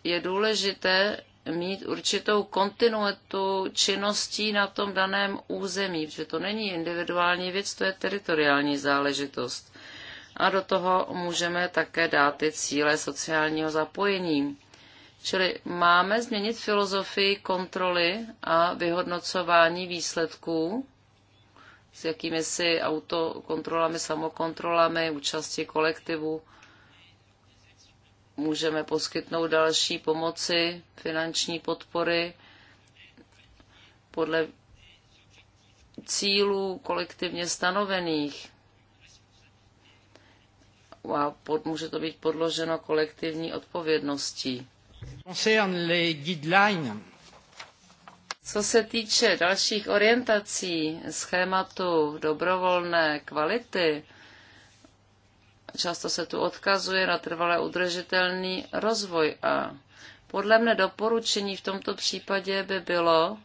je důležité mít určitou kontinuitu činností na tom daném území, protože to není individuální věc, to je teritoriální záležitost. A do toho můžeme také dát ty cíle sociálního zapojení. Čili máme změnit filozofii kontroly a vyhodnocování výsledků s jakými si autokontrolami, samokontrolami, účasti kolektivu můžeme poskytnout další pomoci, finanční podpory podle cílů kolektivně stanovených. A pod, může to být podloženo kolektivní odpovědností. Co se týče dalších orientací, schématu dobrovolné kvality, často se tu odkazuje na trvalé udržitelný rozvoj a podle mne doporučení v tomto případě by bylo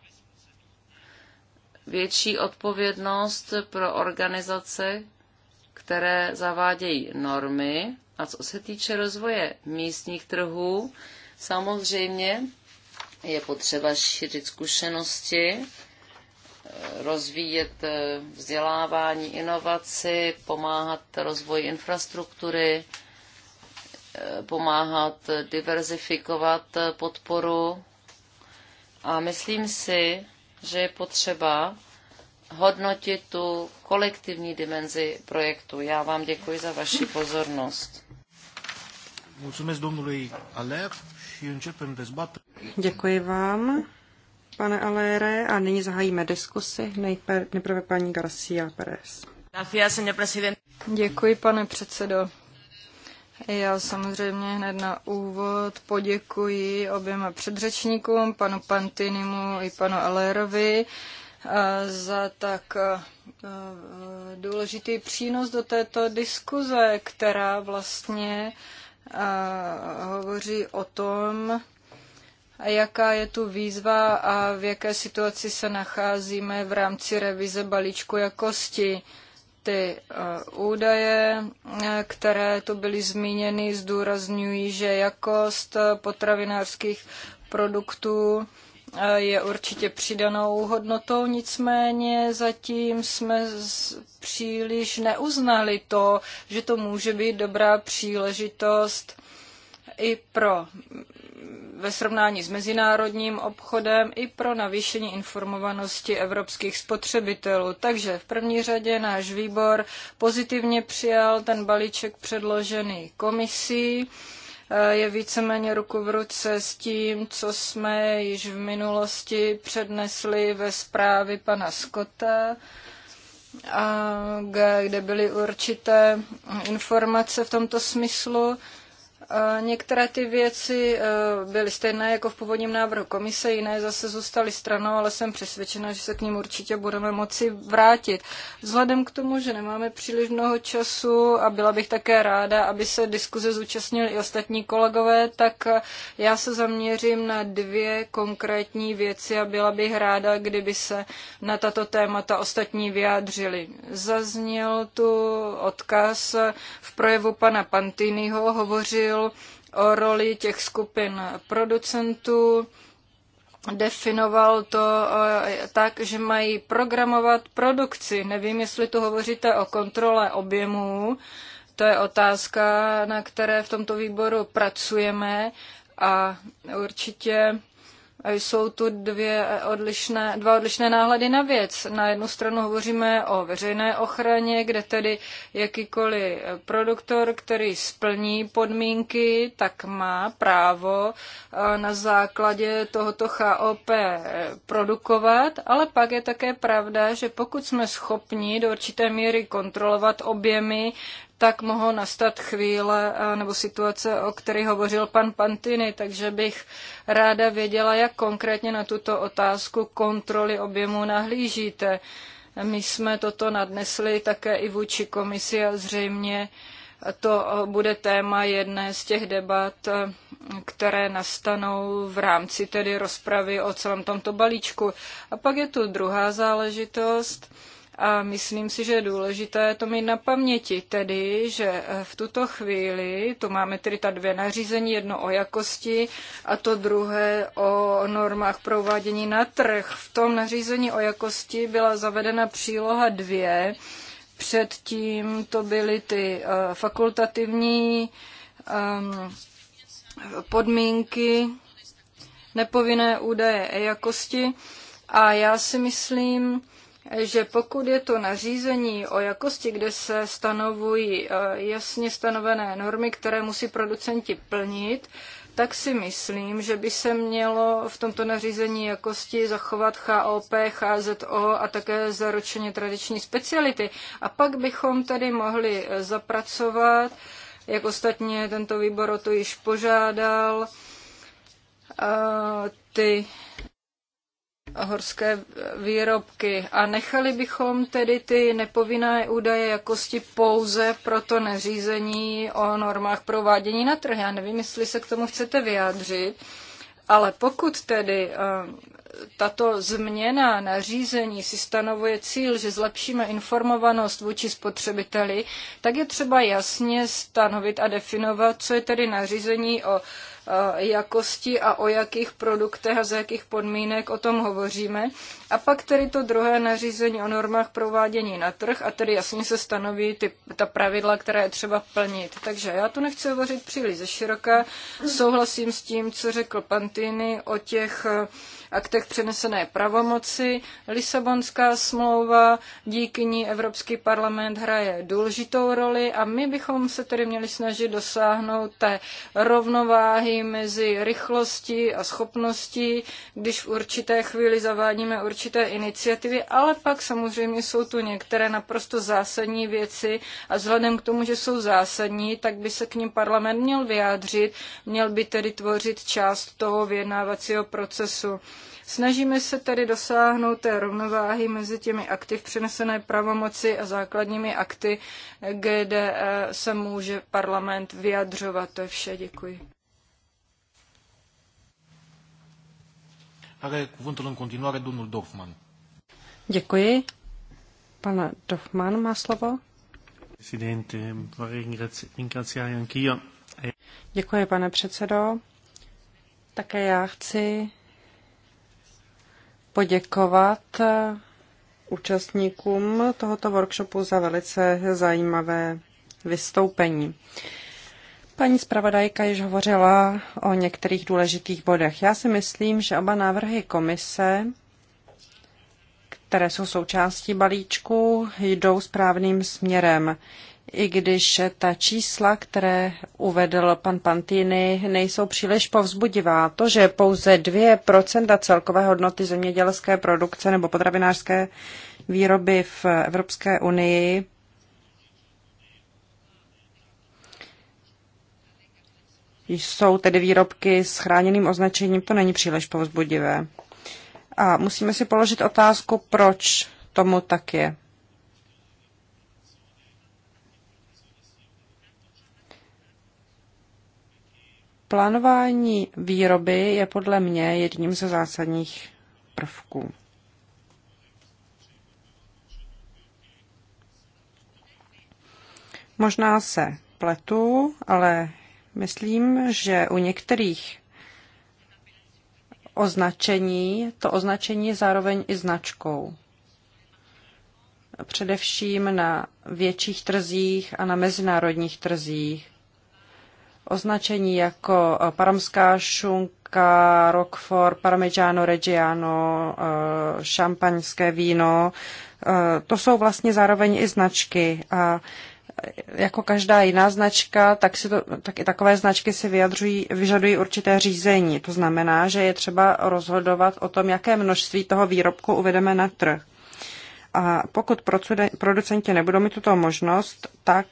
větší odpovědnost pro organizace, které zavádějí normy. A co se týče rozvoje místních trhů, samozřejmě je potřeba šířit zkušenosti, rozvíjet eh, vzdělávání, inovaci, pomáhat rozvoji infrastruktury, eh, pomáhat diverzifikovat eh, podporu. A myslím si, že je potřeba hodnotit tu kolektivní dimenzi projektu. Já vám děkuji za vaši pozornost. Mulțumesc domnului Aler Děkuji vám, pane Alére, a nyní zahájíme diskusi. Nejprve paní Garcia Perez. Děkuji, pane předsedo. Já samozřejmě hned na úvod poděkuji oběma předřečníkům, panu Pantinimu i panu Alérovi, eh, za tak eh, důležitý přínos do této diskuze, která vlastně hovoří o tom, jaká je tu výzva a v jaké situaci se nacházíme v rámci revize balíčku jakosti. Ty uh, údaje, které tu byly zmíněny, zdůrazňují, že jakost potravinářských produktů je určitě přidanou hodnotou, nicméně zatím jsme příliš neuznali to, že to může být dobrá příležitost i pro ve srovnání s mezinárodním obchodem i pro navýšení informovanosti evropských spotřebitelů. Takže v první řadě náš výbor pozitivně přijal ten balíček předložený komisí Eh, je víceméně ruku v ruce s tím, co jsme již v minulosti přednesli ve zprávě pana Skota, kde byly určité informace v tomto smyslu. Některé ty věci eh, byly stejné jako v původním návrhu komise, jiné zase zůstaly stranou, ale jsem přesvědčena, že se k ním určitě budeme moci vrátit. Vzhledem k tomu, že nemáme příliš mnoho času a byla bych také ráda, aby se diskuze zúčastnili i ostatní kolegové, tak eh, já se zaměřím na dvě konkrétní věci a byla bych ráda, kdyby se na tato témata ostatní vyjádřili. Zazněl tu odkaz v projevu pana Pantýnyho, hovořil mluvil o roli těch skupin producentů, definoval to tak, že mají programovat produkci. Nevím, jestli tu hovoříte o kontrole objemů, to je otázka, na které v tomto výboru pracujeme a určitě jsou tu dvě odlišné, dva odlišné náhledy na věc. Na jednu stranu hovoříme o veřejné ochraně, kde tedy jakýkoliv produktor, který splní podmínky, tak má právo eh, na základě tohoto HOP produkovat, ale pak je také pravda, že pokud jsme schopni do určité míry kontrolovat objemy tak mohou nastat chvíle eh, nebo situace, o kterých hovořil pan Pantiny, takže bych ráda věděla, jak konkrétně na tuto otázku kontroly objemu nahlížíte. My jsme toto nadnesli také i vůči komisi a zřejmě to eh, bude téma jedné z těch debat, eh, které nastanou v rámci tedy rozpravy o celém tomto balíčku. A pak je tu druhá záležitost, a myslím si, že je důležité to mít na paměti, tedy, že eh, v tuto chvíli, to máme tedy ta dvě nařízení, jedno o jakosti a to druhé o normách provádění na trh. V tom nařízení o jakosti byla zavedena příloha dvě, předtím to byly ty eh, fakultativní ehm, podmínky, nepovinné údaje e jakosti. A já si myslím, že pokud je to nařízení o jakosti, kde se stanovují eh, jasně stanovené normy, které musí producenti plnit, tak si myslím, že by se mělo v tomto nařízení jakosti zachovat HOP, HZO a také zaručeně tradiční speciality. A pak bychom tedy mohli eh, zapracovat, jak ostatně tento výbor o to již požádal, eh, ty horské výrobky a nechali bychom tedy ty nepovinné údaje jakosti pouze pro to neřízení o normách provádění na trh. Já nevím, jestli se k tomu chcete vyjádřit, ale pokud tedy eh, tato změna nařízení si stanovuje cíl, že zlepšíme informovanost vůči spotřebiteli, tak je třeba jasně stanovit a definovat, co je tedy nařízení o E, jakosti a o jakých produktech a za jakých podmínek o tom hovoříme. A pak tedy to druhé nařízení o normách provádění na trh a tedy jasně se stanoví ty, ta pravidla, která je třeba plnit. Takže já tu nechci hovořit příliš ze široka. Souhlasím s tím, co řekl Pantýny o těch aktech přenesené pravomoci. Lisabonská smlouva, díky ní Evropský parlament hraje důležitou roli a my bychom se tedy měli snažit dosáhnout té rovnováhy mezi rychlostí a schopností, když v určité chvíli zavádíme určité iniciativy, ale pak samozřejmě jsou tu některé naprosto zásadní věci a vzhledem k tomu, že jsou zásadní, tak by se k ním parlament měl vyjádřit, měl by tedy tvořit část toho vyjednávacího procesu. Snažíme se tedy dosáhnout té rovnováhy mezi těmi akty v přenesené pravomoci a základními akty, kde eh, se může parlament vyjadřovat. To je vše. Děkuji. Děkuji. Pan Dorfman má slovo. Děkuji, pane předsedo. Také já chci poděkovat eh, účastníkům tohoto workshopu za velice zajímavé vystoupení. Paní zpravodajka již hovořila o některých důležitých bodech. Já si myslím, že oba návrhy komise, které jsou součástí balíčku, jdou správným směrem i když ta čísla, které uvedl pan Pantini, nejsou příliš povzbudivá. To, že pouze 2% celkové hodnoty zemědělské produkce nebo potravinářské výroby v Evropské unii jsou tedy výrobky s chráněným označením, to není příliš povzbudivé. A musíme si položit otázku, proč tomu tak je. Plánování výroby je podle mě jedním ze zásadních prvků. Možná se pletu, ale myslím, že u některých označení, to označení je zároveň i značkou. Především na větších trzích a na mezinárodních trzích označení jako eh, paramská šunka, roquefort, parmigiano reggiano, eh, šampaňské víno. Eh, to jsou vlastně zároveň i značky a jako každá jiná značka, tak, si to, tak i takové značky si vyjadřují, vyžadují určité řízení. To znamená, že je třeba rozhodovat o tom, jaké množství toho výrobku uvedeme na trh. A pokud producenti nebudou mít tuto možnost, tak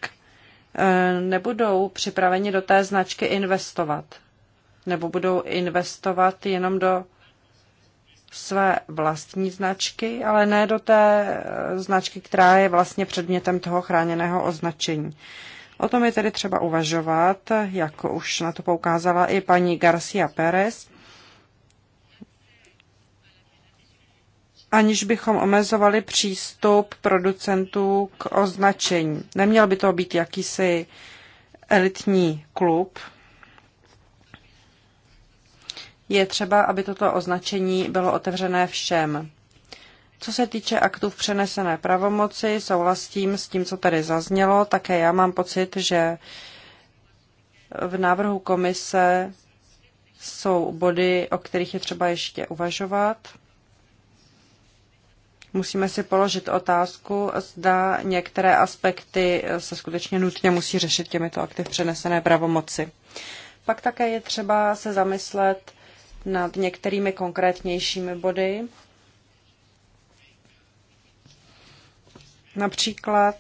Eh, nebudou připraveni do té značky investovat. Nebo budou investovat jenom do své vlastní značky, ale ne do té eh, značky, která je vlastně předmětem toho chráněného označení. O tom je tedy třeba uvažovat, jako už na to poukázala i paní Garcia Pérez. aniž bychom omezovali přístup producentů k označení. Neměl by to být jakýsi elitní klub. Je třeba, aby toto označení bylo otevřené všem. Co se týče aktů v přenesené pravomoci, souhlasím s tím, co tady zaznělo. Také já mám pocit, že v návrhu komise jsou body, o kterých je třeba ještě uvažovat. Musíme si položit otázku, zda některé aspekty se skutečně nutně musí řešit těmito aktiv přenesené pravomoci. Pak také je třeba se zamyslet nad některými konkrétnějšími body. Například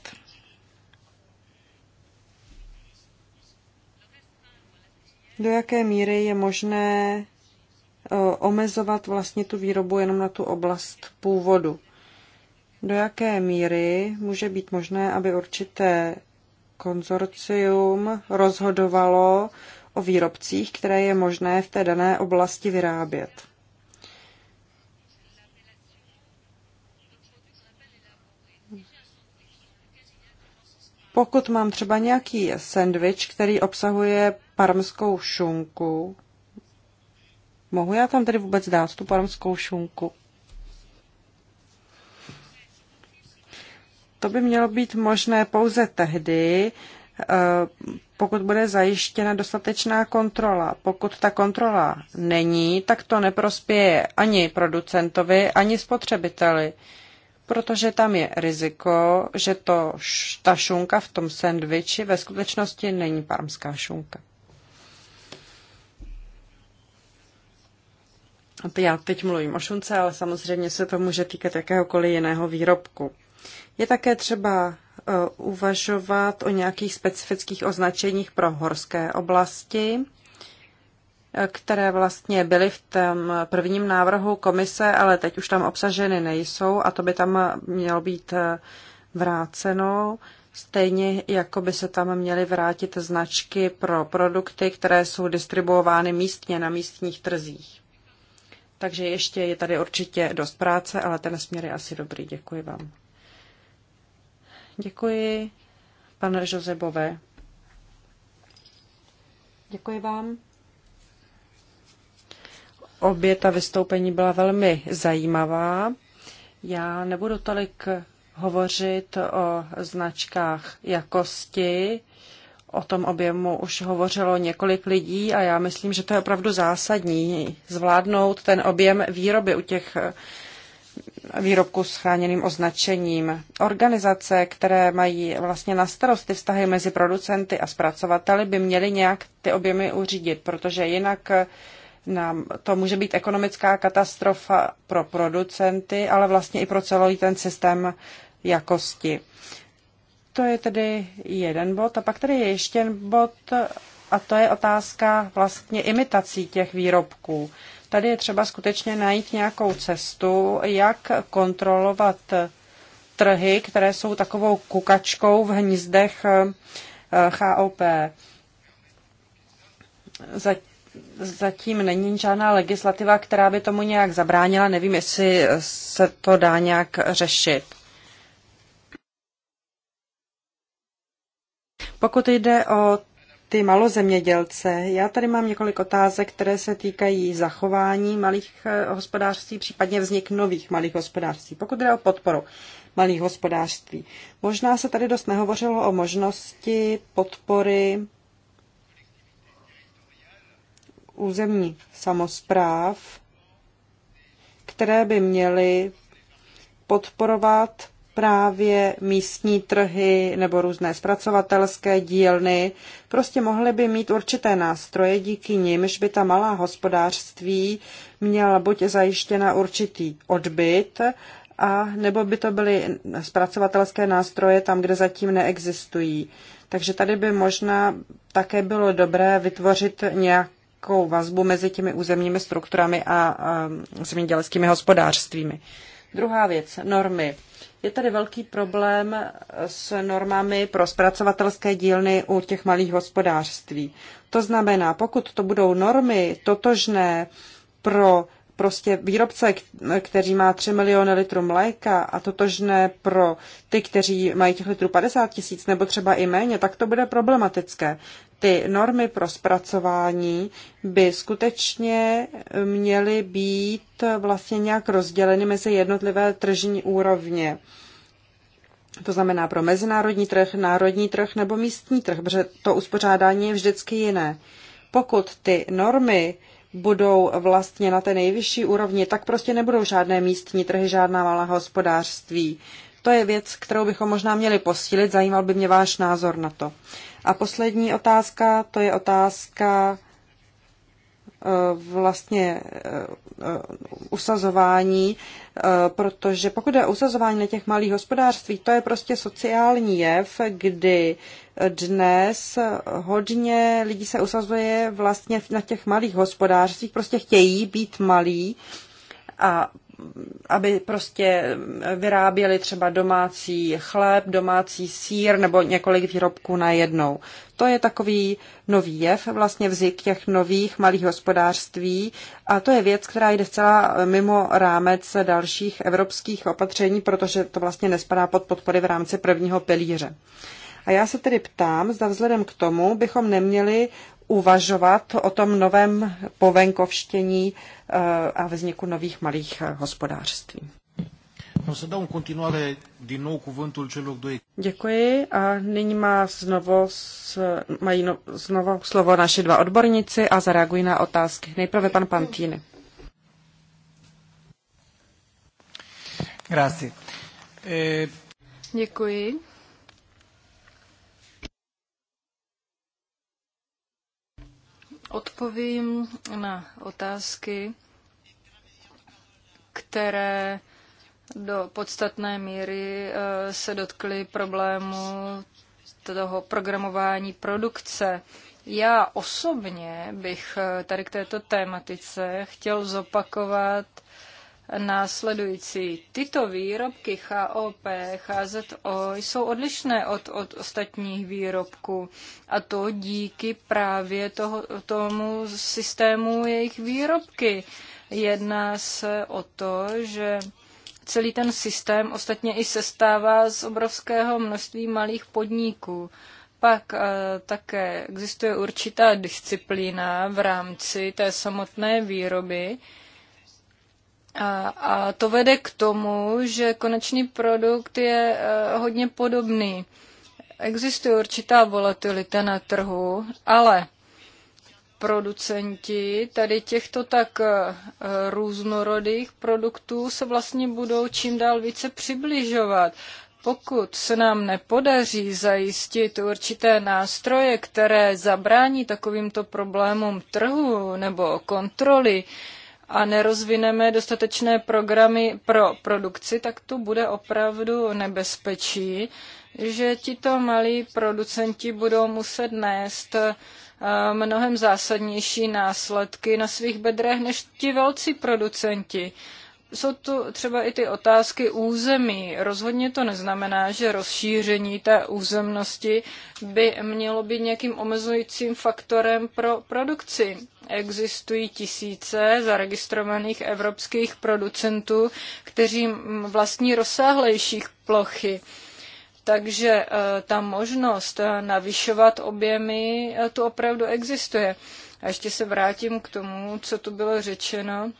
do jaké míry je možné eh, omezovat vlastně tu výrobu jenom na tu oblast původu do jaké míry může být možné, aby určité konzorcium rozhodovalo o výrobcích, které je možné v té dané oblasti vyrábět. Pokud mám třeba nějaký sendvič, který obsahuje parmskou šunku, mohu já tam tedy vůbec dát tu parmskou šunku? To by mělo být možné pouze tehdy, eh, pokud bude zajištěna dostatečná kontrola. Pokud ta kontrola není, tak to neprospěje ani producentovi, ani spotřebiteli, protože tam je riziko, že to, ta šunka v tom sendviči ve skutečnosti není parmská šunka. Já teď mluvím o šunce, ale samozřejmě se to může týkat jakéhokoliv jiného výrobku. Je také třeba e, uvažovat o nějakých specifických označeních pro horské oblasti, e, které vlastně byly v tom prvním návrhu komise, ale teď už tam obsaženy nejsou a to by tam mělo být e, vráceno. Stejně jako by se tam měly vrátit značky pro produkty, které jsou distribuovány místně na místních trzích. Takže ještě je tady určitě dost práce, ale ten směr je asi dobrý. Děkuji vám. Děkuji, pane Josebové. Děkuji vám. Obě ta vystoupení byla velmi zajímavá. Já nebudu tolik hovořit o značkách jakosti. O tom objemu už hovořilo několik lidí a já myslím, že to je opravdu zásadní zvládnout ten objem výroby u těch výrobku s chráněným označením. Organizace, které mají vlastně na starosti vztahy mezi producenty a zpracovateli, by měly nějak ty objemy uřídit, protože jinak eh, nám to může být ekonomická katastrofa pro producenty, ale vlastně i pro celý ten systém jakosti. To je tedy jeden bod. A pak tady je ještě bod, a to je otázka vlastně imitací těch výrobků. Tady je třeba skutečně najít nějakou cestu, jak kontrolovat trhy, které jsou takovou kukačkou v hnízdech HOP. Eh, zatím není žádná legislativa, která by tomu nějak zabránila. Nevím, jestli se to dá nějak řešit. Pokud jde o ty malozemědělce. Já tady mám několik otázek, které se týkají zachování malých eh, hospodářství, případně vznik nových malých hospodářství, pokud jde o podporu malých hospodářství. Možná se tady dost nehovořilo o možnosti podpory územní samozpráv, které by měly podporovat právě místní trhy nebo různé zpracovatelské dílny prostě mohly by mít určité nástroje, díky nimž by ta malá hospodářství měla buď zajištěna určitý odbyt, a nebo by to byly zpracovatelské nástroje tam, kde zatím neexistují. Takže tady by možná také bylo dobré vytvořit nějakou vazbu mezi těmi územními strukturami a, a zemědělskými hospodářstvími. Druhá věc, normy. Je tady velký problém s normami pro zpracovatelské dílny u těch malých hospodářství. To znamená, pokud to budou normy totožné pro prostě výrobce, který má 3 miliony litrů mléka a totožné pro ty, kteří mají těch litrů 50 tisíc nebo třeba i méně, tak to bude problematické ty normy pro zpracování by skutečně měly být vlastně nějak rozděleny mezi jednotlivé tržní úrovně. To znamená pro mezinárodní trh, národní trh nebo místní trh, protože to uspořádání je vždycky jiné. Pokud ty normy budou vlastně na té nejvyšší úrovni, tak prostě nebudou žádné místní trhy, žádná malá hospodářství. To je věc, kterou bychom možná měli posílit, zajímal by mě váš názor na to. A poslední otázka, to je otázka eh, vlastně eh, usazování, eh, protože pokud je usazování na těch malých hospodářství, to je prostě sociální jev, kdy dnes hodně lidí se usazuje vlastně na těch malých hospodářstvích, prostě chtějí být malí a aby prostě vyráběli třeba domácí chléb, domácí sír nebo několik výrobků na jednou. To je takový nový jev, vlastně vzik těch nových malých hospodářství a to je věc, která jde zcela mimo rámec dalších evropských opatření, protože to vlastně nespadá pod podpory v rámci prvního pilíře. A já se tedy ptám, zda vzhledem k tomu bychom neměli uvažovat o tom novém povenkovštění eh, a vzniku nových malých eh, hospodářství. Děkuji a nyní má znovu, mají no, znovu slovo naše dva odborníci a zareagují na otázky. Nejprve pan Pantýny. Eh, Děkuji. Odpovím na otázky, které do podstatné míry eh, se dotkly problému toho programování produkce. Já osobně bych eh, tady k této tématice chtěl zopakovat následující. Tyto výrobky HOP, HZO jsou odlišné od, od ostatních výrobků a to díky právě toho, tomu systému jejich výrobky. Jedná se o to, že celý ten systém ostatně i sestává z obrovského množství malých podniků. Pak eh, také existuje určitá disciplína v rámci té samotné výroby, a, a to vede k tomu, že konečný produkt je e, hodně podobný. Existuje určitá volatilita na trhu, ale producenti tady těchto tak e, různorodých produktů se vlastně budou čím dál více přibližovat. Pokud se nám nepodaří zajistit určité nástroje, které zabrání takovýmto problémům trhu nebo kontroly, a nerozvineme dostatečné programy pro produkci, tak tu bude opravdu nebezpečí, že tito malí producenti budou muset nést eh, mnohem zásadnější následky na svých bedrech než ti velcí producenti. Jsou tu třeba i ty otázky území. Rozhodně to neznamená, že rozšíření té územnosti by mělo být nějakým omezujícím faktorem pro produkci existují tisíce zaregistrovaných evropských producentů, kteří vlastní rozsáhlejších plochy. Takže eh, ta možnost eh, navyšovat objemy eh, tu opravdu existuje. A ještě se vrátím k tomu, co tu bylo řečeno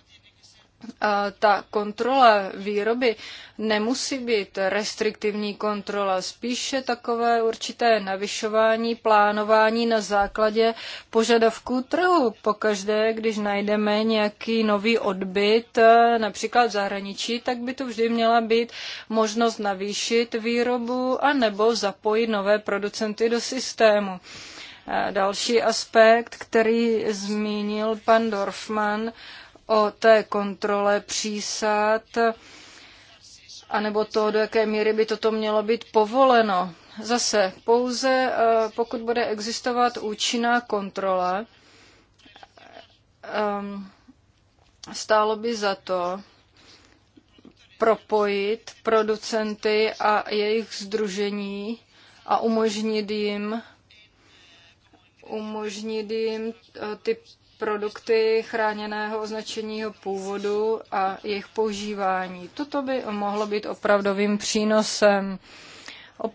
ta kontrola výroby nemusí být restriktivní kontrola, spíše takové určité navyšování, plánování na základě požadavků trhu. Pokaždé, když najdeme nějaký nový odbyt, eh, například v zahraničí, tak by to vždy měla být možnost navýšit výrobu a nebo zapojit nové producenty do systému. Eh, další aspekt, který zmínil pan Dorfman, o té kontrole přísad, anebo to, do jaké míry by toto mělo být povoleno. Zase, pouze eh, pokud bude existovat účinná kontrola, ehm, stálo by za to propojit producenty a jejich združení a umožnit jim umožnit jim eh, ty produkty chráněného označeního původu a jejich používání. Toto by mohlo být opravdovým přínosem.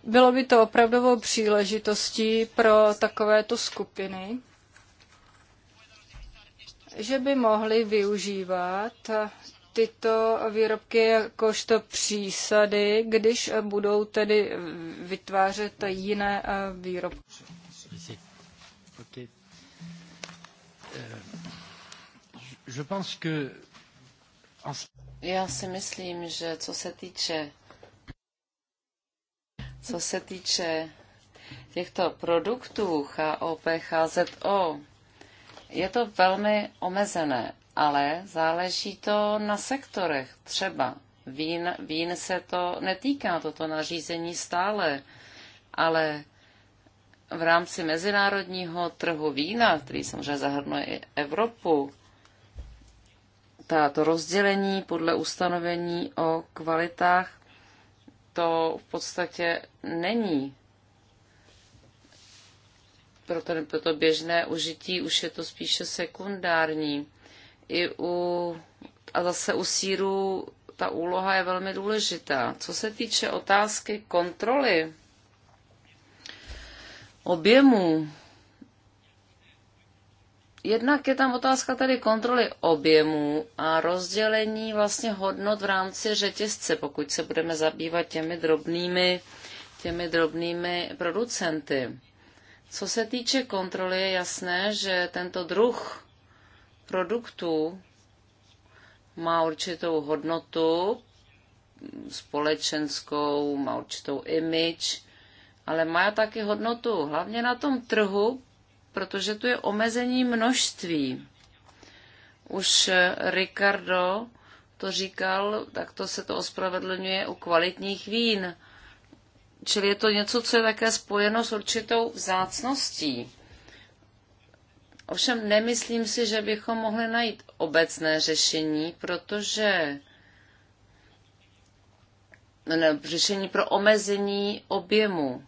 Bylo by to opravdovou příležitostí pro takovéto skupiny, že by mohly využívat tyto výrobky jakožto přísady, když budou tedy vytvářet jiné eh, výrobky. je pense que... Já si myslím, že co se týče co se týče těchto produktů HOP, HZO, je to velmi omezené, ale záleží to na sektorech. Třeba vín, vín se to netýká, toto nařízení stále, ale v rámci mezinárodního trhu vína, který samozřejmě zahrnuje i Evropu, tato rozdělení podle ustanovení o kvalitách, to v podstatě není Pro to pro to běžné užití už je to spíše sekundární. I u, a zase u síru ta úloha je velmi důležitá. Co se týče otázky kontroly objemu Jednak je tam otázka tady kontroly objemů a rozdělení vlastně hodnot v rámci řetězce, pokud se budeme zabývat těmi drobnými, těmi drobnými producenty. Co se týče kontroly, je jasné, že tento druh produktů má určitou hodnotu společenskou, má určitou image, ale má také hodnotu hlavně na tom trhu, protože tu je omezení množství. Už Ricardo to říkal, tak to se to ospravedlňuje u kvalitních vín. Čili je to něco, co je také spojeno s určitou vzácností. Ovšem nemyslím si, že bychom mohli najít obecné řešení, protože ne, řešení pro omezení objemu.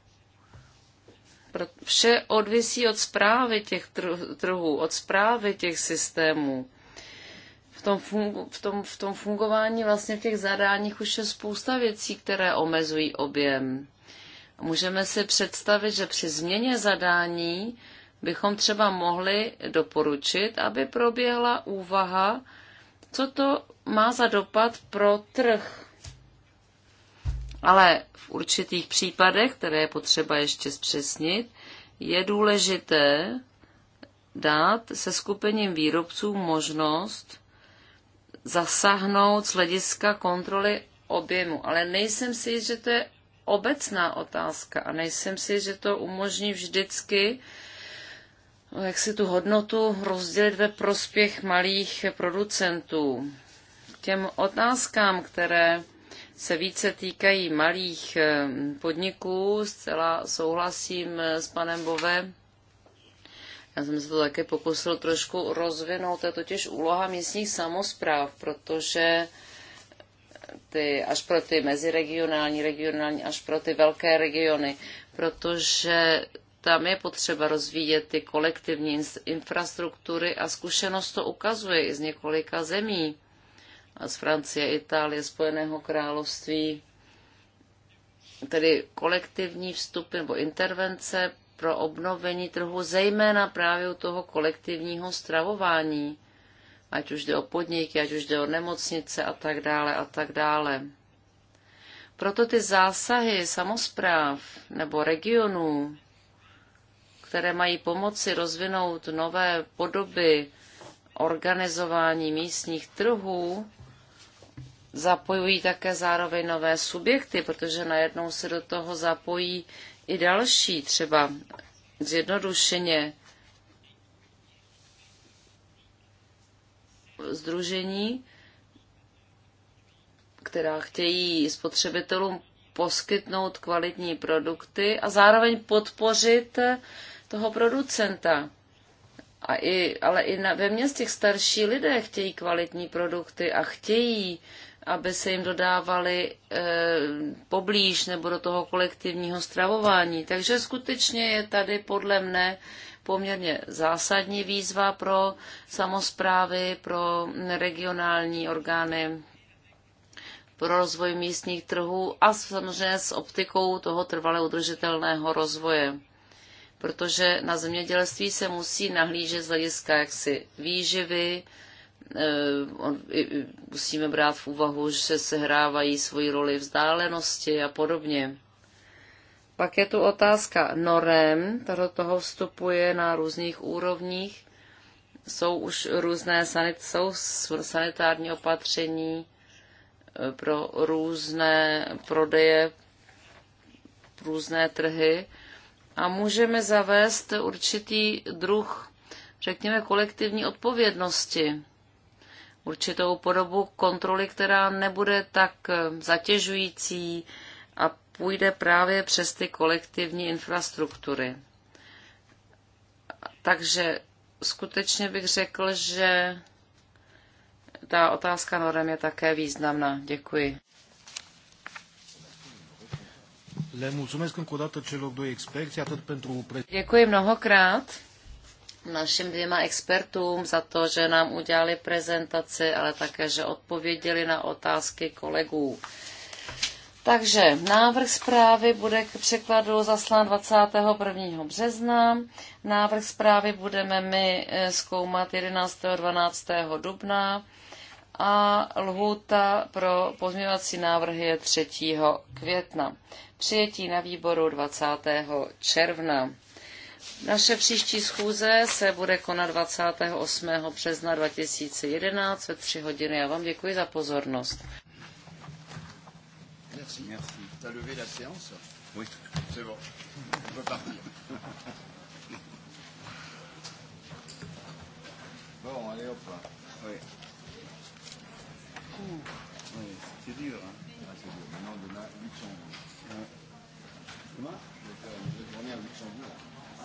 Vše odvisí od zprávy těch trhů, od zprávy těch systémů. V tom, fungu, v, tom, v tom fungování vlastně v těch zadáních už je spousta věcí, které omezují objem. Můžeme si představit, že při změně zadání bychom třeba mohli doporučit, aby proběhla úvaha, co to má za dopad pro trh ale v určitých případech, které je potřeba ještě zpřesnit, je důležité dát se skupením výrobců možnost zasáhnout z hlediska kontroly objemu. Ale nejsem si jist, že to je obecná otázka a nejsem si jist, že to umožní vždycky jak si tu hodnotu rozdělit ve prospěch malých producentů. K těm otázkám, které se více týkají malých eh, podniků. Zcela souhlasím eh, s panem Bove. Já jsem se to také pokusil trošku rozvinout. To je totiž úloha místních samozpráv, protože ty, až pro ty meziregionální, regionální, až pro ty velké regiony, protože tam je potřeba rozvíjet ty kolektivní infrastruktury a zkušenost to ukazuje i z několika zemí z Francie, Itálie, Spojeného království, tedy kolektivní vstupy nebo intervence pro obnovení trhu, zejména právě u toho kolektivního stravování, ať už jde o podniky, ať už jde o nemocnice a tak dále a tak dále. Proto ty zásahy samozpráv nebo regionů, které mají pomoci rozvinout nové podoby organizování místních trhů, zapojují také zároveň nové subjekty, protože najednou se do toho zapojí i další, třeba zjednodušeně združení, která chtějí spotřebitelům poskytnout kvalitní produkty a zároveň podpořit toho producenta. A i, ale i na, ve městech starší lidé chtějí kvalitní produkty a chtějí aby se jim dodávali e, poblíž nebo do toho kolektivního stravování. Takže skutečně je tady podle mne poměrně zásadní výzva pro samozprávy, pro regionální orgány, pro rozvoj místních trhů a samozřejmě s optikou toho trvale udržitelného rozvoje. Protože na zemědělství se musí nahlížet z hlediska jaksi výživy, Eh, musíme brát v úvahu, že se sehrávají svoji roli vzdálenosti a podobně. Pak je tu otázka norem, ta do toho vstupuje na různých úrovních. Jsou už různé sanit, jsou sanitární opatření eh, pro různé prodeje, různé trhy a můžeme zavést určitý druh, řekněme, kolektivní odpovědnosti určitou podobu kontroly, která nebude tak eh, zatěžující a půjde právě přes ty kolektivní infrastruktury. Takže skutečně bych řekl, že ta otázka norem je také významná. Děkuji. Děkuji mnohokrát našim dvěma expertům za to, že nám udělali prezentaci, ale také, že odpověděli na otázky kolegů. Takže návrh zprávy bude k překladu zaslán 21. března. Návrh zprávy budeme my eh, zkoumat 11. 12. dubna a lhůta pro pozměňovací návrhy je 3. května. Přijetí na výboru 20. června. Naše příští schůze se bude konat 28. března 2011 ve 3 hodiny. Já vám děkuji za pozornost. Merci. Merci. T'as levé la séance Oui. C'est bon. On peut partir. bon, allez hop. Oui. Ouh. Oui, c'est dur. Hein. Ah, c'est dur. Maintenant, demain, Luxembourg. Ouais. Demain Je vais faire une journée à Luxembourg.